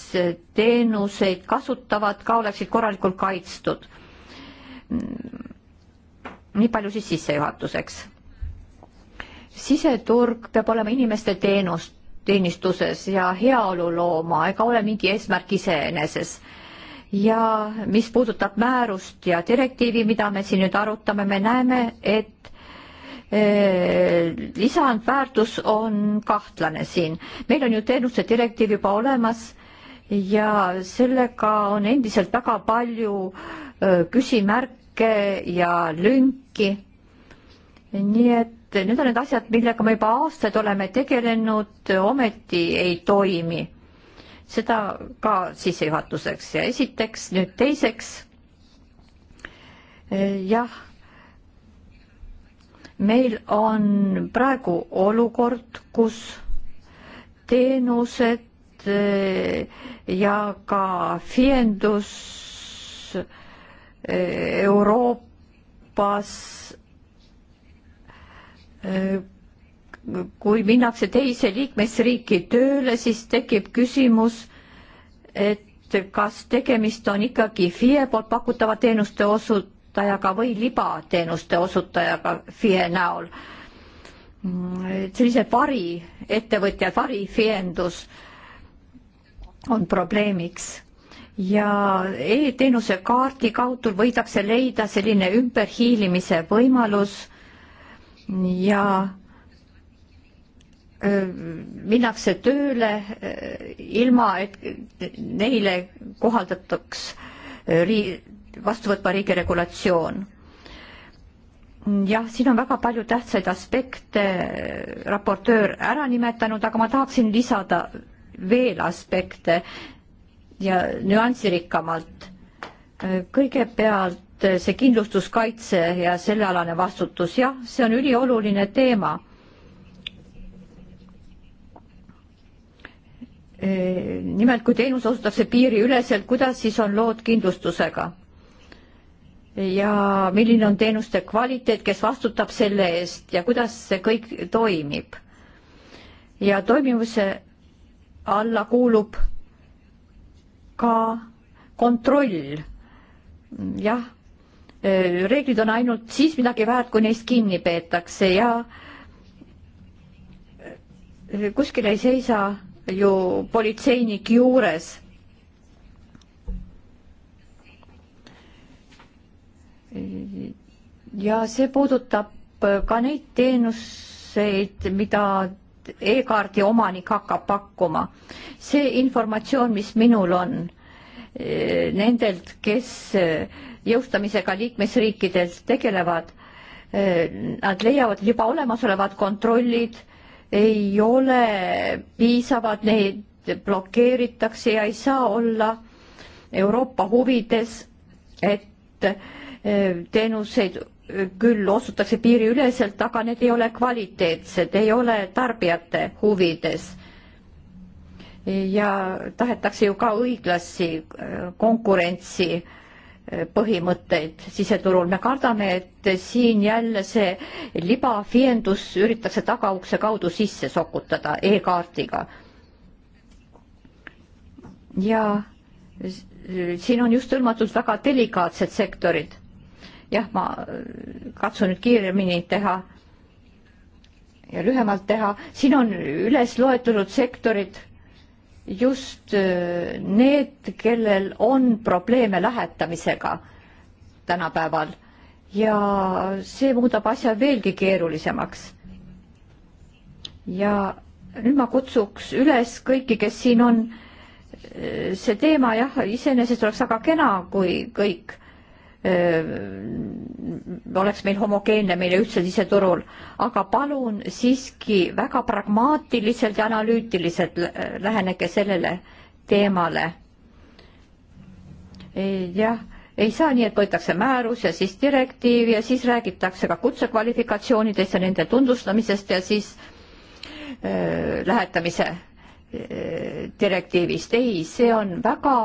Speaker 1: teenuseid kasutavad, ka oleksid korralikult kaitstud. nii palju siis sissejuhatuseks. siseturg peab olema inimeste teenus, teenistuses ja heaolu looma ega ole mingi eesmärk iseeneses ja mis puudutab määrust ja direktiivi, mida me siin nüüd arutame, me näeme, et e, lisandväärtus on kahtlane siin. meil on ju teenuste direktiiv juba olemas ja sellega on endiselt väga palju küsimärke ja lünki. nii et need on need asjad, millega me juba aastaid oleme tegelenud, ometi ei toimi. seda ka sissejuhatuseks ja esiteks, nüüd teiseks. jah, meil on praegu olukord, kus teenused Äh, ja ka fiendus äh, Euroopas, äh, kui minnakse teise liikmesriiki tööle, siis tekib küsimus, et kas tegemist on ikkagi FIE poolt pakutava teenuste osutajaga või libateenuste osutajaga FIE näol. Mm, sellised variettevõtjad, varifiendus on probleemiks ja e-teenuse kaardi kaudu võidakse leida selline ümberhiilimise võimalus ja minnakse tööle ilma, et neile kohaldataks rii-, vastuvõtva riigi regulatsioon. jah, siin on väga palju tähtsaid aspekte raportöör ära nimetanud, aga ma tahaksin lisada veel aspekte ja nüansirikkamalt. kõigepealt see kindlustuskaitse ja sellealane vastutus, jah, see on ülioluline teema. nimelt, kui teenus osutatakse piiriüleselt, kuidas siis on lood kindlustusega? ja milline on teenuste kvaliteet, kes vastutab selle eest ja kuidas see kõik toimib? ja toimivuse alla kuulub ka kontroll. jah, e, reeglid on ainult siis midagi väärt, kui neist kinni peetakse ja e, kuskil ei seisa ju politseinik juures. E, ja see puudutab ka neid teenuseid, mida e-kaardi omanik hakkab pakkuma. see informatsioon, mis minul on eh, nendelt, kes eh, jõustamisega liikmesriikidelt tegelevad, eh, nad leiavad, et juba olemasolevad kontrollid ei ole piisavad, neid blokeeritakse ja ei saa olla Euroopa huvides, et teenuseid küll ostutakse piiriüleselt, aga need ei ole kvaliteetsed, ei ole tarbijate huvides. ja tahetakse ju ka õiglasi äh, konkurentsi äh, põhimõtteid siseturul. me kardame, et siin jälle see libafiendus üritatakse tagaukse kaudu sisse sokutada e-kaardiga. ja siin on just hõlmatud väga delikaatsed sektorid jah, ma äh, katsun nüüd kiiremini teha ja lühemalt teha. siin on üles loetud sektorid, just äh, need, kellel on probleeme lähetamisega tänapäeval ja see muudab asja veelgi keerulisemaks. ja nüüd ma kutsuks üles kõiki, kes siin on, äh, see teema jah, iseenesest oleks väga kena, kui kõik oleks meil homogeenne meile ühtsel siseturul, aga palun siiski väga pragmaatiliselt ja analüütiliselt lähenege sellele teemale. jah, ei saa nii, et võetakse määrus ja siis direktiiv ja siis räägitakse ka kutsekvalifikatsioonidest ja nende tunnustamisest ja siis öö, lähetamise öö, direktiivist. ei, see on väga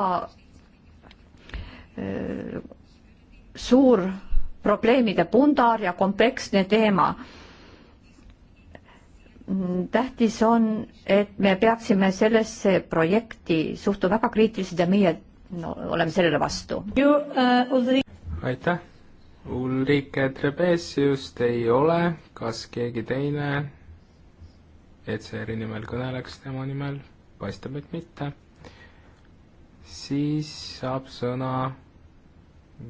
Speaker 1: öö, suur probleemide pundar ja kompleksne teema. tähtis on, et me peaksime sellesse projekti suhtuma väga kriitiliselt ja meie no,
Speaker 3: oleme sellele vastu.
Speaker 2: Uh,
Speaker 3: aitäh. Ulrike Trebesiust ei ole, kas keegi teine ECR-i nimel kõneleks tema nimel? paistab, et mitte. siis saab sõna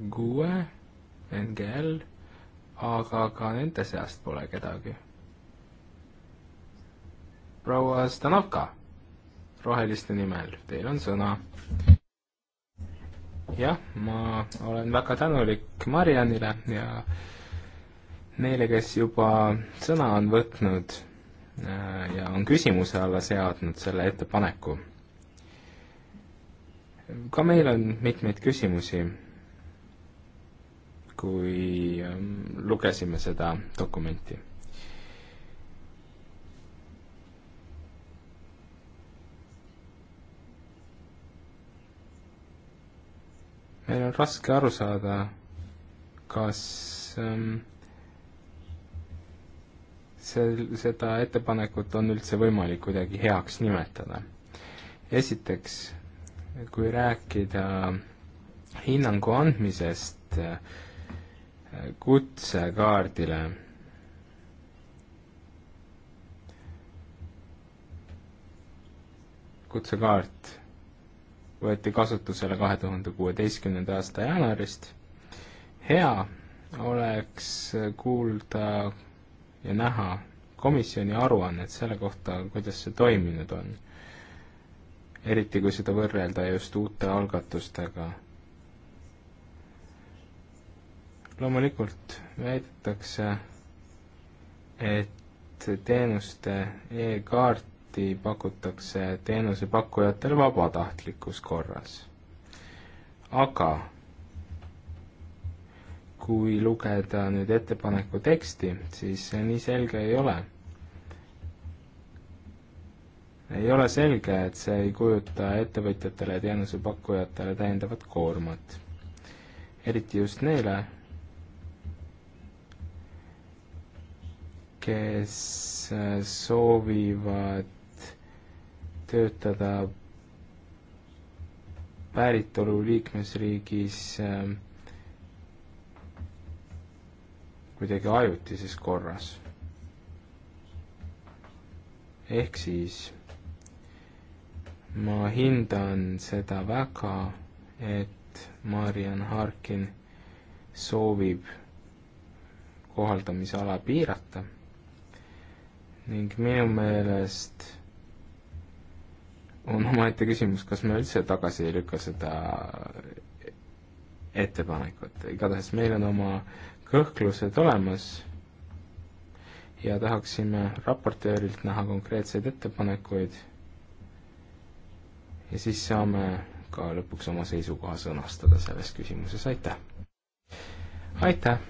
Speaker 3: GUE, NGL, aga ka nende seast pole kedagi. proua Stanoka, roheliste nimel, teil on sõna. jah, ma olen väga tänulik Marianile ja neile, kes juba sõna on võtnud äh, ja on küsimuse alla seadnud selle ettepaneku. ka meil on mitmeid küsimusi kui ähm, lugesime seda dokumenti. meil on raske aru saada, kas ähm, sel, seda ettepanekut on üldse võimalik kuidagi heaks nimetada. esiteks, kui rääkida hinnangu andmisest äh, kutsekaardile. kutsekaart võeti kasutusele kahe tuhande kuueteistkümnenda aasta jaanuarist. hea oleks kuulda ja näha komisjoni aruannet selle kohta, kuidas see toiminud on. eriti, kui seda võrrelda just uute algatustega loomulikult väidetakse, et teenuste e-kaarti pakutakse teenusepakkujatele vabatahtlikus korras. aga kui lugeda nüüd ettepaneku teksti, siis see nii selge ei ole. ei ole selge, et see ei kujuta ettevõtjatele ja teenusepakkujatele täiendavat koormat. eriti just neile, kes äh, soovivad töötada päritolu liikmesriigis äh, kuidagi ajutises korras. ehk siis ma hindan seda väga, et Mariann Harkin soovib kohaldamisala piirata ning minu meelest on omaette küsimus, kas me üldse tagasi ei lükka seda ettepanekut, igatahes meil on oma kõhklused olemas ja tahaksime raportöörilt näha konkreetseid ettepanekuid ja siis saame ka lõpuks oma seisukoha sõnastada selles küsimuses, aitäh! aitäh!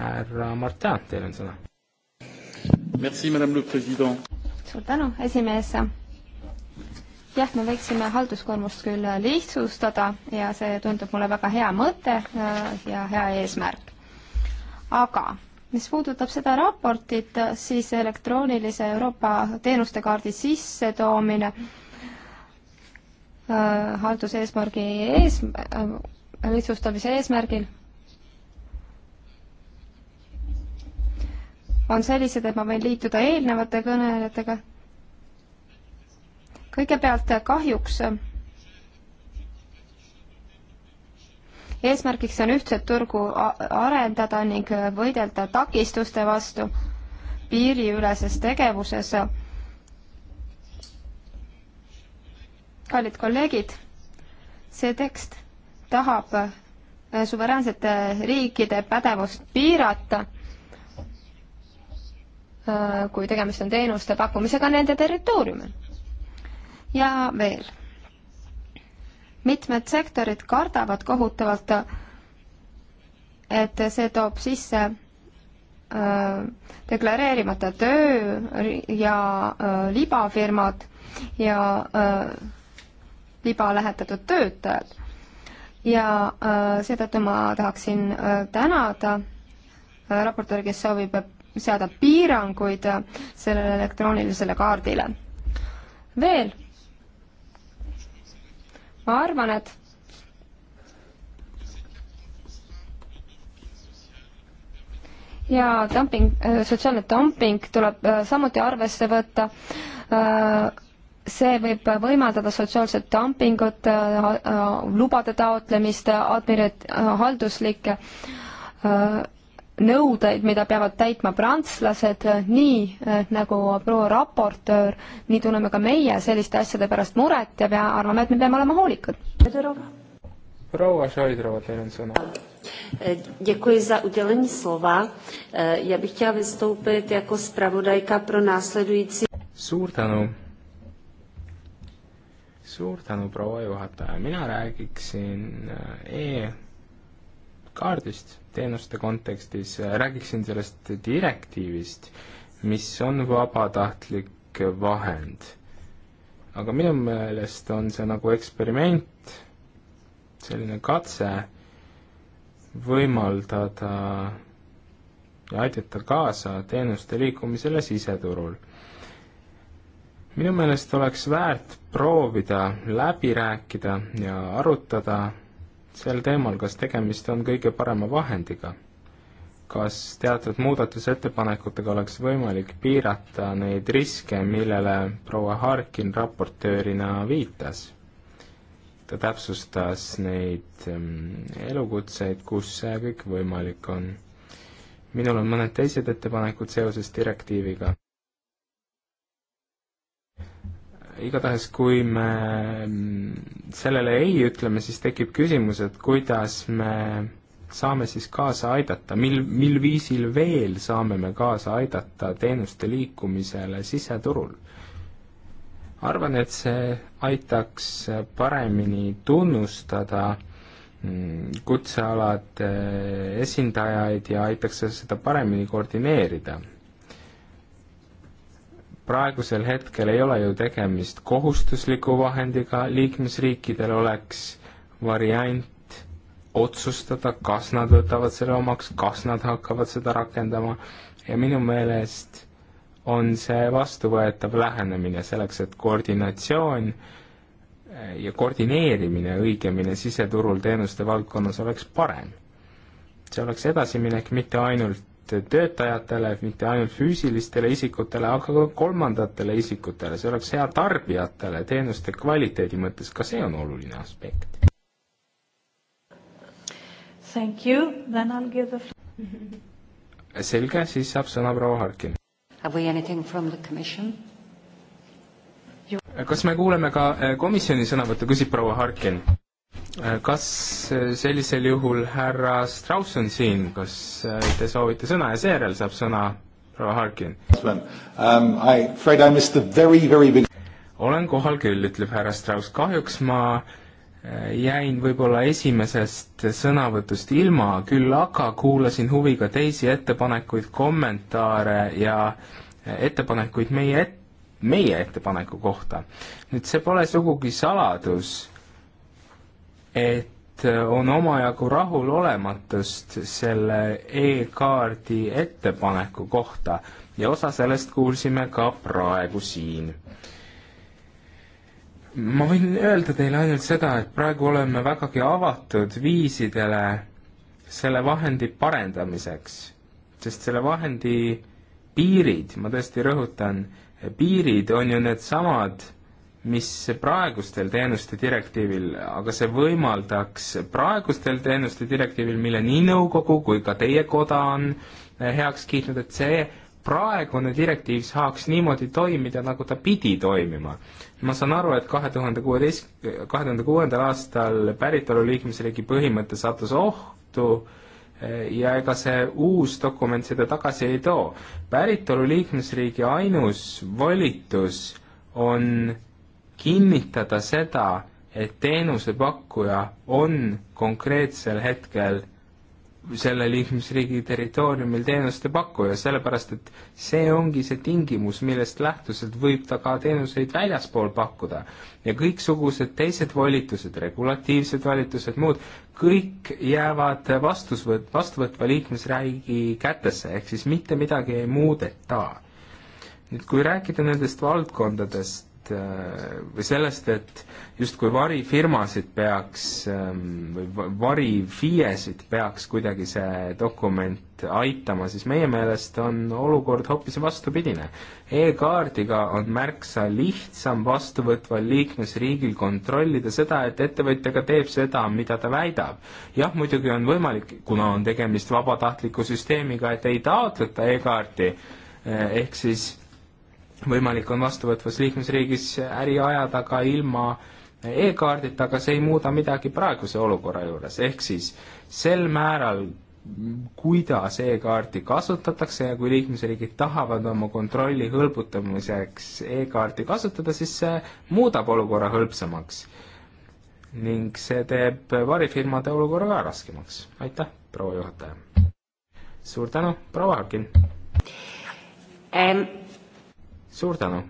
Speaker 3: härra Martin, teil on sõna suur
Speaker 4: tänu, esimees. jah, me võiksime halduskoormust küll lihtsustada ja see tundub mulle väga hea mõte äh, ja hea eesmärk. aga mis puudutab seda raportit, siis elektroonilise Euroopa teenustekaardi sissetoomine äh, halduseesmärgi ees, äh, lihtsustamise eesmärgil on sellised, et ma võin liituda eelnevate kõnelejatega. kõigepealt kahjuks eesmärgiks on ühtset turgu arendada ning võidelda takistuste vastu piiriüleses tegevuses. kallid kolleegid, see tekst tahab suveräänsete riikide pädevust piirata Äh, kui tegemist on teenuste pakkumisega nende territooriumil. ja veel. mitmed sektorid kardavad kohutavalt, et see toob sisse äh, deklareerimata töö ja äh, libafirmad ja libalähetatud töötajad. ja seetõttu ma tahaksin tänada raportööri, kes soovib seada piiranguid sellele elektroonilisele kaardile. veel, ma arvan, et ja dumping, sotsiaalne dumping tuleb äh, samuti arvesse võtta. Äh, see võib võimaldada sotsiaalset dumpingut, äh, lubade taotlemist, admirat-, halduslikke nõudeid, mida peavad täitma prantslased, äh, nii äh, nagu proua raportöör, nii tunneme ka meie selliste asjade pärast muret ja pea, arvame, et me peame olema hoolikad.
Speaker 3: proua Šoidrova, teil on sõna. Äh, děkuji za
Speaker 1: udělení slova. Já bych chtěla vystoupit jako zpravodajka pro následující.
Speaker 3: Suur tänu. Suur tänu, proua juhataja. Mina räägiksin e kaardist teenuste kontekstis, räägiksin sellest direktiivist, mis on vabatahtlik vahend. aga minu meelest on see nagu eksperiment, selline katse võimaldada ja aidata kaasa teenuste liikumisele siseturul. minu meelest oleks väärt proovida läbi rääkida ja arutada sel teemal, kas tegemist on kõige parema vahendiga. kas teatud muudatusettepanekutega oleks võimalik piirata neid riske, millele proua Harkin raportöörina viitas? ta täpsustas neid mm, elukutseid, kus see kõik võimalik on. minul on mõned teised ettepanekud seoses direktiiviga igatahes, kui me sellele ei ütleme, siis tekib küsimus, et kuidas me saame siis kaasa aidata, mil, mil viisil veel saame me kaasa aidata teenuste liikumisele siseturul? arvan, et see aitaks paremini tunnustada mm, kutsealade esindajaid ja aitaks seda paremini koordineerida praegusel hetkel ei ole ju tegemist kohustusliku vahendiga, liikmesriikidel oleks variant otsustada, kas nad võtavad selle omaks, kas nad hakkavad seda rakendama ja minu meelest on see vastuvõetav lähenemine selleks, et koordinatsioon ja koordineerimine õigemini siseturul teenuste valdkonnas oleks parem. see oleks edasiminek mitte ainult ainult töötajatele, mitte ainult füüsilistele isikutele, aga ka kolmandatele isikutele, see oleks hea tarbijatele teenuste kvaliteedi mõttes, ka see on oluline aspekt.
Speaker 2: Thank you, then I will give the
Speaker 3: selge, siis saab sõna proua Harkin.
Speaker 2: Have we anything from the commission?
Speaker 3: kas me kuuleme ka eh, komisjoni sõnavõttu, küsib proua Harkin Äh, kas äh, sellisel juhul härra Strauss on siin, kas äh, te soovite sõna ja seejärel saab sõna proua Harkin? Um, olen kohal küll, ütleb härra Strauss, kahjuks ma jäin võib-olla esimesest sõnavõtust ilma, küll aga kuulasin huviga teisi ettepanekuid, kommentaare ja ettepanekuid meie et-, meie ettepaneku kohta. nüüd see pole sugugi saladus et on omajagu rahulolematust selle e-kaardi ettepaneku kohta ja osa sellest kuulsime ka praegu siin. ma võin öelda teile ainult seda, et praegu oleme vägagi avatud viisidele selle vahendi parendamiseks, sest selle vahendi piirid, ma tõesti rõhutan, piirid on ju needsamad mis praegustel teenuste direktiivil, aga see võimaldaks praegustel teenuste direktiivil, mille nii nõukogu kui ka teie koda on eh, heaks kiitnud, et see praegune direktiiv saaks niimoodi toimida, nagu ta pidi toimima. ma saan aru, et kahe tuhande kuueteist, kahe tuhande kuuendal aastal päritolu liikmesriigi põhimõte sattus ohtu eh, ja ega see uus dokument seda tagasi ei too. päritolu liikmesriigi ainus volitus on kinnitada seda, et teenusepakkuja on konkreetsel hetkel selle liikmesriigi territooriumil teenuste pakkuja, sellepärast et see ongi see tingimus, millest lähtuselt võib ta ka teenuseid väljaspool pakkuda. ja kõiksugused teised volitused, regulatiivsed volitused, muud, kõik jäävad vastusvõt-, vastuvõtva liikmesriigi kätesse, ehk siis mitte midagi ei muudeta. nüüd kui rääkida nendest valdkondadest, Äh, või sellest, et justkui varifirmasid peaks ähm, või varifiesid peaks kuidagi see dokument aitama, siis meie meelest on olukord hoopis vastupidine e. E-kaardiga on märksa lihtsam vastuvõtval liikmesriigil kontrollida seda, et ettevõtja ka teeb seda, mida ta väidab. jah, muidugi on võimalik, kuna on tegemist vabatahtliku süsteemiga, et ei taotleta e-kaarti, äh, ehk siis võimalik on vastuvõtvas liikmesriigis äri ajada ka ilma e-kaardita, aga see ei muuda midagi praeguse olukorra juures, ehk siis sel määral, kuidas e-kaarti kasutatakse ja kui liikmesriigid tahavad oma kontrolli hõlbutamiseks e-kaarti kasutada, siis see muudab olukorra hõlpsamaks. ning see teeb varifirmade olukorra ka raskemaks. aitäh, proua juhataja! suur tänu, proua Harkin ähm.! suur tänu!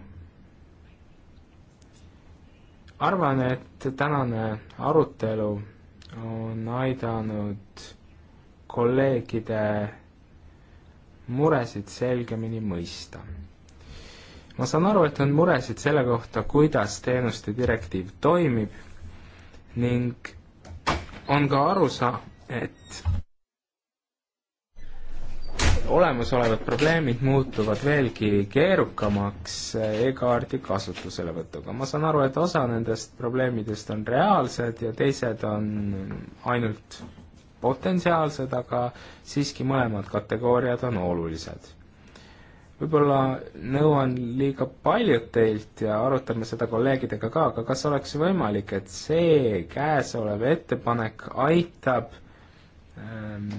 Speaker 3: arvan, et tänane arutelu on aidanud kolleegide muresid selgemini mõista. ma saan aru, et on muresid selle kohta, kuidas teenuste direktiiv toimib ning on ka aru saa-, et olemasolevad probleemid muutuvad veelgi keerukamaks e-kaardi kasutuselevõtuga. ma saan aru, et osa nendest probleemidest on reaalsed ja teised on ainult potentsiaalsed, aga siiski mõlemad kategooriad on olulised. võib-olla nõuan liiga paljud teilt ja arutame seda kolleegidega ka, aga kas oleks võimalik, et see käesolev ettepanek aitab ähm,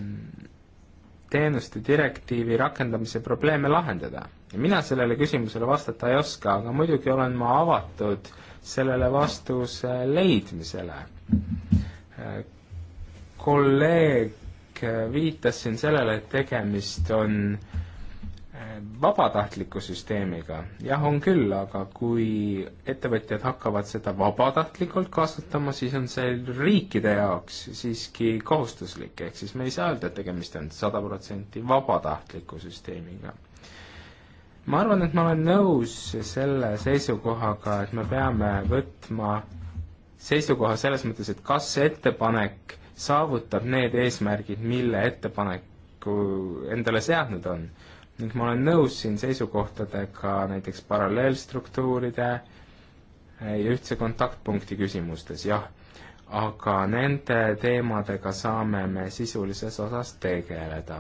Speaker 3: teenuste direktiivi rakendamise probleeme lahendada. mina sellele küsimusele vastata ei oska, aga muidugi olen ma avatud sellele vastuse leidmisele. kolleeg viitas siin sellele, et tegemist on äh, vabatahtliku süsteemiga, jah, on küll, aga kui ettevõtjad hakkavad seda vabatahtlikult kasutama, siis on see riikide jaoks siiski kohustuslik, ehk siis me ei saa öelda, et tegemist on sada protsenti vabatahtliku süsteemiga. ma arvan, et ma olen nõus selle seisukohaga, et me peame võtma seisukoha selles mõttes, et kas see ettepanek saavutab need eesmärgid, mille ettepaneku endale seadnud on ning ma olen nõus siin seisukohtadega näiteks paralleelstruktuuride eh, ja ühtse kontaktpunkti küsimustes, jah, aga nende teemadega saame me sisulises osas tegeleda.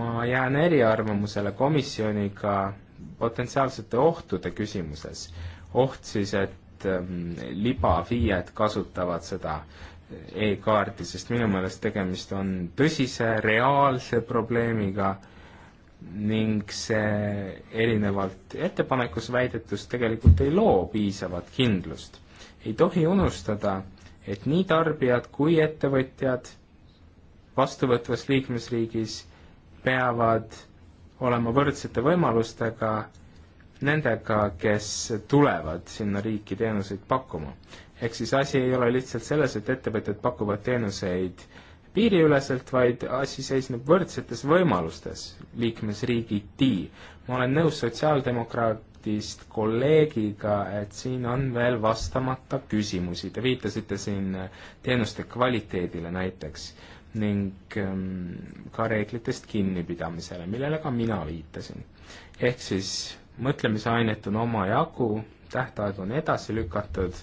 Speaker 3: ma jään eriarvamusele komisjoniga potentsiaalsete ohtude küsimuses. oht siis, et ähm, mm, libaviied kasutavad seda e-kaarti, sest minu meelest tegemist on tõsise, reaalse probleemiga äh,, ning see erinevalt ettepanekus väidetust tegelikult ei loo piisavat kindlust. ei tohi unustada, et nii tarbijad kui ettevõtjad vastuvõtvas liikmesriigis peavad olema võrdsete võimalustega nendega, kes tulevad sinna riiki teenuseid pakkuma. ehk siis asi ei ole lihtsalt selles, et ettevõtjad pakuvad teenuseid piiriüleselt, vaid asi seisneb võrdsetes võimalustes liikmesriigiti. ma olen nõus sotsiaaldemokraatist kolleegiga, et siin on veel vastamata küsimusi, te viitasite siin äh, teenuste kvaliteedile näiteks ning ähm, ka reeglitest kinnipidamisele, millele ka mina viitasin. ehk siis mõtlemisainet on omajagu, tähtaeg on edasi lükatud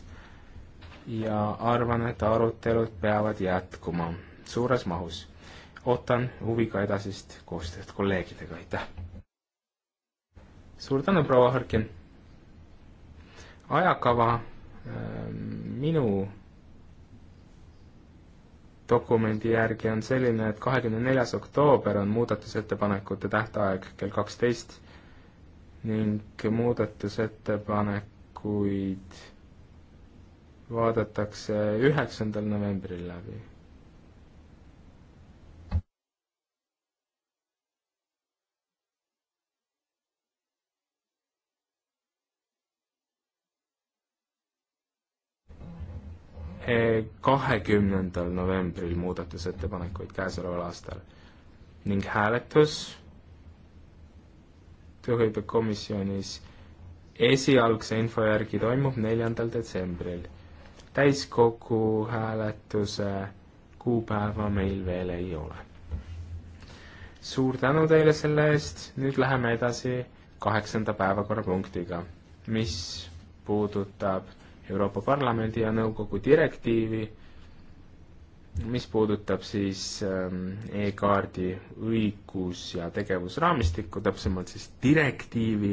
Speaker 3: ja arvan, et arutelud peavad jätkuma suures mahus ootan huviga edasist koostööd kolleegidega, aitäh! suur tänu, proua Harkin! ajakava ähm, minu dokumendi järgi on selline, et kahekümne neljas oktoober on muudatusettepanekute tähtaeg kell kaksteist ning muudatusettepanekuid vaadatakse üheksandal novembril läbi kahekümnendal novembril muudatusettepanekuid käesoleval aastal ning hääletus tööhõivekomisjonis esialgse info järgi toimub neljandal detsembril. täiskogu hääletuse kuupäeva meil veel ei ole. suur tänu teile selle eest, nüüd läheme edasi kaheksanda päevakorrapunktiga, mis puudutab Euroopa Parlamendi ja Nõukogu direktiivi, mis puudutab siis ähm, e-kaardi õigus- ja tegevusraamistikku, täpsemalt siis direktiivi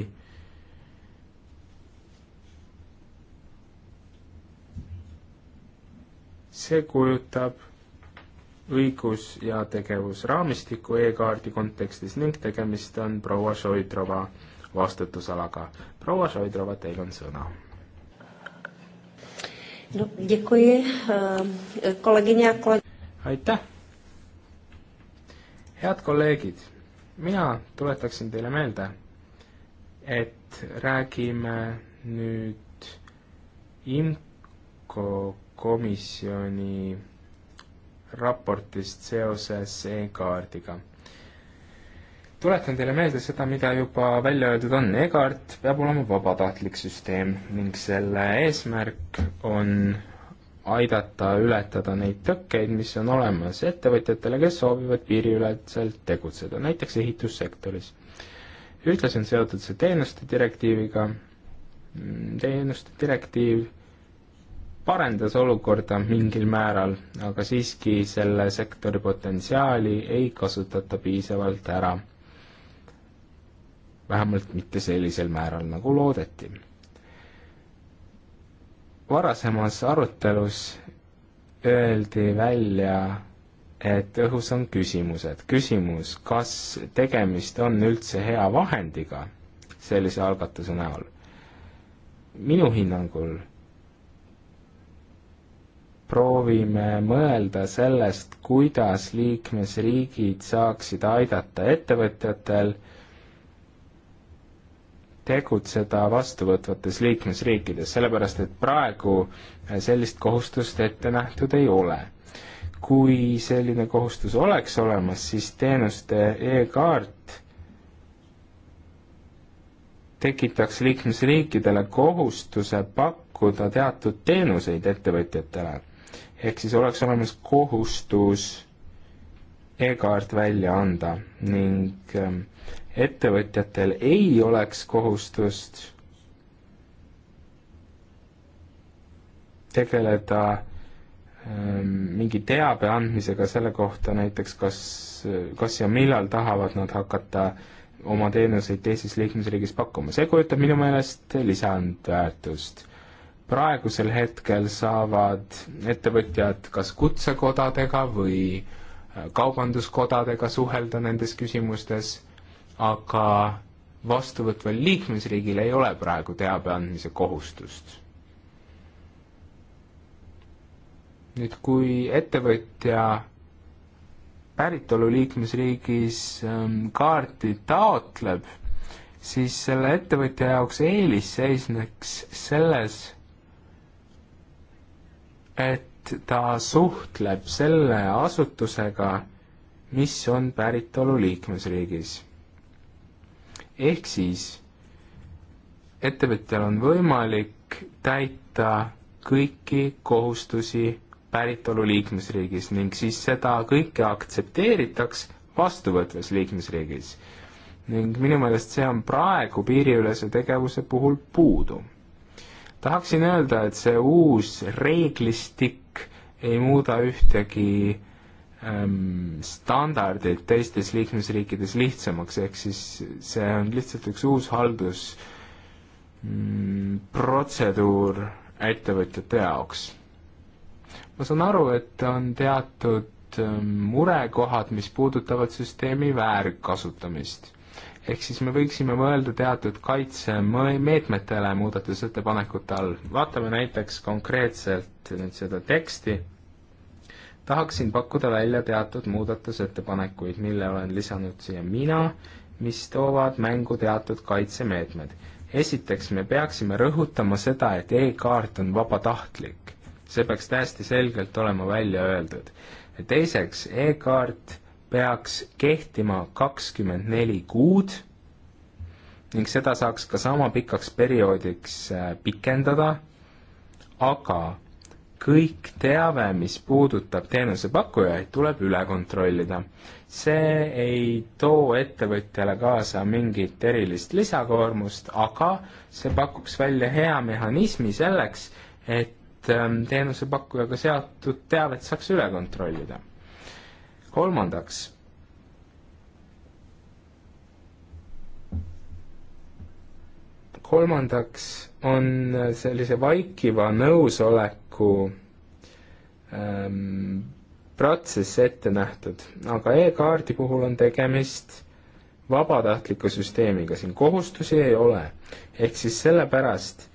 Speaker 3: see kujutab õigus- ja tegevusraamistiku e-kaardi kontekstis ning tegemist on proua Šoidrova vastutusalaga. proua Šoidrova, teil on sõna
Speaker 2: no, děkuji,
Speaker 3: eh, kolegyně ja kolleeg-. aitäh! head kolleegid, mina tuletaksin teile meelde, et räägime nüüd IMCO komisjoni raportist seoses e-kaardiga tuletan teile meelde seda, mida juba välja öeldud on, EGART peab olema vabatahtlik süsteem ning selle eesmärk on aidata ületada neid tõkkeid, mis on olemas ettevõtjatele, kes soovivad piiriüleselt tegutseda, näiteks ehitussektoris. ühtlasi on seotud see teenuste direktiiviga, teenuste direktiiv parendas olukorda mingil määral, aga siiski selle sektori potentsiaali ei kasutata piisavalt ära vähemalt mitte sellisel määral, nagu loodeti. varasemas arutelus öeldi välja, et õhus on küsimused. küsimus, kas tegemist on üldse hea vahendiga sellise algatuse näol? minu hinnangul proovime mõelda sellest, kuidas liikmesriigid saaksid aidata ettevõtjatel äh, tegutseda vastuvõtvates liikmesriikides, sellepärast et praegu äh, sellist kohustust ette nähtud ei ole. kui selline kohustus oleks olemas, siis teenuste e-kaart tekitaks liikmesriikidele kohustuse pakkuda teatud teenuseid ettevõtjatele. ehk siis oleks olemas kohustus e-kaart välja anda ning ähm, ettevõtjatel ei oleks kohustust tegeleda ähm, mingi teabe andmisega selle kohta näiteks, kas, kas ja millal tahavad nad hakata oma teenuseid teises liikmesriigis pakkuma, see kujutab minu meelest lisandväärtust. praegusel hetkel saavad ettevõtjad kas kutsekodadega või äh, kaubanduskodadega suhelda nendes küsimustes aga vastuvõtval liikmesriigil ei ole praegu teabe andmise kohustust. nüüd, kui ettevõtja päritolu liikmesriigis ähm, kaarti taotleb, siis selle ettevõtja jaoks eelis seisneks selles, et ta suhtleb selle asutusega, mis on päritolu liikmesriigis ehk siis ettevõtjal on võimalik täita kõiki kohustusi päritolu liikmesriigis ning siis seda kõike aktsepteeritaks vastuvõtvas liikmesriigis. ning minu meelest see on praegu piiriülese tegevuse puhul puudu. tahaksin öelda, et see uus reeglistik ei muuda ühtegi äh, Ähm, standardid teistes liikmesriikides lihtsamaks, ehk siis see on lihtsalt üks uus haldusprotseduur mm, ettevõtjate jaoks. ma saan aru, et on teatud ähm, murekohad, mis puudutavad süsteemi väärkasutamist. ehk siis me võiksime mõelda teatud kaitsemeetmetele muudatusettepanekute all, vaatame näiteks konkreetselt nüüd seda teksti tahaksin pakkuda välja teatud muudatusettepanekuid, mille olen lisanud siia mina, mis toovad mängu teatud kaitsemeetmed. esiteks, me peaksime rõhutama seda, et e-kaart on vabatahtlik. see peaks täiesti selgelt olema välja öeldud. teiseks e, e-kaart peaks kehtima kakskümmend neli kuud ning seda saaks ka sama pikaks perioodiks äh, pikendada, aga kõik teave, mis puudutab teenusepakkujaid, tuleb üle kontrollida. see ei too ettevõtjale kaasa mingit erilist lisakoormust, aga see pakuks välja hea mehhanismi selleks, et ähm, teenusepakkujaga seotud teavet saaks üle kontrollida. kolmandaks, kolmandaks on sellise vaikiva nõusoleku kohaliku nagu, ähm, protsess ette nähtud, aga e-kaardi puhul on tegemist vabatahtliku süsteemiga, siin kohustusi ei ole. ehk siis sellepärast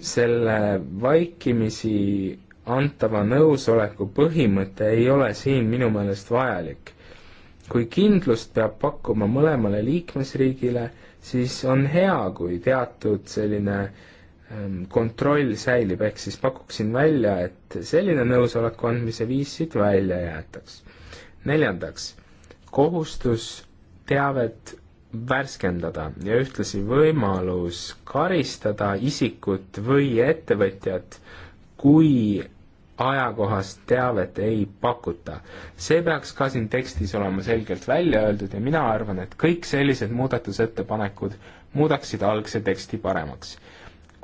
Speaker 3: selle vaikimisi antava nõusoleku põhimõte ei ole siin minu meelest vajalik. kui kindlust peab pakkuma mõlemale liikmesriigile, siis on hea, kui teatud selline äh, Ähm, kontroll säilib, ehk siis pakuksin välja, et selline nõusoleku andmise viis siit välja jäetaks. neljandaks, kohustus teavet värskendada ja ühtlasi võimalus karistada isikut või ettevõtjat, kui ajakohast teavet ei pakuta. see peaks ka siin tekstis olema selgelt välja öeldud ja mina arvan, et kõik sellised muudatusettepanekud muudaksid algse teksti paremaks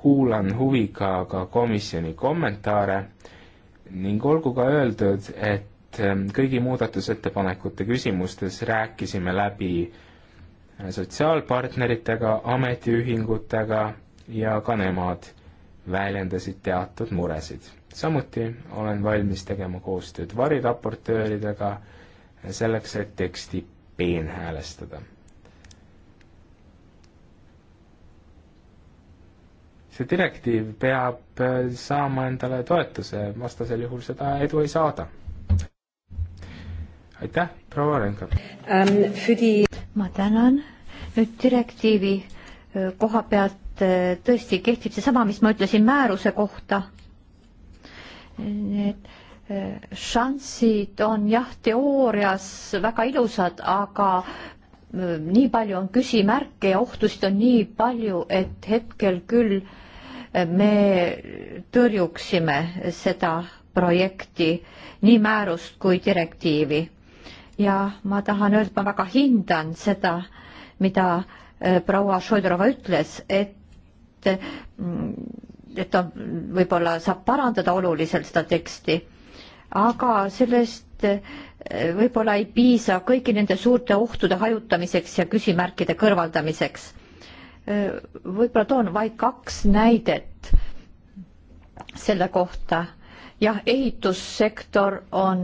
Speaker 3: kuulan huviga ka komisjoni kommentaare ning olgu ka öeldud, et ähm, kõigi muudatusettepanekute küsimustes rääkisime läbi äh, sotsiaalpartneritega, ametiühingutega ja ka nemad väljendasid teatud muresid. samuti olen valmis tegema koostööd variraportööridega selleks, et teksti peenhäälestada see direktiiv peab äh, saama endale toetuse, vastasel juhul seda edu ei saada. aitäh, proua Renka
Speaker 1: ähm,! Füdi... ma tänan, nüüd direktiivi äh, koha pealt äh, tõesti kehtib seesama, mis ma ütlesin määruse kohta. Need šanssid on jah, teoorias väga ilusad, aga nii palju on küsimärke ja ohtusid on nii palju, et hetkel küll äh, me tõrjuksime seda projekti, nii määrust kui direktiivi. ja ma tahan öelda, ma väga hindan seda, mida äh, proua Šodorova ütles, et, mm, et ta võib-olla saab parandada oluliselt seda teksti, aga sellest äh, võib-olla ei piisa kõigi nende suurte ohtude hajutamiseks ja küsimärkide kõrvaldamiseks Äh, võib-olla toon vaid kaks näidet selle kohta. jah, ehitussektor on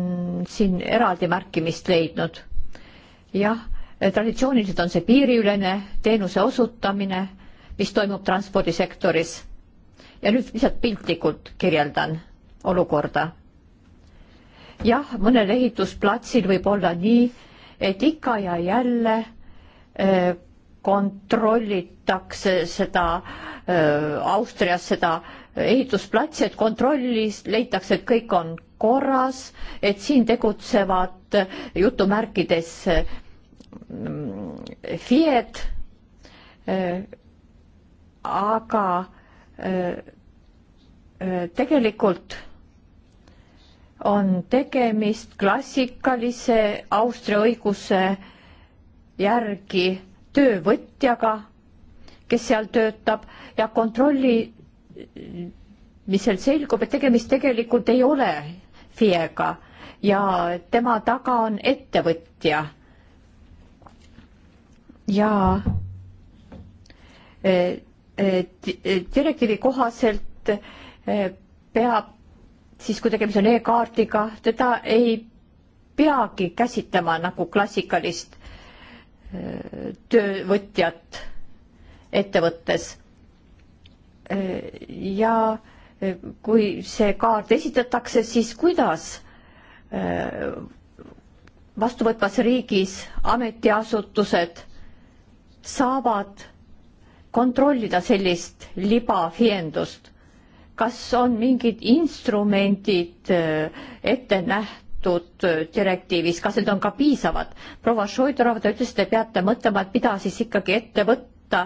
Speaker 1: siin eraldi märkimist leidnud. jah, äh, traditsiooniliselt on see piiriülene teenuse osutamine, mis toimub transpordisektoris. ja nüüd lihtsalt piltlikult kirjeldan olukorda. jah, mõnel ehitusplatsil võib olla nii, et ikka ja jälle öö, äh, kontrollitakse seda äh, Austrias seda ehitusplatsi, et kontrollis leitakse, et kõik on korras, et siin tegutsevad äh, jutumärkides äh, FIE-d äh,, aga äh, äh, tegelikult on tegemist klassikalise Austria õiguse järgi töövõtjaga, kes seal töötab ja kontrolli, mis seal selgub, et tegemist tegelikult ei ole FIE-ga ja tema taga on ettevõtja. ja e, e, e, direktiivi kohaselt peab siis, kui tegemist on e-kaardiga, teda ei peagi käsitlema nagu klassikalist töövõtjat ettevõttes. ja kui see kaart esitatakse, siis kuidas eh, vastuvõtvas riigis ametiasutused saavad kontrollida sellist libafiendust? kas on mingid instrumendid eh, ette nähtud? tehtud äh, direktiivis, kas need on ka piisavad? proua Šoidorov, te ütlesite, peate mõtlema, et mida siis ikkagi ette võtta,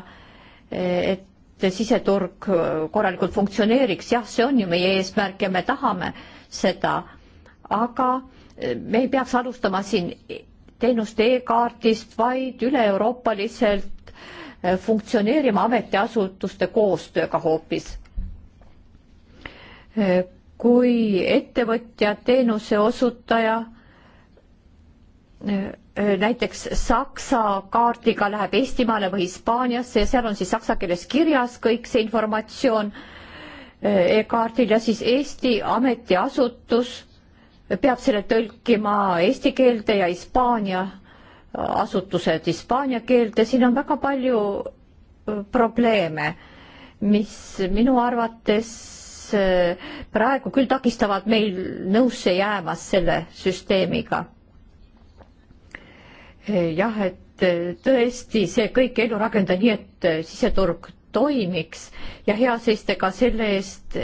Speaker 1: eh, et siseturg äh, korralikult funktsioneeriks, jah, see on ju meie eesmärk ja me tahame seda, aga äh, me ei peaks alustama siin teenuste e-kaardist, vaid üle-euroopaliselt funktsioneerima ametiasutuste koostööga hoopis kui ettevõtja, teenuseosutaja äh, näiteks Saksa kaardiga läheb Eestimaale või Hispaaniasse ja seal on siis saksa keeles kirjas kõik see informatsioon äh, e-kaardil ja siis Eesti ametiasutus peab selle tõlkima eesti keelde ja Hispaania asutused hispaania keelde, siin on väga palju äh, probleeme, mis minu arvates Äh, praegu küll takistavad meil nõusse jäämas selle süsteemiga. jah, et äh, tõesti see kõik ellu rakendada nii, et äh, siseturg toimiks ja hea seista ka selle eest,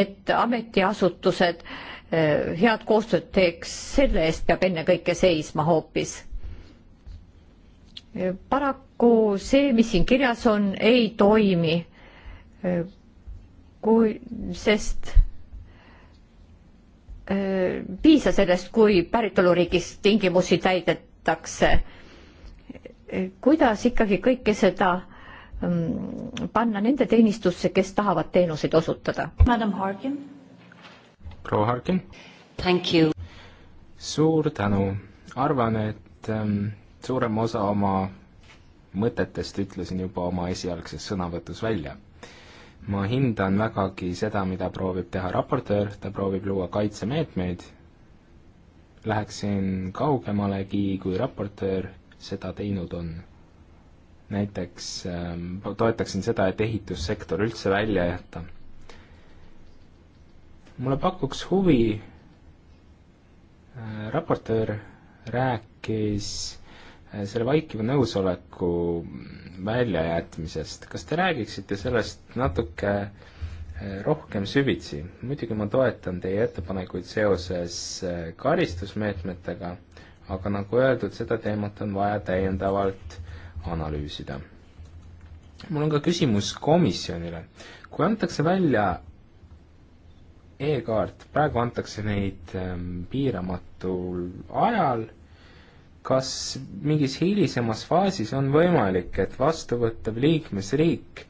Speaker 1: et ametiasutused head koostööd teeks, selle eest peab ennekõike seisma hoopis. paraku see, mis siin kirjas on, ei toimi kui, sest öö, piisa sellest, kui päritoluriigis tingimusi täidetakse. kuidas ikkagi kõike seda m, mm, panna nende teenistusse, kes tahavad teenuseid osutada?
Speaker 3: proua Harkin. suur tänu, arvan, et ähm, suurem osa oma mõtetest ütlesin juba oma esialgses sõnavõtus välja ma hindan vägagi seda, mida proovib teha raportöör, ta proovib luua kaitsemeetmeid, läheksin kaugemalegi, kui raportöör seda teinud on. näiteks ähm, toetaksin seda, et ehitussektor üldse välja jätta. mulle pakuks huvi, äh, raportöör rääkis Äh, selle vaikiva nõusoleku väljajätmisest, kas te räägiksite sellest natuke äh, rohkem süvitsi? muidugi ma toetan teie ettepanekuid seoses äh, karistusmeetmetega, aga nagu öeldud, seda teemat on vaja täiendavalt analüüsida. mul on ka küsimus komisjonile. kui antakse välja e-kaart, praegu antakse neid ähm, piiramatul ajal kas mingis hilisemas faasis on võimalik, et vastuvõttev liikmesriik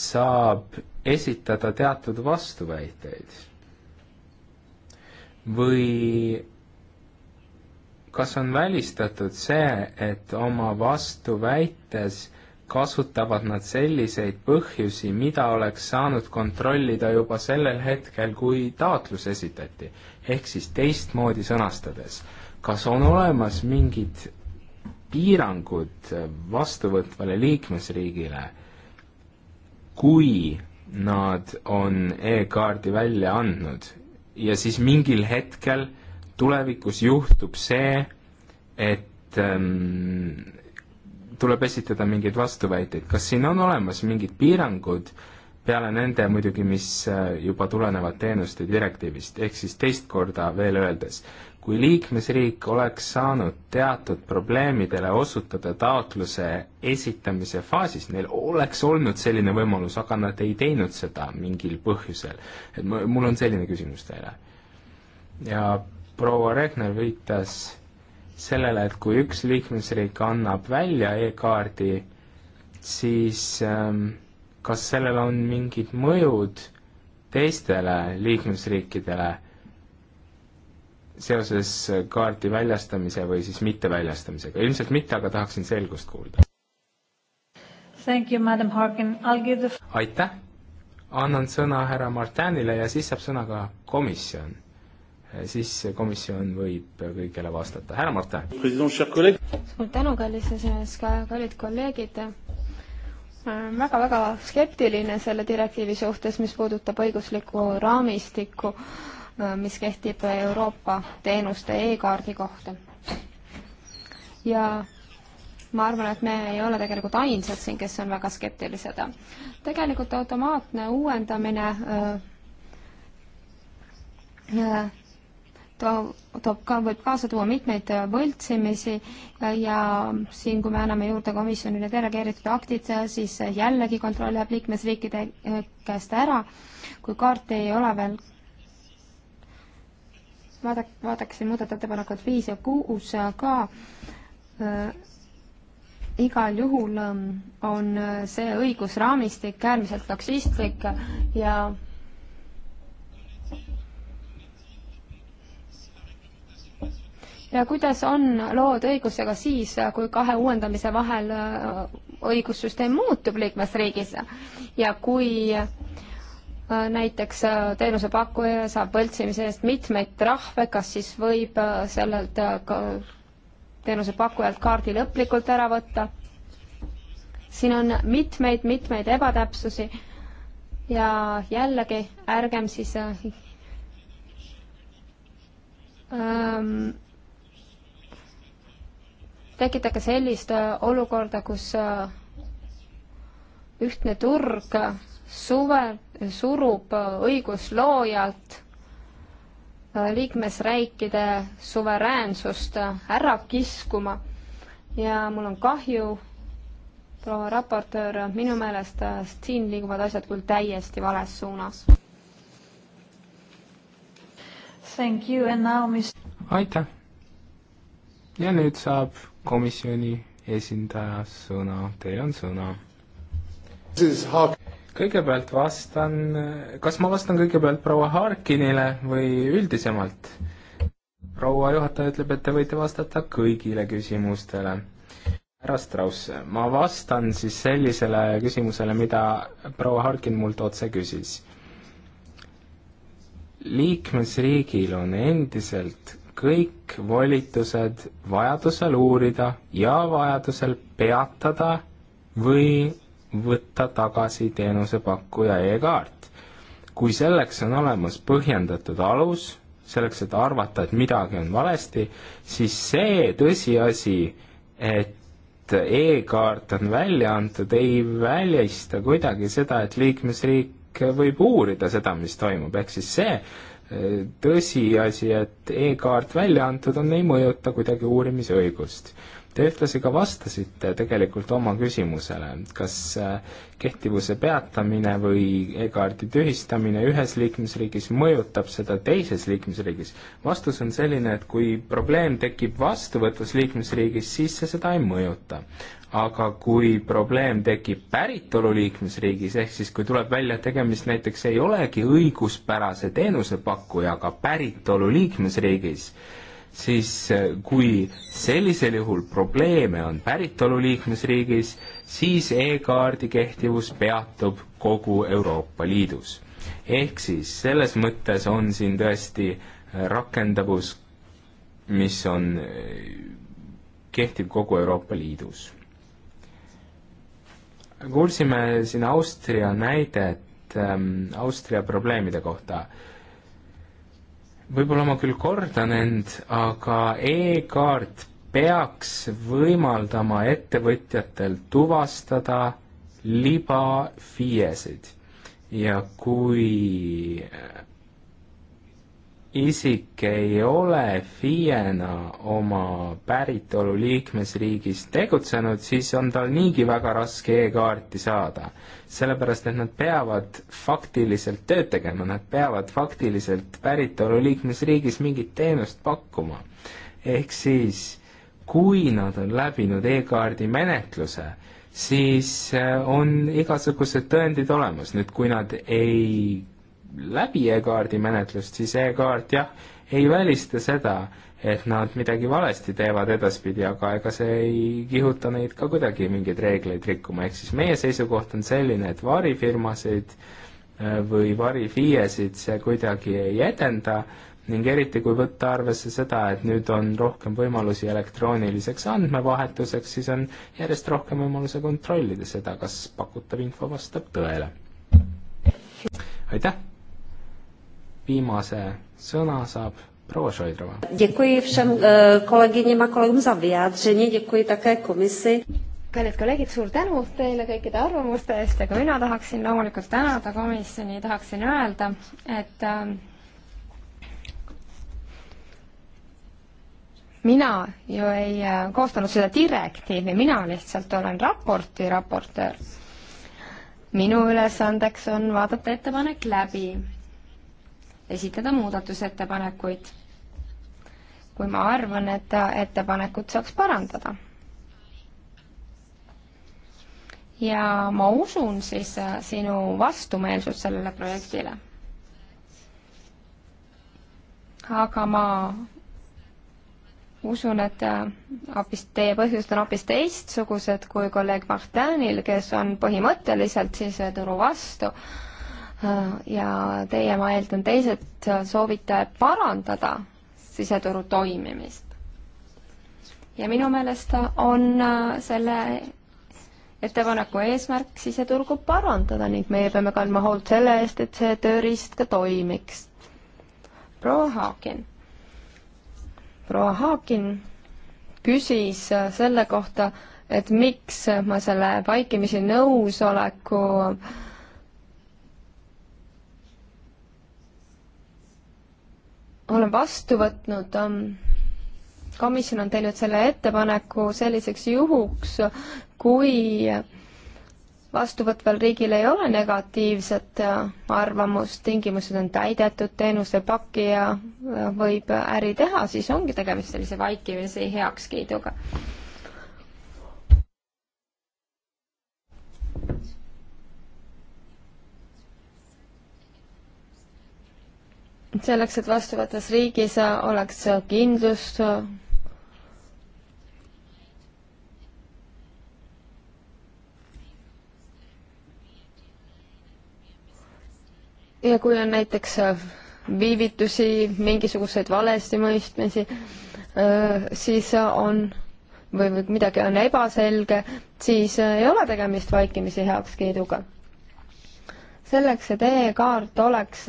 Speaker 3: saab esitada teatud vastuväiteid? või kas on välistatud see, et oma vastuväites kasutavad nad selliseid põhjusi, mida oleks saanud kontrollida juba sellel hetkel, kui taotlus esitati, ehk siis teistmoodi sõnastades kas on olemas mingid piirangud vastuvõtvale liikmesriigile, kui nad on e-kaardi välja andnud ja siis mingil hetkel tulevikus juhtub see, et ähm, tuleb esitada mingeid vastuväiteid, kas siin on olemas mingid piirangud äh, peale nende muidugi, mis äh, juba tulenevad teenuste direktiivist, ehk siis teist korda veel öeldes, kui liikmesriik oleks saanud teatud probleemidele osutada taotluse esitamise faasis, neil oleks olnud selline võimalus, aga nad ei teinud seda mingil põhjusel. et mul on selline küsimus teile. ja proua Regner viitas sellele, et kui üks liikmesriik annab välja e-kaardi, siis ähm, kas sellel on mingid mõjud teistele liikmesriikidele seoses kaardi väljastamise või siis mitteväljastamisega, ilmselt mitte, aga tahaksin selgust kuulda.
Speaker 2: The...
Speaker 3: aitäh, annan sõna härra Martinile ja siis saab sõna ka komisjon. siis komisjon võib kõigele vastata, härra Martin. suur tänu, kallis
Speaker 4: esimees, kallid kolleegid väga-väga skeptiline selle direktiivi suhtes, mis puudutab õiguslikku raamistikku, mis kehtib Euroopa teenuste e-kaardi kohta. ja ma arvan, et me ei ole tegelikult ainsad siin, kes on väga skeptilised. tegelikult automaatne uuendamine äh, äh, toob, toob ka, võib kaasa tuua mitmeid äh, võltsimisi äh, ja siin, kui me anname juurde komisjonile delegeeritud aktid, äh, siis jällegi kontroll jääb liikmesriikide käest ära, kui kaarti ei ole veel vaadak-, vaadaksin muudatusettepanekud viis ja kuus ka igal juhul ähm, on see õigusraamistik äärmiselt toksistlik ja ja kuidas on lood õigusega siis, kui kahe uuendamise vahel äh, õigussüsteem muutub liikmesriigis ja kui äh, näiteks äh, teenusepakkuja saab võltsimise eest mitmeid trahve, kas siis võib sellelt teenusepakkujalt kaardi lõplikult ära võtta. siin on mitmeid-mitmeid ebatäpsusi ja jällegi ärgem siis ähm, tekitage sellist äh, olukorda, kus äh, ühtne turg äh, suve, surub õigusloojalt liikmesriikide suveräänsust ära kiskuma ja mul on kahju, proua raportöör, minu meelest siin liiguvad asjad küll täiesti vales suunas.
Speaker 3: aitäh! ja nüüd saab komisjoni esindaja sõna, teil on sõna. kõigepealt vastan, kas ma vastan kõigepealt proua Harkinile või üldisemalt? proua juhataja ütleb, et te võite vastata kõigile küsimustele. härra Strauss, ma vastan siis sellisele küsimusele, mida proua Harkin mult otse küsis liikmesriigil on endiselt kõik volitused vajadusel uurida ja vajadusel peatada või võtta tagasi teenusepakkuja e-kaart. kui selleks on olemas põhjendatud alus, selleks, et arvata, et midagi on valesti, siis see tõsiasi, et e-kaart on välja antud, ei välista kuidagi seda, et liikmesriik võib uurida seda, mis toimub, ehk siis see, tõsiasi, et e-kaart välja antud on, ei mõjuta kuidagi uurimisõigust. Te ühtlasi ka vastasite tegelikult oma küsimusele, kas äh, kehtivuse peatamine või e-kaardi tühistamine ühes liikmesriigis mõjutab seda teises liikmesriigis. vastus on selline, et kui probleem tekib vastuvõtvas liikmesriigis, siis see seda ei mõjuta aga kui probleem tekib päritolu liikmesriigis, ehk siis kui tuleb välja, et tegemist näiteks ei olegi õiguspärase teenusepakkujaga päritolu liikmesriigis, siis eh, kui sellisel juhul probleeme on päritolu liikmesriigis, siis e-kaardi kehtivus peatub kogu Euroopa Liidus. ehk siis selles mõttes on siin tõesti eh, rakendavus, mis on eh, kehtiv kogu Euroopa Liidus kuulsime siin Austria näidet ähm, Austria probleemide kohta. võib-olla ma küll kordan end, aga e-kaart peaks võimaldama ettevõtjatel tuvastada libafiiesid ja kui isik ei ole FIE-na oma päritolu liikmesriigis tegutsenud, siis on tal niigi väga raske e-kaarti saada. sellepärast, et nad peavad faktiliselt tööd tegema, nad peavad faktiliselt päritolu liikmesriigis mingit teenust pakkuma. ehk siis, kui nad on läbinud e-kaardi menetluse, siis äh, on igasugused tõendid olemas, nüüd kui nad ei läbi e-kaardi menetlust, siis e-kaart jah, ei välista seda, et nad midagi valesti teevad edaspidi, aga ega see ei kihuta neid ka kuidagi mingeid reegleid rikkuma, ehk siis meie seisukoht on selline, et varifirmasid äh, või varifiesid see kuidagi ei edenda ning eriti, kui võtta arvesse seda, et nüüd on rohkem võimalusi elektrooniliseks andmevahetuseks, siis on järjest rohkem võimaluse kontrollida seda, kas pakutav info vastab tõele. aitäh! viimase sõna saab proua Šoidrova.
Speaker 1: Eh,
Speaker 4: kallid kolleegid, suur tänu teile kõikide arvamuste eest ja ka mina tahaksin loomulikult tänada komisjoni, tahaksin öelda, et äh, mina ju ei äh, koostanud seda direktiivi, mina lihtsalt olen raporti raportöör. minu ülesandeks on vaadata ettepanek läbi esitada muudatusettepanekuid, kui ma arvan, et ettepanekut saaks parandada. ja ma usun siis äh, sinu vastumeelsust sellele projektile. aga ma usun, et hoopis äh, teie põhjused on hoopis teistsugused kui kolleeg Martinil, kes on põhimõtteliselt siis äh, turu vastu ja teie, ma eeldan, teised soovite parandada siseturu toimimist. ja minu meelest on äh, selle ettepaneku eesmärk siseturgu parandada ning meie peame kandma hoolt selle eest, et see tööriist ka toimiks. proua Haakin. proua Haakin küsis äh, selle kohta, et miks ma selle vaikimisi nõusoleku äh, olen vastu võtnud um, komisjon on teinud selle ettepaneku selliseks juhuks, kui vastuvõtval riigil ei ole negatiivset äh, arvamust, tingimused on täidetud, teenusepakkija äh, võib äri teha, siis ongi tegemist sellise vaikimise heakskiiduga selleks, et vastuvõttes riigis äh, oleks äh, kindlus äh, ja kui on näiteks viivitusi, mingisuguseid valestimõistmisi, siis on või midagi on ebaselge, siis ei ole tegemist vaikimisi heakskiiduga. selleks, et e-kaart oleks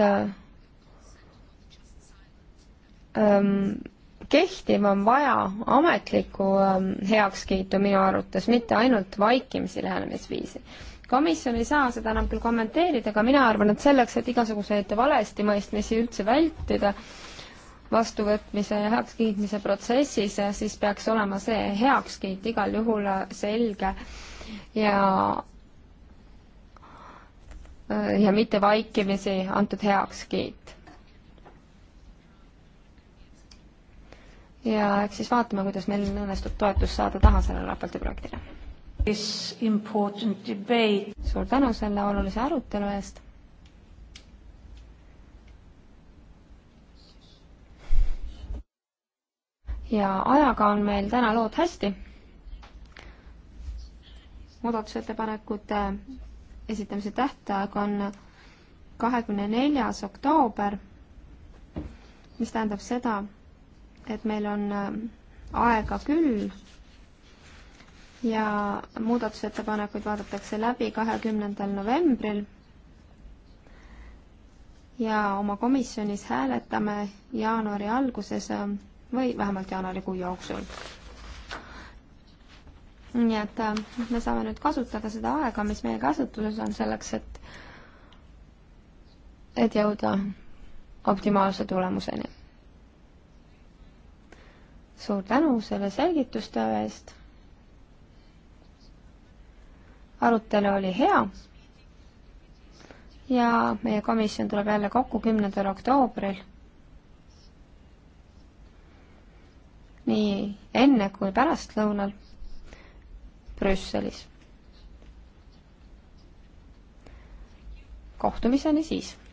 Speaker 4: kehtiv on vaja ametlikku heakskiitu minu arvates, mitte ainult vaikimisi lähenemisviisi. komisjon ei saa seda enam küll kommenteerida, aga mina arvan, et selleks, et igasuguseid valestimõistmisi üldse vältida, vastuvõtmise ja heakskiitmise protsessis, siis peaks olema see heakskiit igal juhul selge ja ja mitte vaikimisi antud heakskiit ja eks siis vaatame, kuidas meil õnnestub toetust saada taha sellele raportiprojektile. suur tänu selle olulise arutelu eest. ja ajaga on meil täna lood hästi. muudatusettepanekute esitamise tähtaeg on kahekümne neljas oktoober, mis tähendab seda, et meil on äh, aega küll ja muudatusettepanekuid vaadatakse läbi kahekümnendal novembril ja oma komisjonis hääletame jaanuari alguses äh, või vähemalt jaanuarikuu jooksul. nii et äh, me saame nüüd kasutada seda aega, mis meie kasutuses on selleks, et et jõuda optimaalse tulemuseni suur tänu selle selgitustöö eest. arutelu oli hea. ja meie komisjon tuleb jälle kokku kümnendal oktoobril. nii enne kui pärastlõunal Brüsselis. kohtumiseni siis